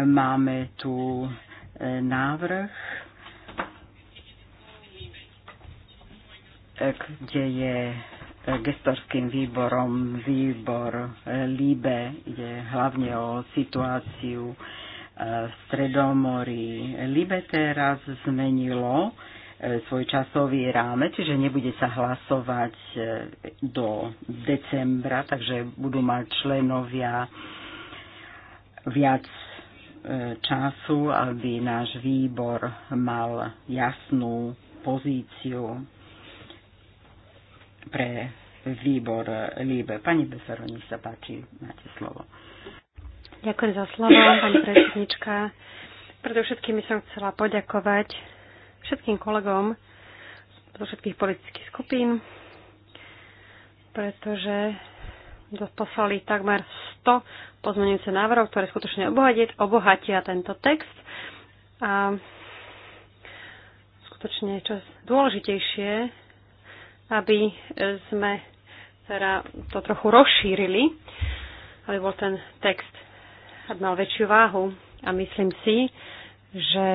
máme tu návrh E, kde je e, gestorským výborom výbor e, Líbe, ide hlavne o situáciu v Stredomorí. Líbe teraz zmenilo svoj časový ráme, čiže nebude sa hlasovať do decembra, takže budú mať členovia viac času, aby náš výbor mal jasnú pozíciu pre výbor LIBE. Pani Besaro, nech sa páči, máte slovo. Ďakujem za slovo, pani predsednička. Predovšetkým by som chcela poďakovať všetkým kolegom zo všetkých politických skupín, pretože poslali takmer 100 pozmeňujúce návrhov, ktoré skutočne obohatia tento text. A skutočne čo dôležitejšie aby e, sme teda to trochu rozšírili, aby bol ten text mal väčšiu váhu. A myslím si, že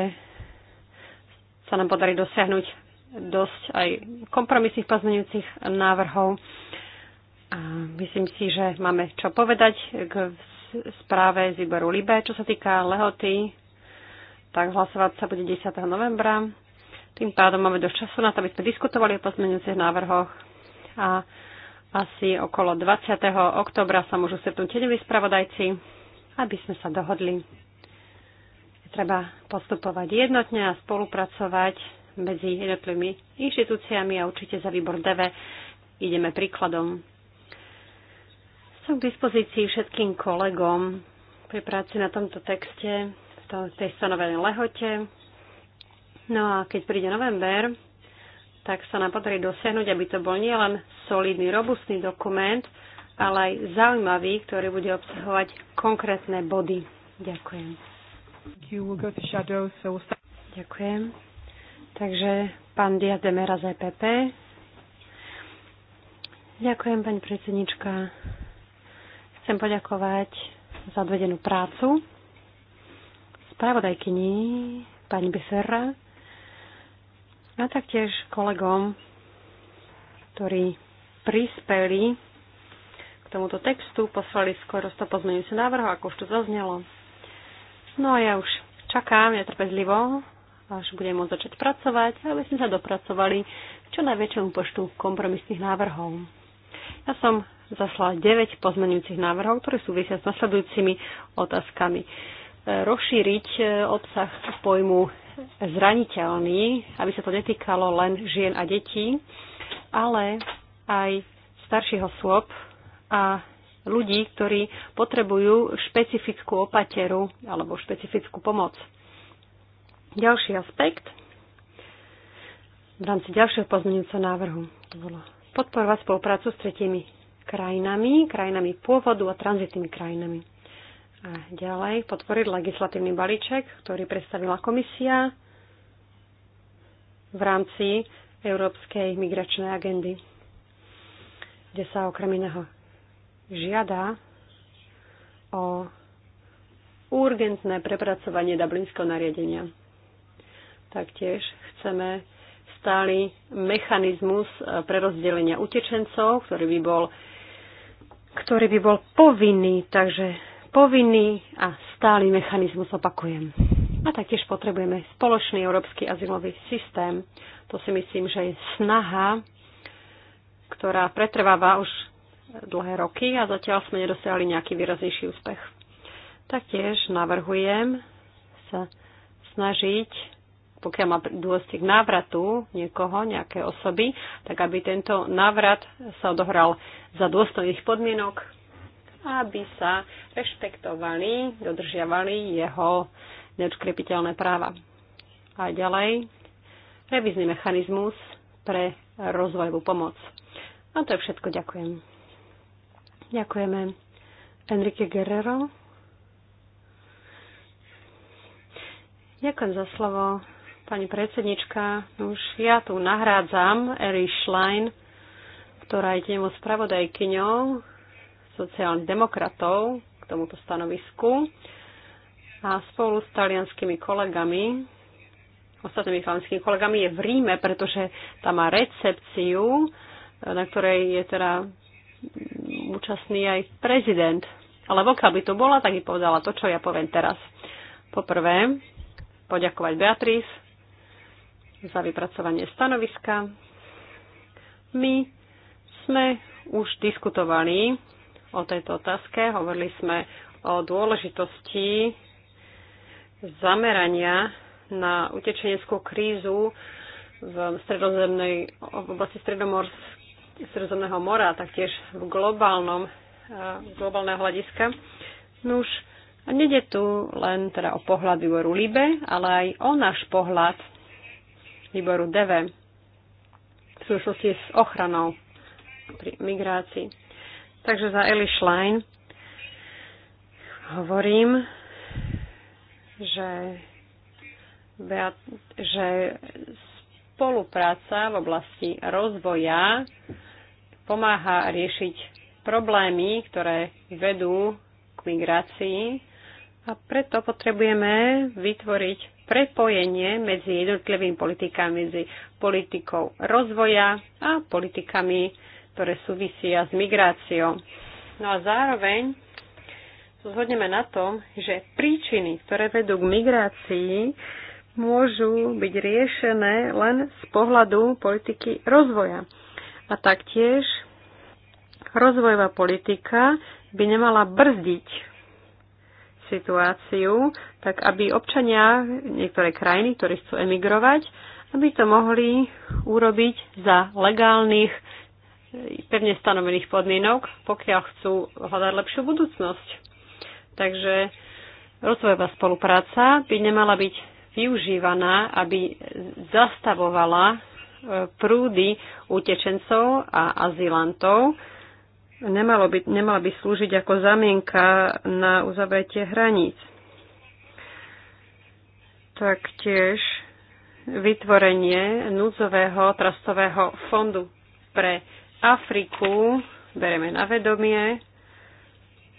sa nám podarí dosiahnuť dosť aj kompromisných pozmeňujúcich návrhov. A myslím si, že máme čo povedať k správe z výboru Libe, čo sa týka lehoty, tak hlasovať sa bude 10. novembra. Tým pádom máme dosť času na to, aby sme diskutovali o pozmeňujúcich návrhoch a asi okolo 20. oktobra sa môžu stretnúť tieňoví spravodajci, aby sme sa dohodli. Treba postupovať jednotne a spolupracovať medzi jednotlivými inštitúciami a určite za výbor DV ideme príkladom. Som k dispozícii všetkým kolegom pri práci na tomto texte, v tej stanovenej lehote. No a keď príde november, tak sa nám podarí dosiahnuť, aby to bol nielen solidný, robustný dokument, ale aj zaujímavý, ktorý bude obsahovať konkrétne body. Ďakujem. Ďakujem. Takže pán Diaz de Mera z EPP. Ďakujem, pani predsednička. Chcem poďakovať za odvedenú prácu spravodajkyni pani Becerra a taktiež kolegom, ktorí prispeli k tomuto textu, poslali skoro 100 pozmeňujúcich návrhov, ako už to zaznelo. No a ja už čakám netrpezlivo, až budem môcť začať pracovať, aby sme sa dopracovali k čo najväčšiemu počtu kompromisných návrhov. Ja som zaslala 9 pozmenujúcich návrhov, ktoré súvisia s nasledujúcimi otázkami. E, rozšíriť e, obsah pojmu zraniteľný, aby sa to netýkalo len žien a detí, ale aj starších osôb a ľudí, ktorí potrebujú špecifickú opateru alebo špecifickú pomoc. Ďalší aspekt v rámci ďalšieho pozmeňujúceho návrhu to bolo podporovať spoluprácu s tretími krajinami, krajinami pôvodu a tranzitnými krajinami. A ďalej podporiť legislatívny balíček, ktorý predstavila komisia v rámci Európskej migračnej agendy, kde sa okrem iného žiada o urgentné prepracovanie Dublinského nariadenia. Taktiež chceme stály mechanizmus e, prerozdelenia utečencov, ktorý by bol, ktorý by bol povinný, takže povinný a stály mechanizmus, opakujem. A taktiež potrebujeme spoločný európsky azylový systém. To si myslím, že je snaha, ktorá pretrváva už dlhé roky a zatiaľ sme nedosiahli nejaký výraznejší úspech. Taktiež navrhujem sa snažiť, pokiaľ má dôsť k návratu niekoho, nejaké osoby, tak aby tento návrat sa odohral za dôstojných podmienok, aby sa rešpektovali, dodržiavali jeho neodškrepiteľné práva. A ďalej, revizný mechanizmus pre rozvojovú pomoc. A to je všetko. Ďakujem. Ďakujeme. Enrique Guerrero. Ďakujem za slovo, pani predsednička. Už ja tu nahrádzam Eri Schlein, ktorá je tým spravodajkyňou sociálnych demokratov k tomuto stanovisku a spolu s talianskými kolegami, ostatnými talianskými kolegami je v Ríme, pretože tam má recepciu, na ktorej je teda účastný aj prezident. Ale pokiaľ by tu bola, tak by povedala to, čo ja poviem teraz. Poprvé, poďakovať Beatrice za vypracovanie stanoviska. My sme už diskutovali o tejto otázke. Hovorili sme o dôležitosti zamerania na utečeneckú krízu v, stredozemnej, v oblasti Stredozemného mora a taktiež v globálnom, eh, globálneho hľadiska. Nuž, a nede tu len teda o pohľad výboru Libe, ale aj o náš pohľad výboru DV v súvislosti s ochranou pri migrácii. Takže za Eli Schlein hovorím, že, že spolupráca v oblasti rozvoja pomáha riešiť problémy, ktoré vedú k migrácii a preto potrebujeme vytvoriť prepojenie medzi jednotlivými politikami, medzi politikou rozvoja a politikami ktoré súvisia s migráciou. No a zároveň zhodneme na tom, že príčiny, ktoré vedú k migrácii, môžu byť riešené len z pohľadu politiky rozvoja. A taktiež rozvojová politika by nemala brzdiť situáciu, tak aby občania niektoré krajiny, ktorí chcú emigrovať, aby to mohli urobiť za legálnych pevne stanovených podmienok, pokiaľ chcú hľadať lepšiu budúcnosť. Takže rozvojová spolupráca by nemala byť využívaná, aby zastavovala e, prúdy utečencov a azylantov. Nemalo by, nemala by slúžiť ako zamienka na uzavretie hraníc. Taktiež vytvorenie núdzového trastového fondu pre Afriku bereme na vedomie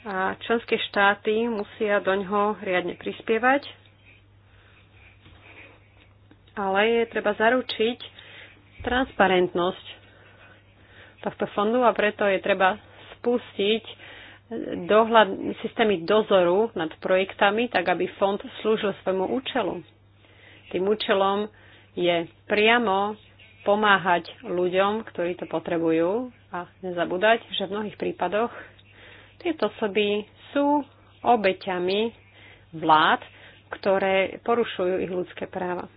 a členské štáty musia do ňoho riadne prispievať, ale je treba zaručiť transparentnosť tohto fondu a preto je treba spustiť dohľad, systémy dozoru nad projektami, tak aby fond slúžil svojmu účelu. Tým účelom je priamo pomáhať ľuďom, ktorí to potrebujú a nezabúdať, že v mnohých prípadoch tieto osoby sú obeťami vlád, ktoré porušujú ich ľudské práva.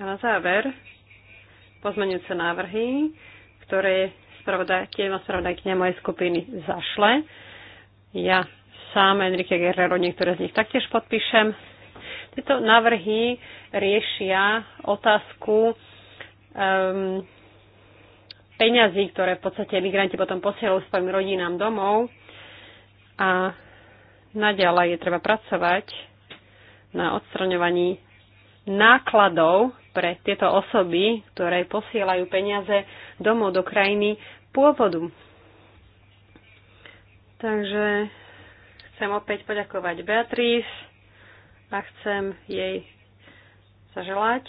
A na záver sa návrhy, ktoré spravodajkyňa no, spravodajkyňa mojej skupiny zašle. Ja sám, Enrique Guerrero, niektoré z nich taktiež podpíšem. Tieto návrhy riešia otázku um, peňazí, ktoré v podstate migranti potom posielajú svojim rodinám domov a naďalej je treba pracovať na odstraňovaní nákladov pre tieto osoby, ktoré posielajú peniaze domov do krajiny pôvodu. Takže chcem opäť poďakovať Beatrice a chcem jej zaželať,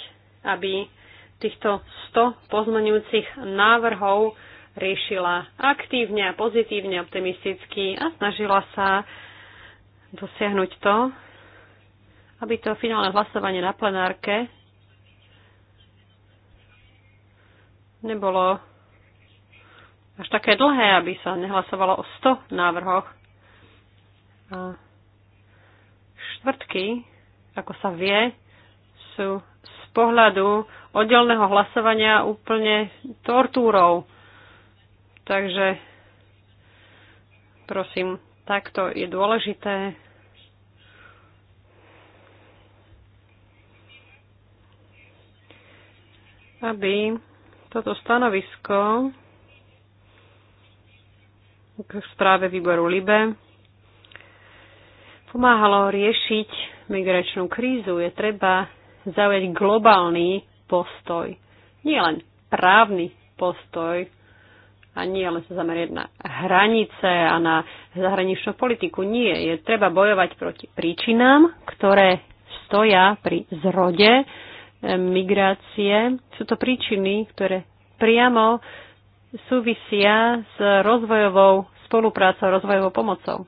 aby týchto 100 pozmenujúcich návrhov riešila aktívne a pozitívne, optimisticky a snažila sa dosiahnuť to, aby to finálne hlasovanie na plenárke nebolo až také dlhé, aby sa nehlasovalo o 100 návrhoch. A štvrtky ako sa vie, sú z pohľadu oddelného hlasovania úplne tortúrou. Takže prosím, takto je dôležité aby toto stanovisko k správe výboru LIBE pomáhalo riešiť migračnú krízu, je treba zaujať globálny postoj. Nie len právny postoj a nie len sa zamerať na hranice a na zahraničnú politiku. Nie, je treba bojovať proti príčinám, ktoré stoja pri zrode eh, migrácie. Sú to príčiny, ktoré priamo súvisia s rozvojovou spoluprácou, rozvojovou pomocou.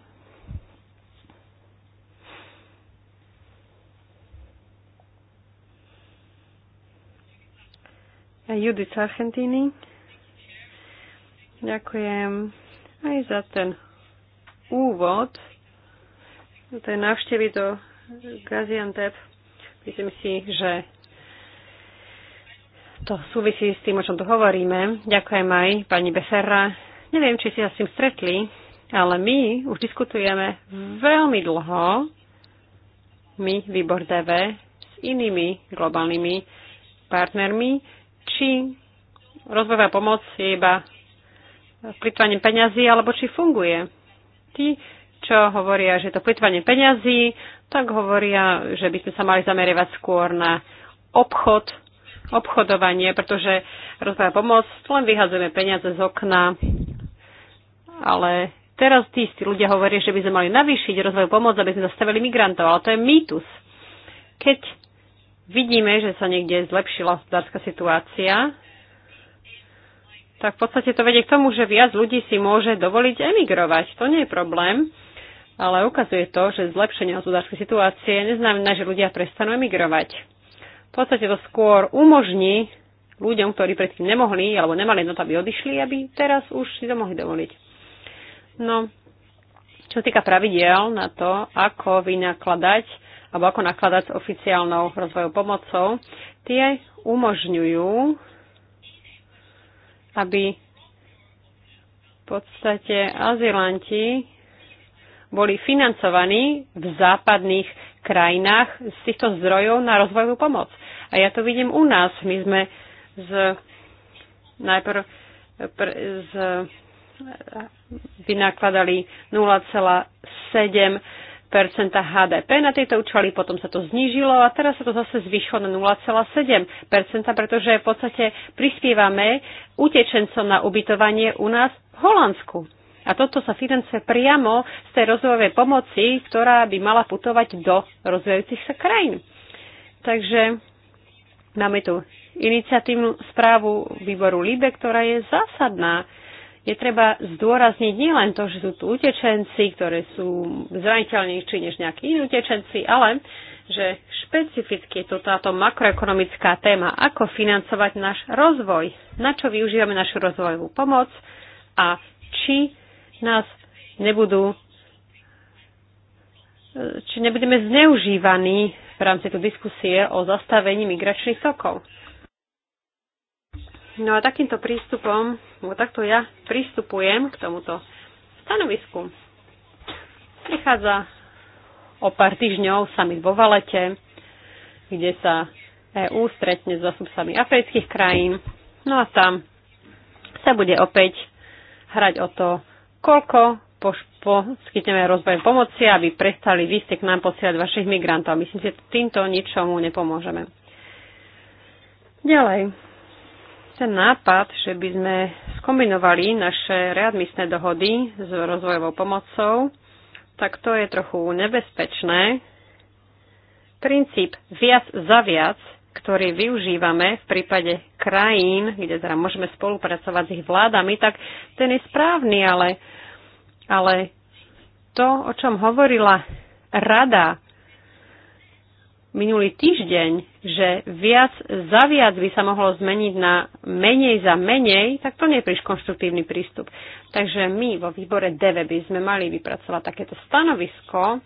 Judith Argentíny. Ďakujem aj za ten úvod tej návštevy do Gaziantep. Myslím si, že to súvisí s tým, o čom tu hovoríme. Ďakujem aj pani Becerra. Neviem, či si sa s tým stretli, ale my už diskutujeme veľmi dlho, my, výbor DV, s inými globálnymi partnermi či rozvojová pomoc je iba plýtvanie peňazí, alebo či funguje. Tí, čo hovoria, že je to plýtvanie peňazí, tak hovoria, že by sme sa mali zameriavať skôr na obchod, obchodovanie, pretože rozvojová pomoc, len vyhazujeme peniaze z okna, ale teraz tí istí ľudia hovoria, že by sme mali navýšiť rozvoj pomoc, aby sme zastavili migrantov, ale to je mýtus. Keď vidíme, že sa niekde zlepšila hospodárska situácia, tak v podstate to vedie k tomu, že viac ľudí si môže dovoliť emigrovať. To nie je problém, ale ukazuje to, že zlepšenie hospodárskej situácie neznamená, že ľudia prestanú emigrovať. V podstate to skôr umožní ľuďom, ktorí predtým nemohli alebo nemali jednotu, aby odišli, aby teraz už si to mohli dovoliť. No, čo týka pravidiel na to, ako vynakladať alebo ako nakladať s oficiálnou rozvojou pomocou, tie umožňujú, aby v podstate azylanti boli financovaní v západných krajinách z týchto zdrojov na rozvojovú pomoc. A ja to vidím u nás. My sme z, najprv pr, z, vynakladali 0,7 HDP na tieto účely, potom sa to znížilo a teraz sa to zase zvýšilo na 0,7%, pretože v podstate prispievame utečencom na ubytovanie u nás v Holandsku. A toto sa financuje priamo z tej rozvojovej pomoci, ktorá by mala putovať do rozvojujúcich sa krajín. Takže máme tu iniciatívnu správu výboru LIBE, ktorá je zásadná je treba zdôrazniť nielen to, že sú tu utečenci, ktoré sú zraniteľnejší než nejakí iní utečenci, ale že špecificky je to táto makroekonomická téma, ako financovať náš rozvoj, na čo využívame našu rozvojovú pomoc a či nás nebudú či nebudeme zneužívaní v rámci tu diskusie o zastavení migračných tokov. No a takýmto prístupom, no takto ja pristupujem k tomuto stanovisku. Prichádza o pár týždňov summit vo Valete, kde sa EÚ stretne s zastupcami afrických krajín. No a tam sa bude opäť hrať o to, koľko poskytneme rozvoj pomoci, aby prestali vy ste k nám posielať vašich migrantov. Myslím si, že týmto ničomu nepomôžeme. Ďalej ten nápad, že by sme skombinovali naše readmisné dohody s rozvojovou pomocou, tak to je trochu nebezpečné. Princíp viac za viac, ktorý využívame v prípade krajín, kde teda môžeme spolupracovať s ich vládami, tak ten je správny, ale, ale to, o čom hovorila rada minulý týždeň, že viac za viac by sa mohlo zmeniť na menej za menej, tak to nie je príliš konštruktívny prístup. Takže my vo výbore DV by sme mali vypracovať takéto stanovisko,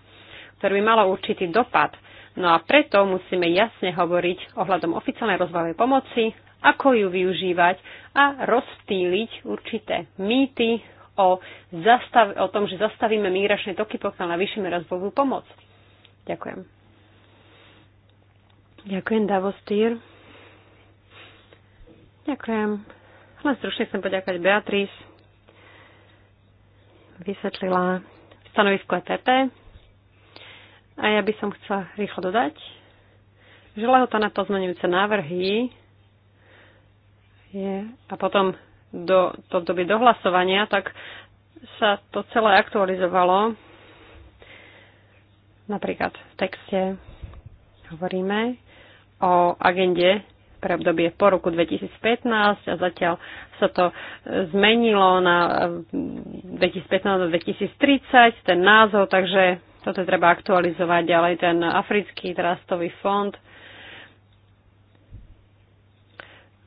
ktoré by malo určitý dopad. No a preto musíme jasne hovoriť ohľadom oficiálnej rozvojovej pomoci, ako ju využívať a rozptýliť určité mýty o, zastav- o tom, že zastavíme migračné toky, pokiaľ navýšime rozvojovú pomoc. Ďakujem. Ďakujem, Davostýr. Ďakujem. Len stručne chcem poďakovať Beatriz. Vysvetlila stanovisko ETP. A ja by som chcela rýchlo dodať, že lehota na pozmenujúce návrhy je, a potom do, to obdobie dohlasovania, tak sa to celé aktualizovalo. Napríklad v texte hovoríme, o agende pre obdobie po roku 2015 a zatiaľ sa to e, zmenilo na 2015-2030, e, ten názov, takže toto treba aktualizovať ďalej, ten africký trastový fond.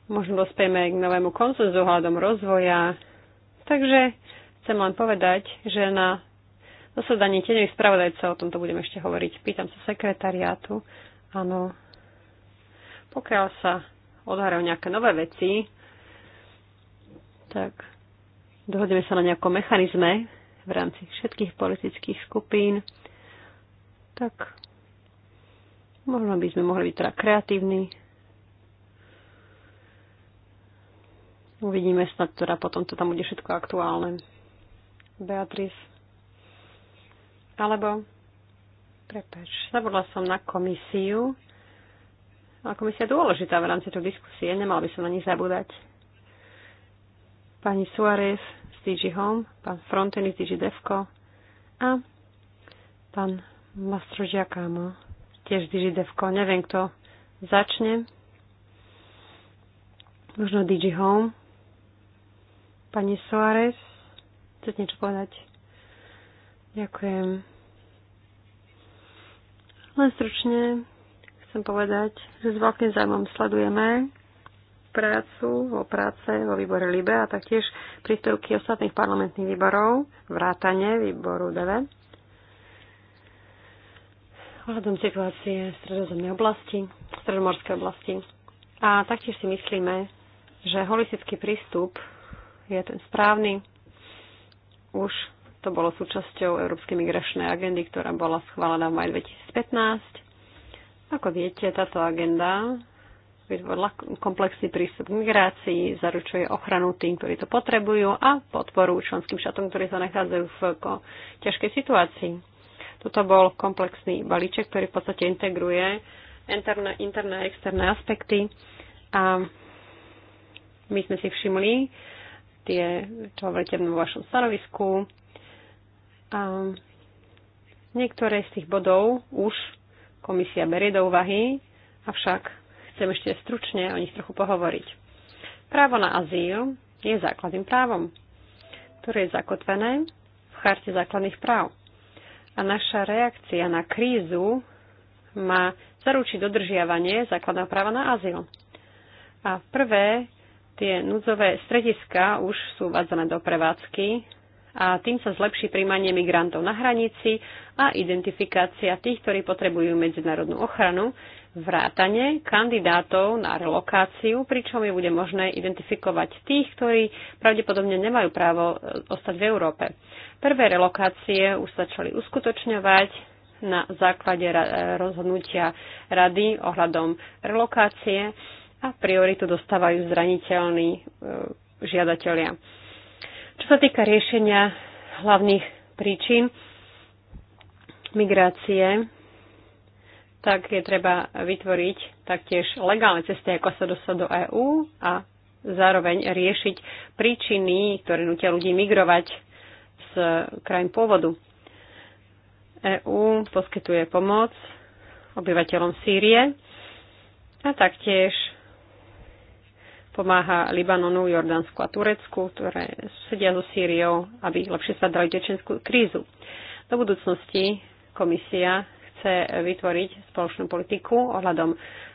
Možno dospejme k novému konsenzu hľadom rozvoja. Takže chcem len povedať, že na zasadaní tenových spravodajcov o tomto budem ešte hovoriť. Pýtam sa sekretariátu. Áno, pokiaľ sa odhárajú nejaké nové veci, tak dohodneme sa na nejakom mechanizme v rámci všetkých politických skupín, tak možno by sme mohli byť teda kreatívni. Uvidíme snad, teda potom to tam bude všetko aktuálne. Beatrice. Alebo, prepač, zabudla som na komisiu. A komisia dôležitá v rámci tejto diskusie, nemal by som na nich zabúdať. Pani Suárez z DG Home, pán Fronteny z DG Defco a pán Mastrožiakamo, tiež z DG Defco. Neviem, kto začne. Možno DG Home. Pani Suárez, chcete niečo povedať? Ďakujem. Len stručne chcem povedať, že s veľkým zájmom sledujeme prácu, vo práce vo výbore LIBE a taktiež príspevky ostatných parlamentných výborov, vrátane výboru DV. Ohľadom situácie v stredozemnej oblasti, stredomorskej oblasti. A taktiež si myslíme, že holistický prístup je ten správny. Už to bolo súčasťou Európskej migračnej agendy, ktorá bola schválená v maj 2015 ako viete, táto agenda vytvorila komplexný prístup k migrácii, zaručuje ochranu tým, ktorí to potrebujú a podporu členským štátom, ktorí sa nachádzajú v ťažkej situácii. Toto bol komplexný balíček, ktorý v podstate integruje interné, interné a externé aspekty a my sme si všimli tie, čo hovoríte v vašom stanovisku. A niektoré z tých bodov už komisia berie do úvahy, avšak chcem ešte stručne o nich trochu pohovoriť. Právo na azyl je základným právom, ktoré je zakotvené v charte základných práv. A naša reakcia na krízu má zaručiť dodržiavanie základného práva na azyl. A prvé, tie núdzové strediska už sú vádzané do prevádzky a tým sa zlepší príjmanie migrantov na hranici a identifikácia tých, ktorí potrebujú medzinárodnú ochranu, vrátane kandidátov na relokáciu, pričom je bude možné identifikovať tých, ktorí pravdepodobne nemajú právo e, ostať v Európe. Prvé relokácie už začali uskutočňovať na základe e, rozhodnutia rady ohľadom relokácie a prioritu dostávajú zraniteľní e, žiadatelia. Čo sa týka riešenia hlavných príčin migrácie, tak je treba vytvoriť taktiež legálne cesty, ako sa dostať do EÚ a zároveň riešiť príčiny, ktoré nutia ľudí migrovať z krajín pôvodu. EÚ poskytuje pomoc obyvateľom Sýrie a taktiež pomáha Libanonu, Jordánsku a Turecku, ktoré sedia so Sýriou, aby lepšie sa dali čečenskú krízu. Do budúcnosti komisia chce vytvoriť spoločnú politiku ohľadom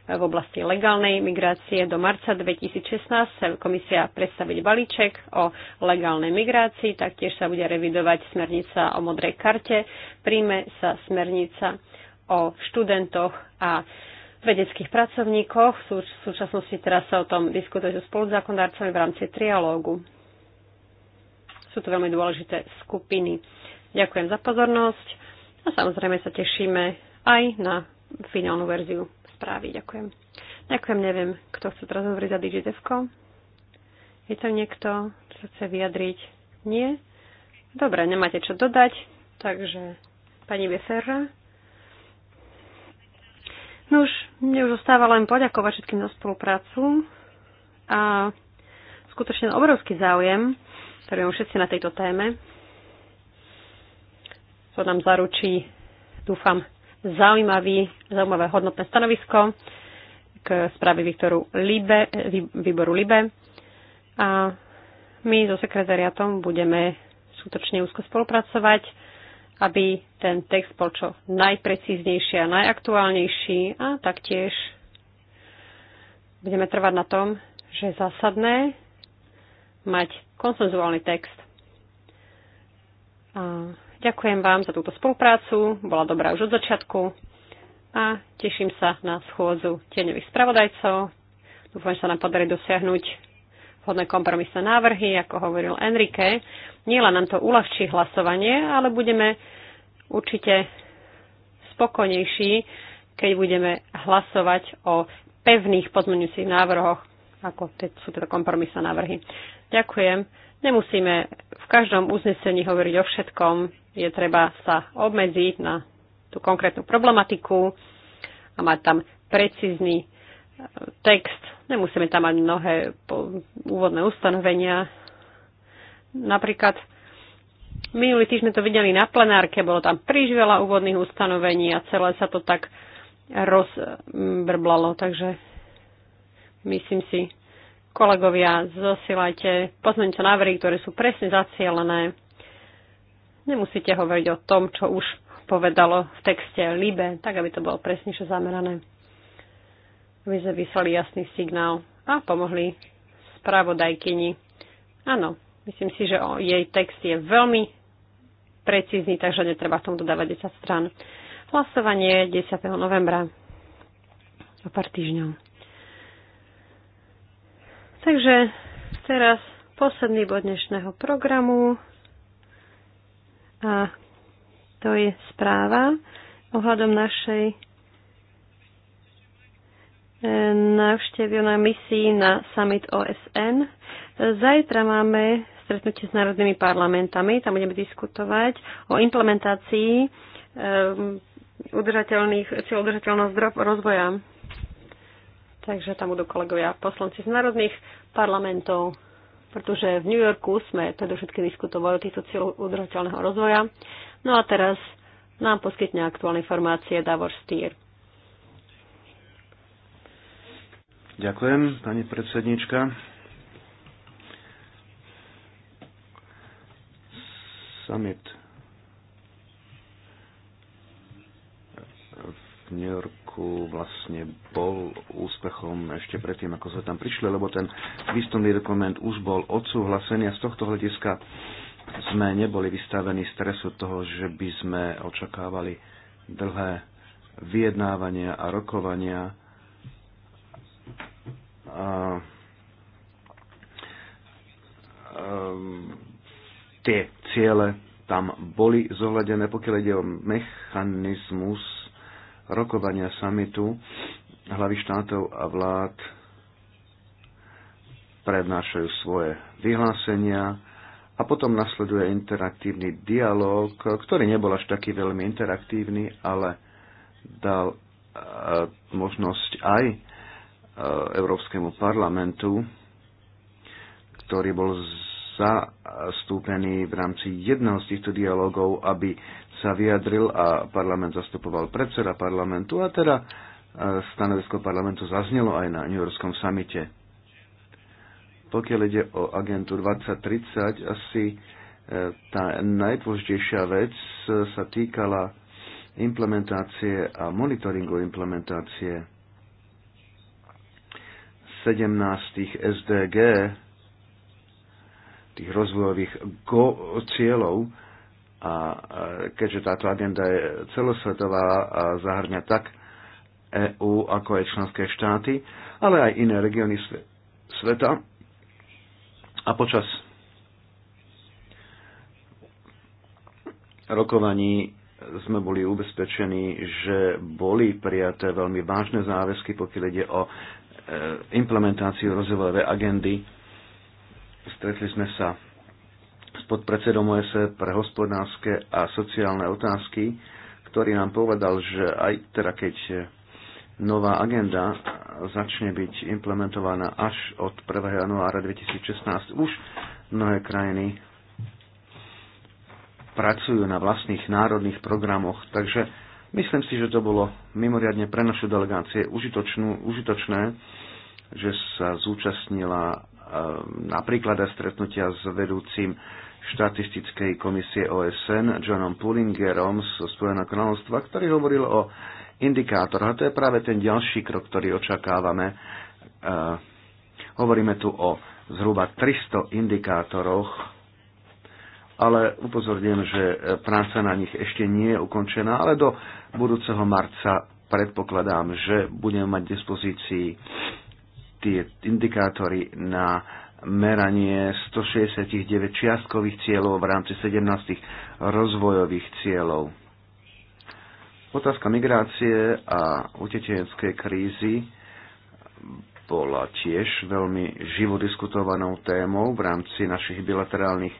v oblasti legálnej migrácie. Do marca 2016 sa komisia predstaviť balíček o legálnej migrácii, taktiež sa bude revidovať smernica o modrej karte, príjme sa smernica o študentoch a vedeckých pracovníkoch. V, súčasnosti teraz sa o tom diskutuje so spoluzákonodárcami v rámci trialógu. Sú to veľmi dôležité skupiny. Ďakujem za pozornosť a samozrejme sa tešíme aj na finálnu verziu správy. Ďakujem. Ďakujem, neviem, kto chce teraz hovoriť za DigiDevko. Je tam niekto, kto chce vyjadriť? Nie? Dobre, nemáte čo dodať, takže pani Beferra. No už mne už zostáva len poďakovať všetkým za spoluprácu a skutočne obrovský záujem, ktorý máme všetci na tejto téme. To nám zaručí, dúfam, zaujímavý, zaujímavé hodnotné stanovisko k správe Viktoru Libe, výboru Libe. A my so sekretariatom budeme skutočne úzko spolupracovať aby ten text bol čo najprecíznejší a najaktuálnejší a taktiež budeme trvať na tom, že je zásadné mať konsenzuálny text. A ďakujem vám za túto spoluprácu, bola dobrá už od začiatku a teším sa na schôdzu tieňových spravodajcov. Dúfam, že sa nám podarí dosiahnuť vhodné kompromisné návrhy, ako hovoril Enrique. Nielen nám to uľahčí hlasovanie, ale budeme určite spokojnejší, keď budeme hlasovať o pevných pozmeňujúcich návrhoch, ako te, sú teda kompromisné návrhy. Ďakujem. Nemusíme v každom uznesení hovoriť o všetkom. Je treba sa obmedziť na tú konkrétnu problematiku a mať tam precízny text. Nemusíme tam mať mnohé úvodné ustanovenia. Napríklad minulý týždeň to videli na plenárke, bolo tam príliš veľa úvodných ustanovení a celé sa to tak rozbrblalo, takže myslím si, kolegovia, zosielajte pozmeňte návrhy, ktoré sú presne zacielené. Nemusíte hovoriť o tom, čo už povedalo v texte Libe, tak aby to bolo presnejšie zamerané aby sme vyslali jasný signál a pomohli spravodajkyni. Áno, myslím si, že jej text je veľmi precízny, takže netreba tomu dodávať 10 strán. Hlasovanie 10. novembra o pár týždňov. Takže teraz posledný bod dnešného programu a to je správa ohľadom našej návštevil na misii na summit OSN. Zajtra máme stretnutie s národnými parlamentami, tam budeme diskutovať o implementácii ehm, udržateľných, cieľ udržateľného rozvoja. Takže tam budú kolegovia poslanci z národných parlamentov, pretože v New Yorku sme teda všetky diskutovali o týchto cieľoch udržateľného rozvoja. No a teraz nám poskytne aktuálne informácie Davor Steer. Ďakujem, pani predsednička. Summit v New Yorku vlastne bol úspechom ešte predtým, ako sme tam prišli, lebo ten výstupný dokument už bol odsúhlasený a z tohto hľadiska sme neboli vystavení stresu toho, že by sme očakávali dlhé vyjednávania a rokovania Ehm, ehm, tie ciele tam boli zohľadené, pokiaľ ide o mechanizmus rokovania samitu hlavy štátov a vlád prednášajú svoje vyhlásenia a potom nasleduje interaktívny dialog, ktorý nebol až taký veľmi interaktívny, ale dal eh, možnosť aj Európskemu parlamentu, ktorý bol zastúpený v rámci jedného z týchto dialogov, aby sa vyjadril a parlament zastupoval predseda parlamentu a teda e, stanovisko parlamentu zaznelo aj na New Yorkskom samite. Pokiaľ ide o agentu 2030, asi e, tá najdôležitejšia vec sa týkala implementácie a monitoringu implementácie 17 SDG, tých rozvojových go- cieľov, a keďže táto agenda je celosvetová a zahrňa tak EÚ ako aj členské štáty, ale aj iné regióny sveta. A počas rokovaní sme boli ubezpečení, že boli prijaté veľmi vážne záväzky, pokiaľ ide o Eh, implementáciu rozvojovej agendy. Stretli sme sa s podpredsedom OSE pre hospodárske a sociálne otázky, ktorý nám povedal, že aj teda keď nová agenda začne byť implementovaná až od 1. januára 2016, už mnohé krajiny pracujú na vlastných národných programoch, takže Myslím si, že to bolo mimoriadne pre našu delegácie užitočné, že sa zúčastnila e, napríklad aj stretnutia s vedúcim štatistickej komisie OSN Johnom Pullingerom zo Spojeného kráľovstva, ktorý hovoril o indikátoroch. A to je práve ten ďalší krok, ktorý očakávame. E, hovoríme tu o zhruba 300 indikátoroch, ale upozorňujem, že práca na nich ešte nie je ukončená, ale do budúceho marca predpokladám, že budeme mať v dispozícii tie indikátory na meranie 169 čiastkových cieľov v rámci 17 rozvojových cieľov. Otázka migrácie a utečenskej krízy bola tiež veľmi živo diskutovanou témou v rámci našich bilaterálnych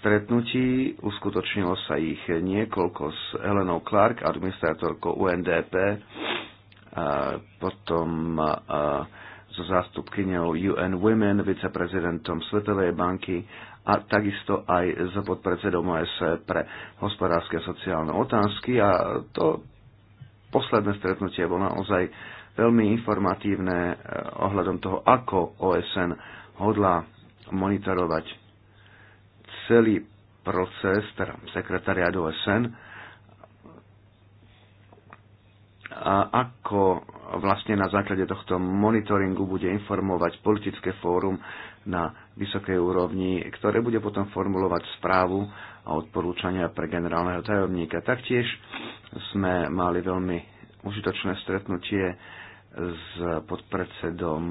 stretnutí, uskutočnilo sa ich niekoľko s Elenou Clark, administrátorkou UNDP, a potom a, so zástupkyňou UN Women, viceprezidentom Svetovej banky a takisto aj s podpredsedom OS pre hospodárske a sociálne otázky. A to posledné stretnutie bolo naozaj veľmi informatívne eh, ohľadom toho, ako OSN hodlá monitorovať celý proces, teda sekretariat OSN, a ako vlastne na základe tohto monitoringu bude informovať politické fórum na vysokej úrovni, ktoré bude potom formulovať správu a odporúčania pre generálneho tajomníka. Taktiež sme mali veľmi užitočné stretnutie s podpredsedom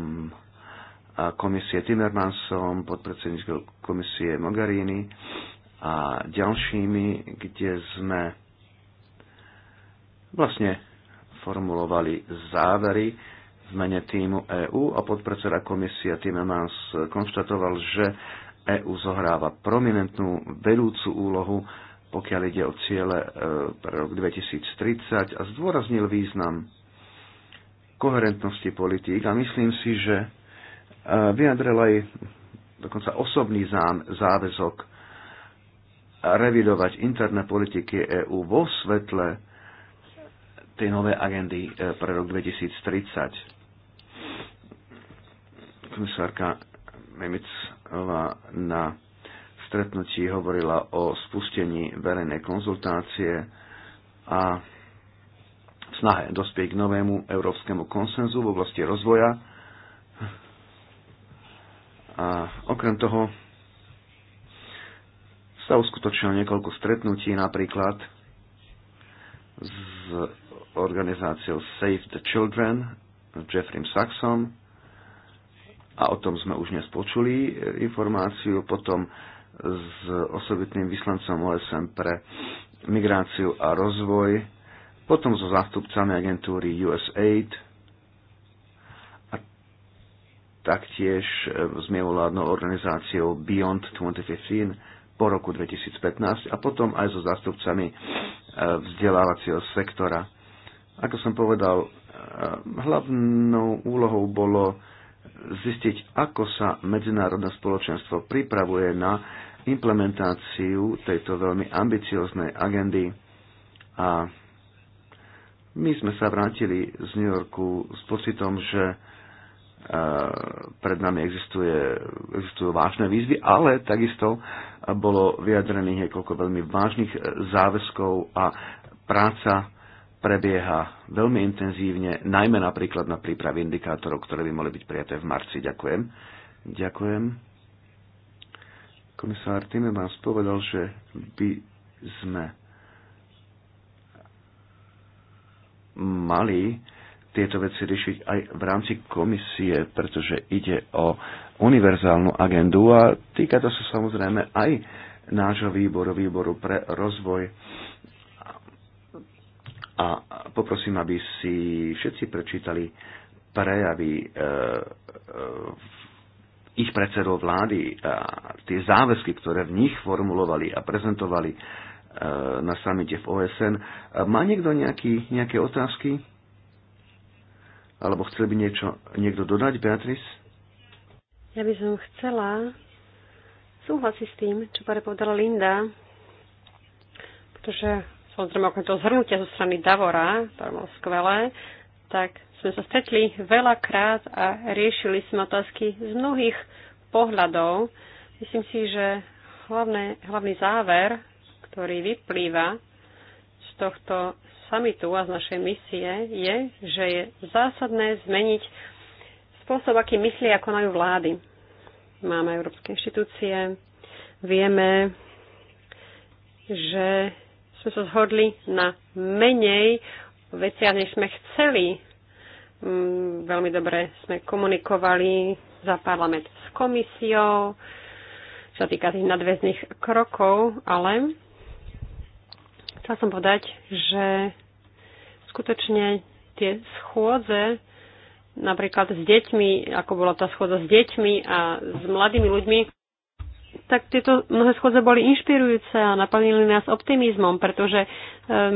komisie Timmermansom, podpredsedničkou komisie Mogherini a ďalšími, kde sme vlastne formulovali závery v mene týmu EÚ a podpredseda komisia Timmermans konštatoval, že EÚ zohráva prominentnú vedúcu úlohu, pokiaľ ide o ciele e, pre rok 2030 a zdôraznil význam koherentnosti politík a myslím si, že Vyjadrila aj dokonca osobný záväzok revidovať interné politiky EÚ vo svetle tej novej agendy e, pre rok 2030. Komisárka Memicová na stretnutí hovorila o spustení verejnej konzultácie a snahe dospieť k novému európskemu konsenzu v oblasti rozvoja a okrem toho sa uskutočnilo niekoľko stretnutí napríklad s organizáciou Save the Children, s Jeffrey Saxom, a o tom sme už nespočuli e, informáciu, potom s osobitným vyslancom OSM pre migráciu a rozvoj, potom so zástupcami agentúry USAID, taktiež e, s mimovládnou organizáciou Beyond 2015 po roku 2015 a potom aj so zástupcami e, vzdelávacieho sektora. Ako som povedal, e, hlavnou úlohou bolo zistiť, ako sa medzinárodné spoločenstvo pripravuje na implementáciu tejto veľmi ambicioznej agendy a my sme sa vrátili z New Yorku s pocitom, že pred nami existuje, existujú vážne výzvy, ale takisto bolo vyjadrených niekoľko veľmi vážnych eh, záväzkov a práca prebieha veľmi intenzívne, najmä napríklad na príprave indikátorov, ktoré by mohli byť prijaté v marci. Ďakujem. Ďakujem. Komisár Timmermans povedal, že by sme mali tieto veci riešiť aj v rámci komisie, pretože ide o univerzálnu agendu a týka to sa samozrejme aj nášho výboru, výboru pre rozvoj. A poprosím, aby si všetci prečítali prejavy e, e, ich predsedov vlády a tie záväzky, ktoré v nich formulovali a prezentovali e, na samite v OSN. Má niekto nejaký, nejaké otázky? Alebo chcel by niečo, niekto dodať, Beatrice? Ja by som chcela súhlasiť s tým, čo pare povedala Linda, pretože samozrejme okrem toho zhrnutia zo strany Davora, to bolo skvelé, tak sme sa stretli veľakrát a riešili sme otázky z mnohých pohľadov. Myslím si, že hlavné, hlavný záver, ktorý vyplýva z tohto samitu a z našej misie je, že je zásadné zmeniť spôsob, aký myslí a konajú vlády. Máme európske inštitúcie, vieme, že sme sa zhodli na menej veciach, než sme chceli. Mm, veľmi dobre sme komunikovali za parlament s komisiou, čo sa týka tých nadväzných krokov, ale chcela som povedať, že skutočne tie schôdze, napríklad s deťmi, ako bola tá schôdza s deťmi a s mladými ľuďmi, tak tieto mnohé schôdze boli inšpirujúce a naplnili nás optimizmom, pretože e,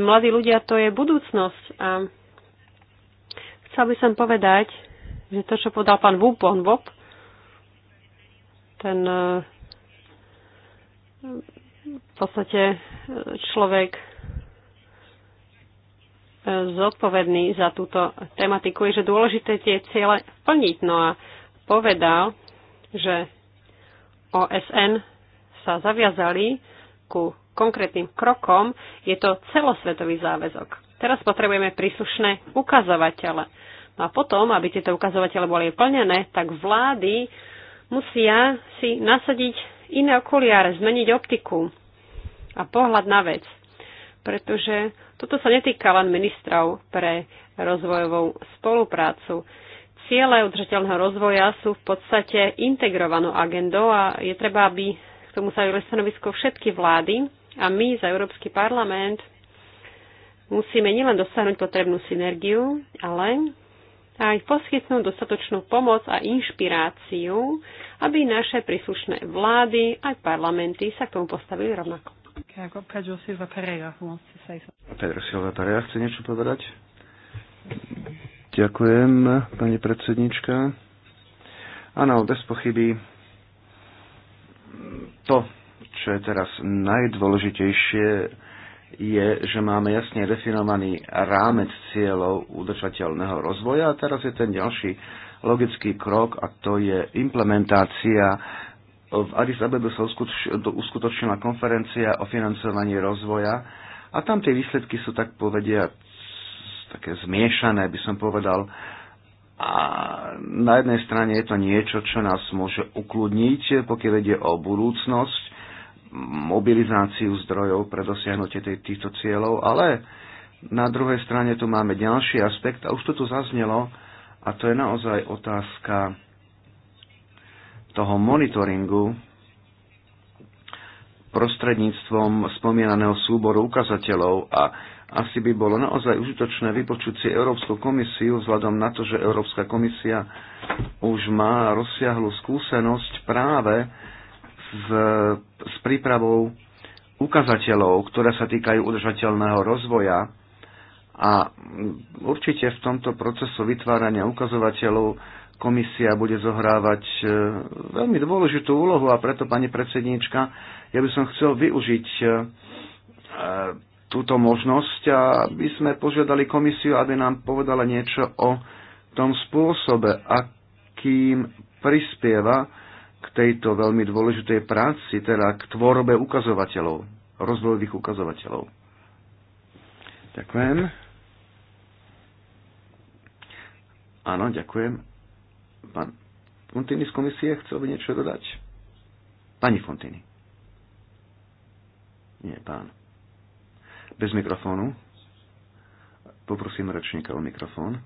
mladí ľudia to je budúcnosť. A chcel by som povedať, že to, čo podal pán Vupon Bob, ten e, v podstate e, človek zodpovedný za túto tematiku, je, že dôležité tie ciele plniť. No a povedal, že OSN sa zaviazali ku konkrétnym krokom. Je to celosvetový záväzok. Teraz potrebujeme príslušné ukazovatele. No a potom, aby tieto ukazovatele boli plnené, tak vlády musia si nasadiť iné okuliare, zmeniť optiku a pohľad na vec pretože toto sa netýka len ministrov pre rozvojovú spoluprácu. Ciele udržateľného rozvoja sú v podstate integrovanou agendou a je treba, aby k tomu sa stanovisko všetky vlády a my za Európsky parlament musíme nielen dosiahnuť potrebnú synergiu, ale aj poskytnúť dostatočnú pomoc a inšpiráciu, aby naše príslušné vlády aj parlamenty sa k tomu postavili rovnako. Okay, Pedro Silva Pereira who wants to say something. Pedro Silva Pereira chce niečo povedať? Ďakujem, pani predsednička. Áno, bez pochyby to, čo je teraz najdôležitejšie, je, že máme jasne definovaný rámec cieľov udržateľného rozvoja a teraz je ten ďalší logický krok a to je implementácia v Addis Abebe sa uskutočnila konferencia o financovaní rozvoja a tam tie výsledky sú tak povedia také zmiešané, by som povedal. A na jednej strane je to niečo, čo nás môže ukludniť, pokiaľ ide o budúcnosť, mobilizáciu zdrojov pre dosiahnutie tej, týchto cieľov, ale na druhej strane tu máme ďalší aspekt, a už to tu zaznelo, a to je naozaj otázka toho monitoringu prostredníctvom spomínaného súboru ukazateľov a asi by bolo naozaj užitočné vypočuť si Európsku komisiu vzhľadom na to, že Európska komisia už má rozsiahlu skúsenosť práve s, s prípravou ukazateľov, ktoré sa týkajú udržateľného rozvoja a určite v tomto procesu vytvárania ukazovateľov komisia bude zohrávať e, veľmi dôležitú úlohu a preto, pani predsedníčka, ja by som chcel využiť e, e, túto možnosť a by sme požiadali komisiu, aby nám povedala niečo o tom spôsobe, akým prispieva k tejto veľmi dôležitej práci, teda k tvorbe ukazovateľov, rozvojových ukazovateľov. Ďakujem. Áno, ďakujem. Pán Fontini z komisie chcel by niečo dodať? Pani Fontini. Nie, pán. Bez mikrofónu. Poprosím rečníka o mikrofón.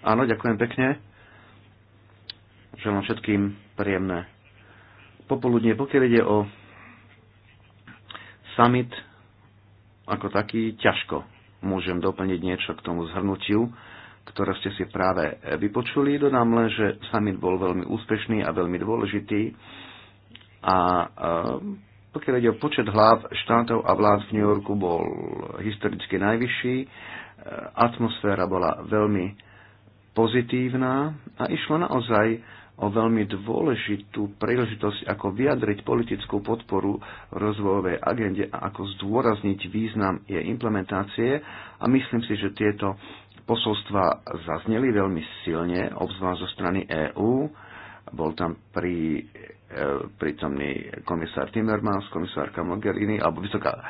Áno, ďakujem pekne. Želám všetkým príjemné popoludne. Pokiaľ ide o summit ako taký ťažko môžem doplniť niečo k tomu zhrnutiu, ktoré ste si práve vypočuli. Dodám len, že summit bol veľmi úspešný a veľmi dôležitý a e, pokiaľ ide o počet hlav štátov a vlád v New Yorku bol historicky najvyšší, e, atmosféra bola veľmi pozitívna a išlo naozaj o veľmi dôležitú príležitosť, ako vyjadriť politickú podporu rozvojovej agende a ako zdôrazniť význam jej implementácie a myslím si, že tieto posolstva zazneli veľmi silne, obzvlášť zo strany EÚ. Bol tam pri, e, prítomný komisár Timmermans, komisárka Mogherini alebo vysoká e,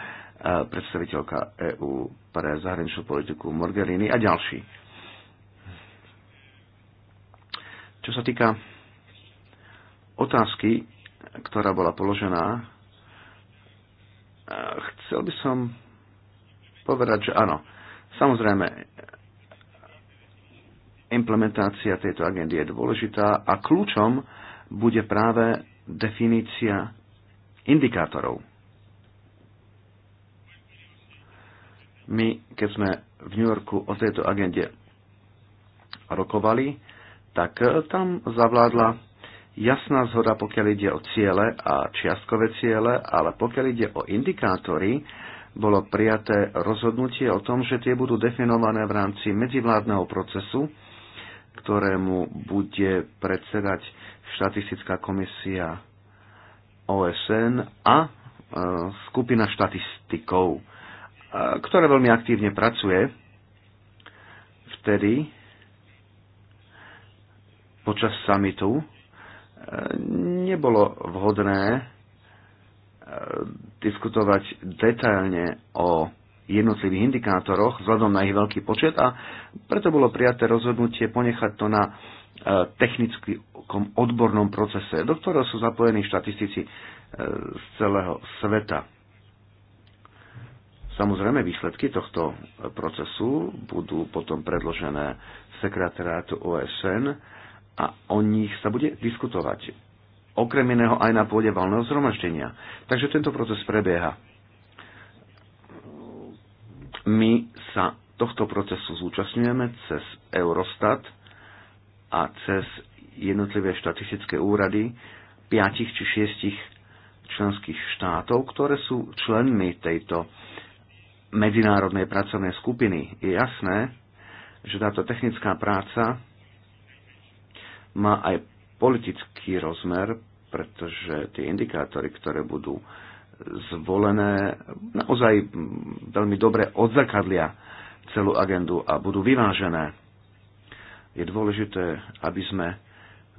predstaviteľka EÚ pre zahraničnú politiku Mogherini a ďalší. Čo sa týka otázky, ktorá bola položená, chcel by som povedať, že áno. Samozrejme, implementácia tejto agendy je dôležitá a kľúčom bude práve definícia indikátorov. My, keď sme v New Yorku o tejto agende rokovali, tak tam zavládla jasná zhoda, pokiaľ ide o ciele a čiastkové ciele, ale pokiaľ ide o indikátory, bolo prijaté rozhodnutie o tom, že tie budú definované v rámci medzivládneho procesu, ktorému bude predsedať štatistická komisia OSN a e, skupina štatistikov, e, ktorá veľmi aktívne pracuje vtedy počas samitu nebolo vhodné e, diskutovať detailne o jednotlivých indikátoroch vzhľadom na ich veľký počet a preto bolo prijaté rozhodnutie ponechať to na e, technickom odbornom procese, do ktorého sú zapojení štatistici e, z celého sveta. Samozrejme, výsledky tohto procesu budú potom predložené sekretariátu OSN a o nich sa bude diskutovať. Okrem iného aj na pôde valného zhromaždenia. Takže tento proces prebieha. My sa tohto procesu zúčastňujeme cez Eurostat a cez jednotlivé štatistické úrady piatich či šiestich členských štátov, ktoré sú členmi tejto medzinárodnej pracovnej skupiny. Je jasné, že táto technická práca má aj politický rozmer, pretože tie indikátory, ktoré budú zvolené, naozaj veľmi dobre odzrkadlia celú agendu a budú vyvážené. Je dôležité, aby sme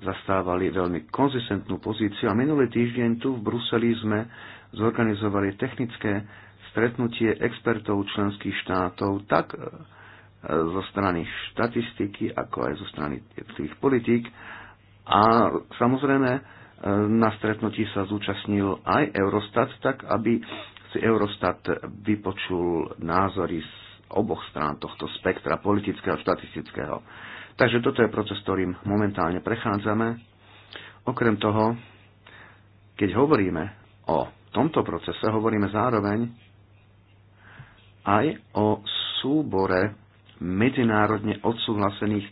zastávali veľmi konzistentnú pozíciu a minulý týždeň tu v Bruseli sme zorganizovali technické stretnutie expertov členských štátov tak e, zo strany štatistiky, ako aj zo strany tých politík. A samozrejme e, na stretnutí sa zúčastnil aj Eurostat, tak aby si Eurostat vypočul názory z oboch strán tohto spektra, politického a štatistického. Takže toto je proces, ktorým momentálne prechádzame. Okrem toho, keď hovoríme o tomto procese, hovoríme zároveň aj o súbore medzinárodne odsúhlasených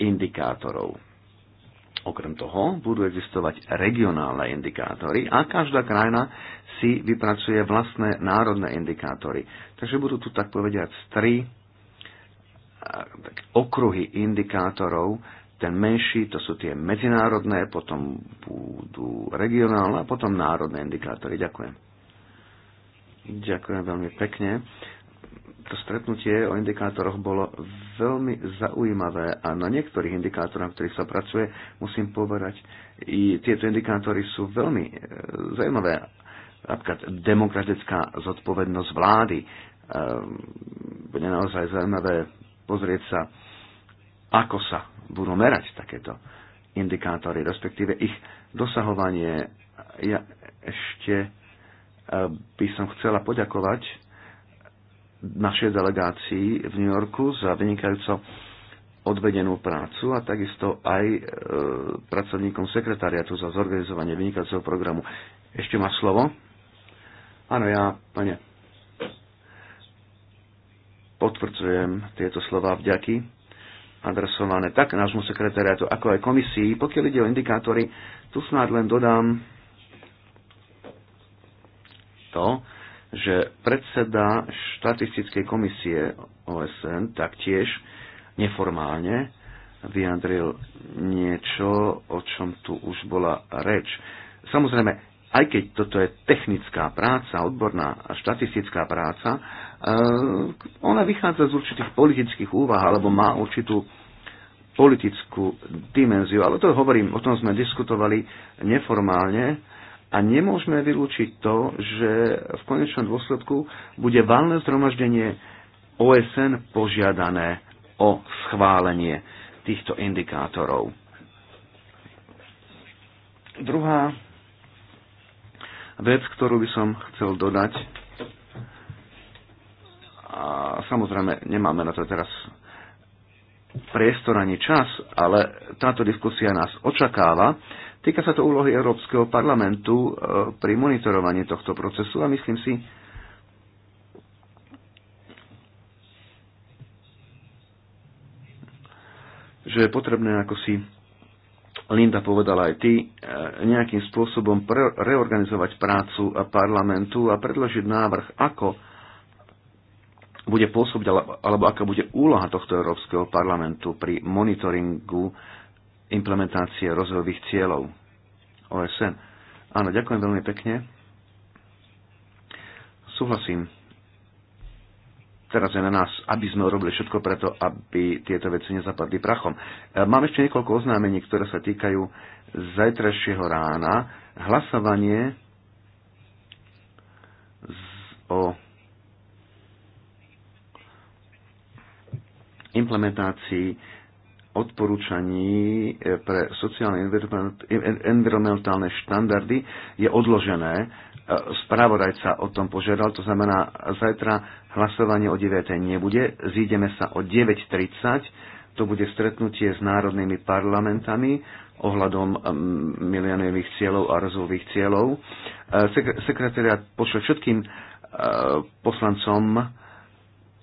indikátorov. Okrem toho budú existovať regionálne indikátory a každá krajina si vypracuje vlastné národné indikátory. Takže budú tu tak povediať tri eh, okruhy indikátorov. Ten menší, to sú tie medzinárodné, potom budú regionálne a potom národné indikátory. Ďakujem. Ďakujem veľmi pekne to stretnutie o indikátoroch bolo veľmi zaujímavé a na niektorých indikátoroch, na ktorých sa pracuje, musím povedať, i tieto indikátory sú veľmi e, zaujímavé. Napríklad demokratická zodpovednosť vlády. E, bude naozaj zaujímavé pozrieť sa, ako sa budú merať takéto indikátory, respektíve ich dosahovanie. Ja ešte e, by som chcela poďakovať našej delegácii v New Yorku za vynikajúco odvedenú prácu a takisto aj e, pracovníkom sekretariatu za zorganizovanie vynikajúceho programu. Ešte má slovo? Áno, ja, pane, potvrdzujem tieto slova vďaky adresované tak nášmu sekretariatu, ako aj komisii. Pokiaľ ide o indikátory, tu snáď len dodám to, že predseda štatistickej komisie OSN taktiež neformálne vyjadril niečo, o čom tu už bola reč. Samozrejme, aj keď toto je technická práca, odborná a štatistická práca, eh, ona vychádza z určitých politických úvah alebo má určitú politickú dimenziu. Ale to hovorím, o tom sme diskutovali neformálne a nemôžeme vylúčiť to, že v konečnom dôsledku bude valné zhromaždenie OSN požiadané o schválenie týchto indikátorov. Druhá vec, ktorú by som chcel dodať, a samozrejme nemáme na to teraz priestor ani čas, ale táto diskusia nás očakáva, Týka sa to úlohy Európskeho parlamentu e, pri monitorovaní tohto procesu a myslím si, že je potrebné, ako si Linda povedala aj ty, e, nejakým spôsobom reorganizovať prácu parlamentu a predložiť návrh, ako bude pôsobiť, alebo aká bude úloha tohto Európskeho parlamentu pri monitoringu implementácie rozvojových cieľov OSN. Áno, ďakujem veľmi pekne. Súhlasím. Teraz je na nás, aby sme urobili všetko preto, aby tieto veci nezapadli prachom. E, mám ešte niekoľko oznámení, ktoré sa týkajú zajtrajšieho rána. Hlasovanie o implementácii odporúčaní e, pre sociálne environmentálne štandardy je odložené. E, Správodajca o tom požiadal, to znamená, zajtra hlasovanie o 9. nebude, zídeme sa o 9.30, to bude stretnutie s národnými parlamentami ohľadom milionových cieľov a rozvojových cieľov. E, sekretariat pošle všetkým poslancom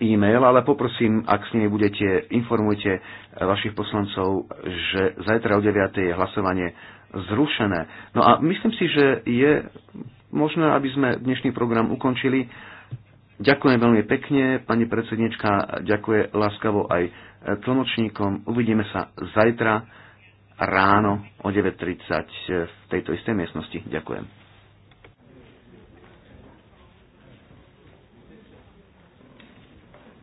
e-mail, ale poprosím, ak s nimi budete, informujte vašich poslancov, že zajtra o 9. je hlasovanie zrušené. No a myslím si, že je možné, aby sme dnešný program ukončili. Ďakujem veľmi pekne, pani predsednička, ďakuje láskavo aj tlmočníkom. Uvidíme sa zajtra ráno o 9.30 v tejto istej miestnosti. Ďakujem.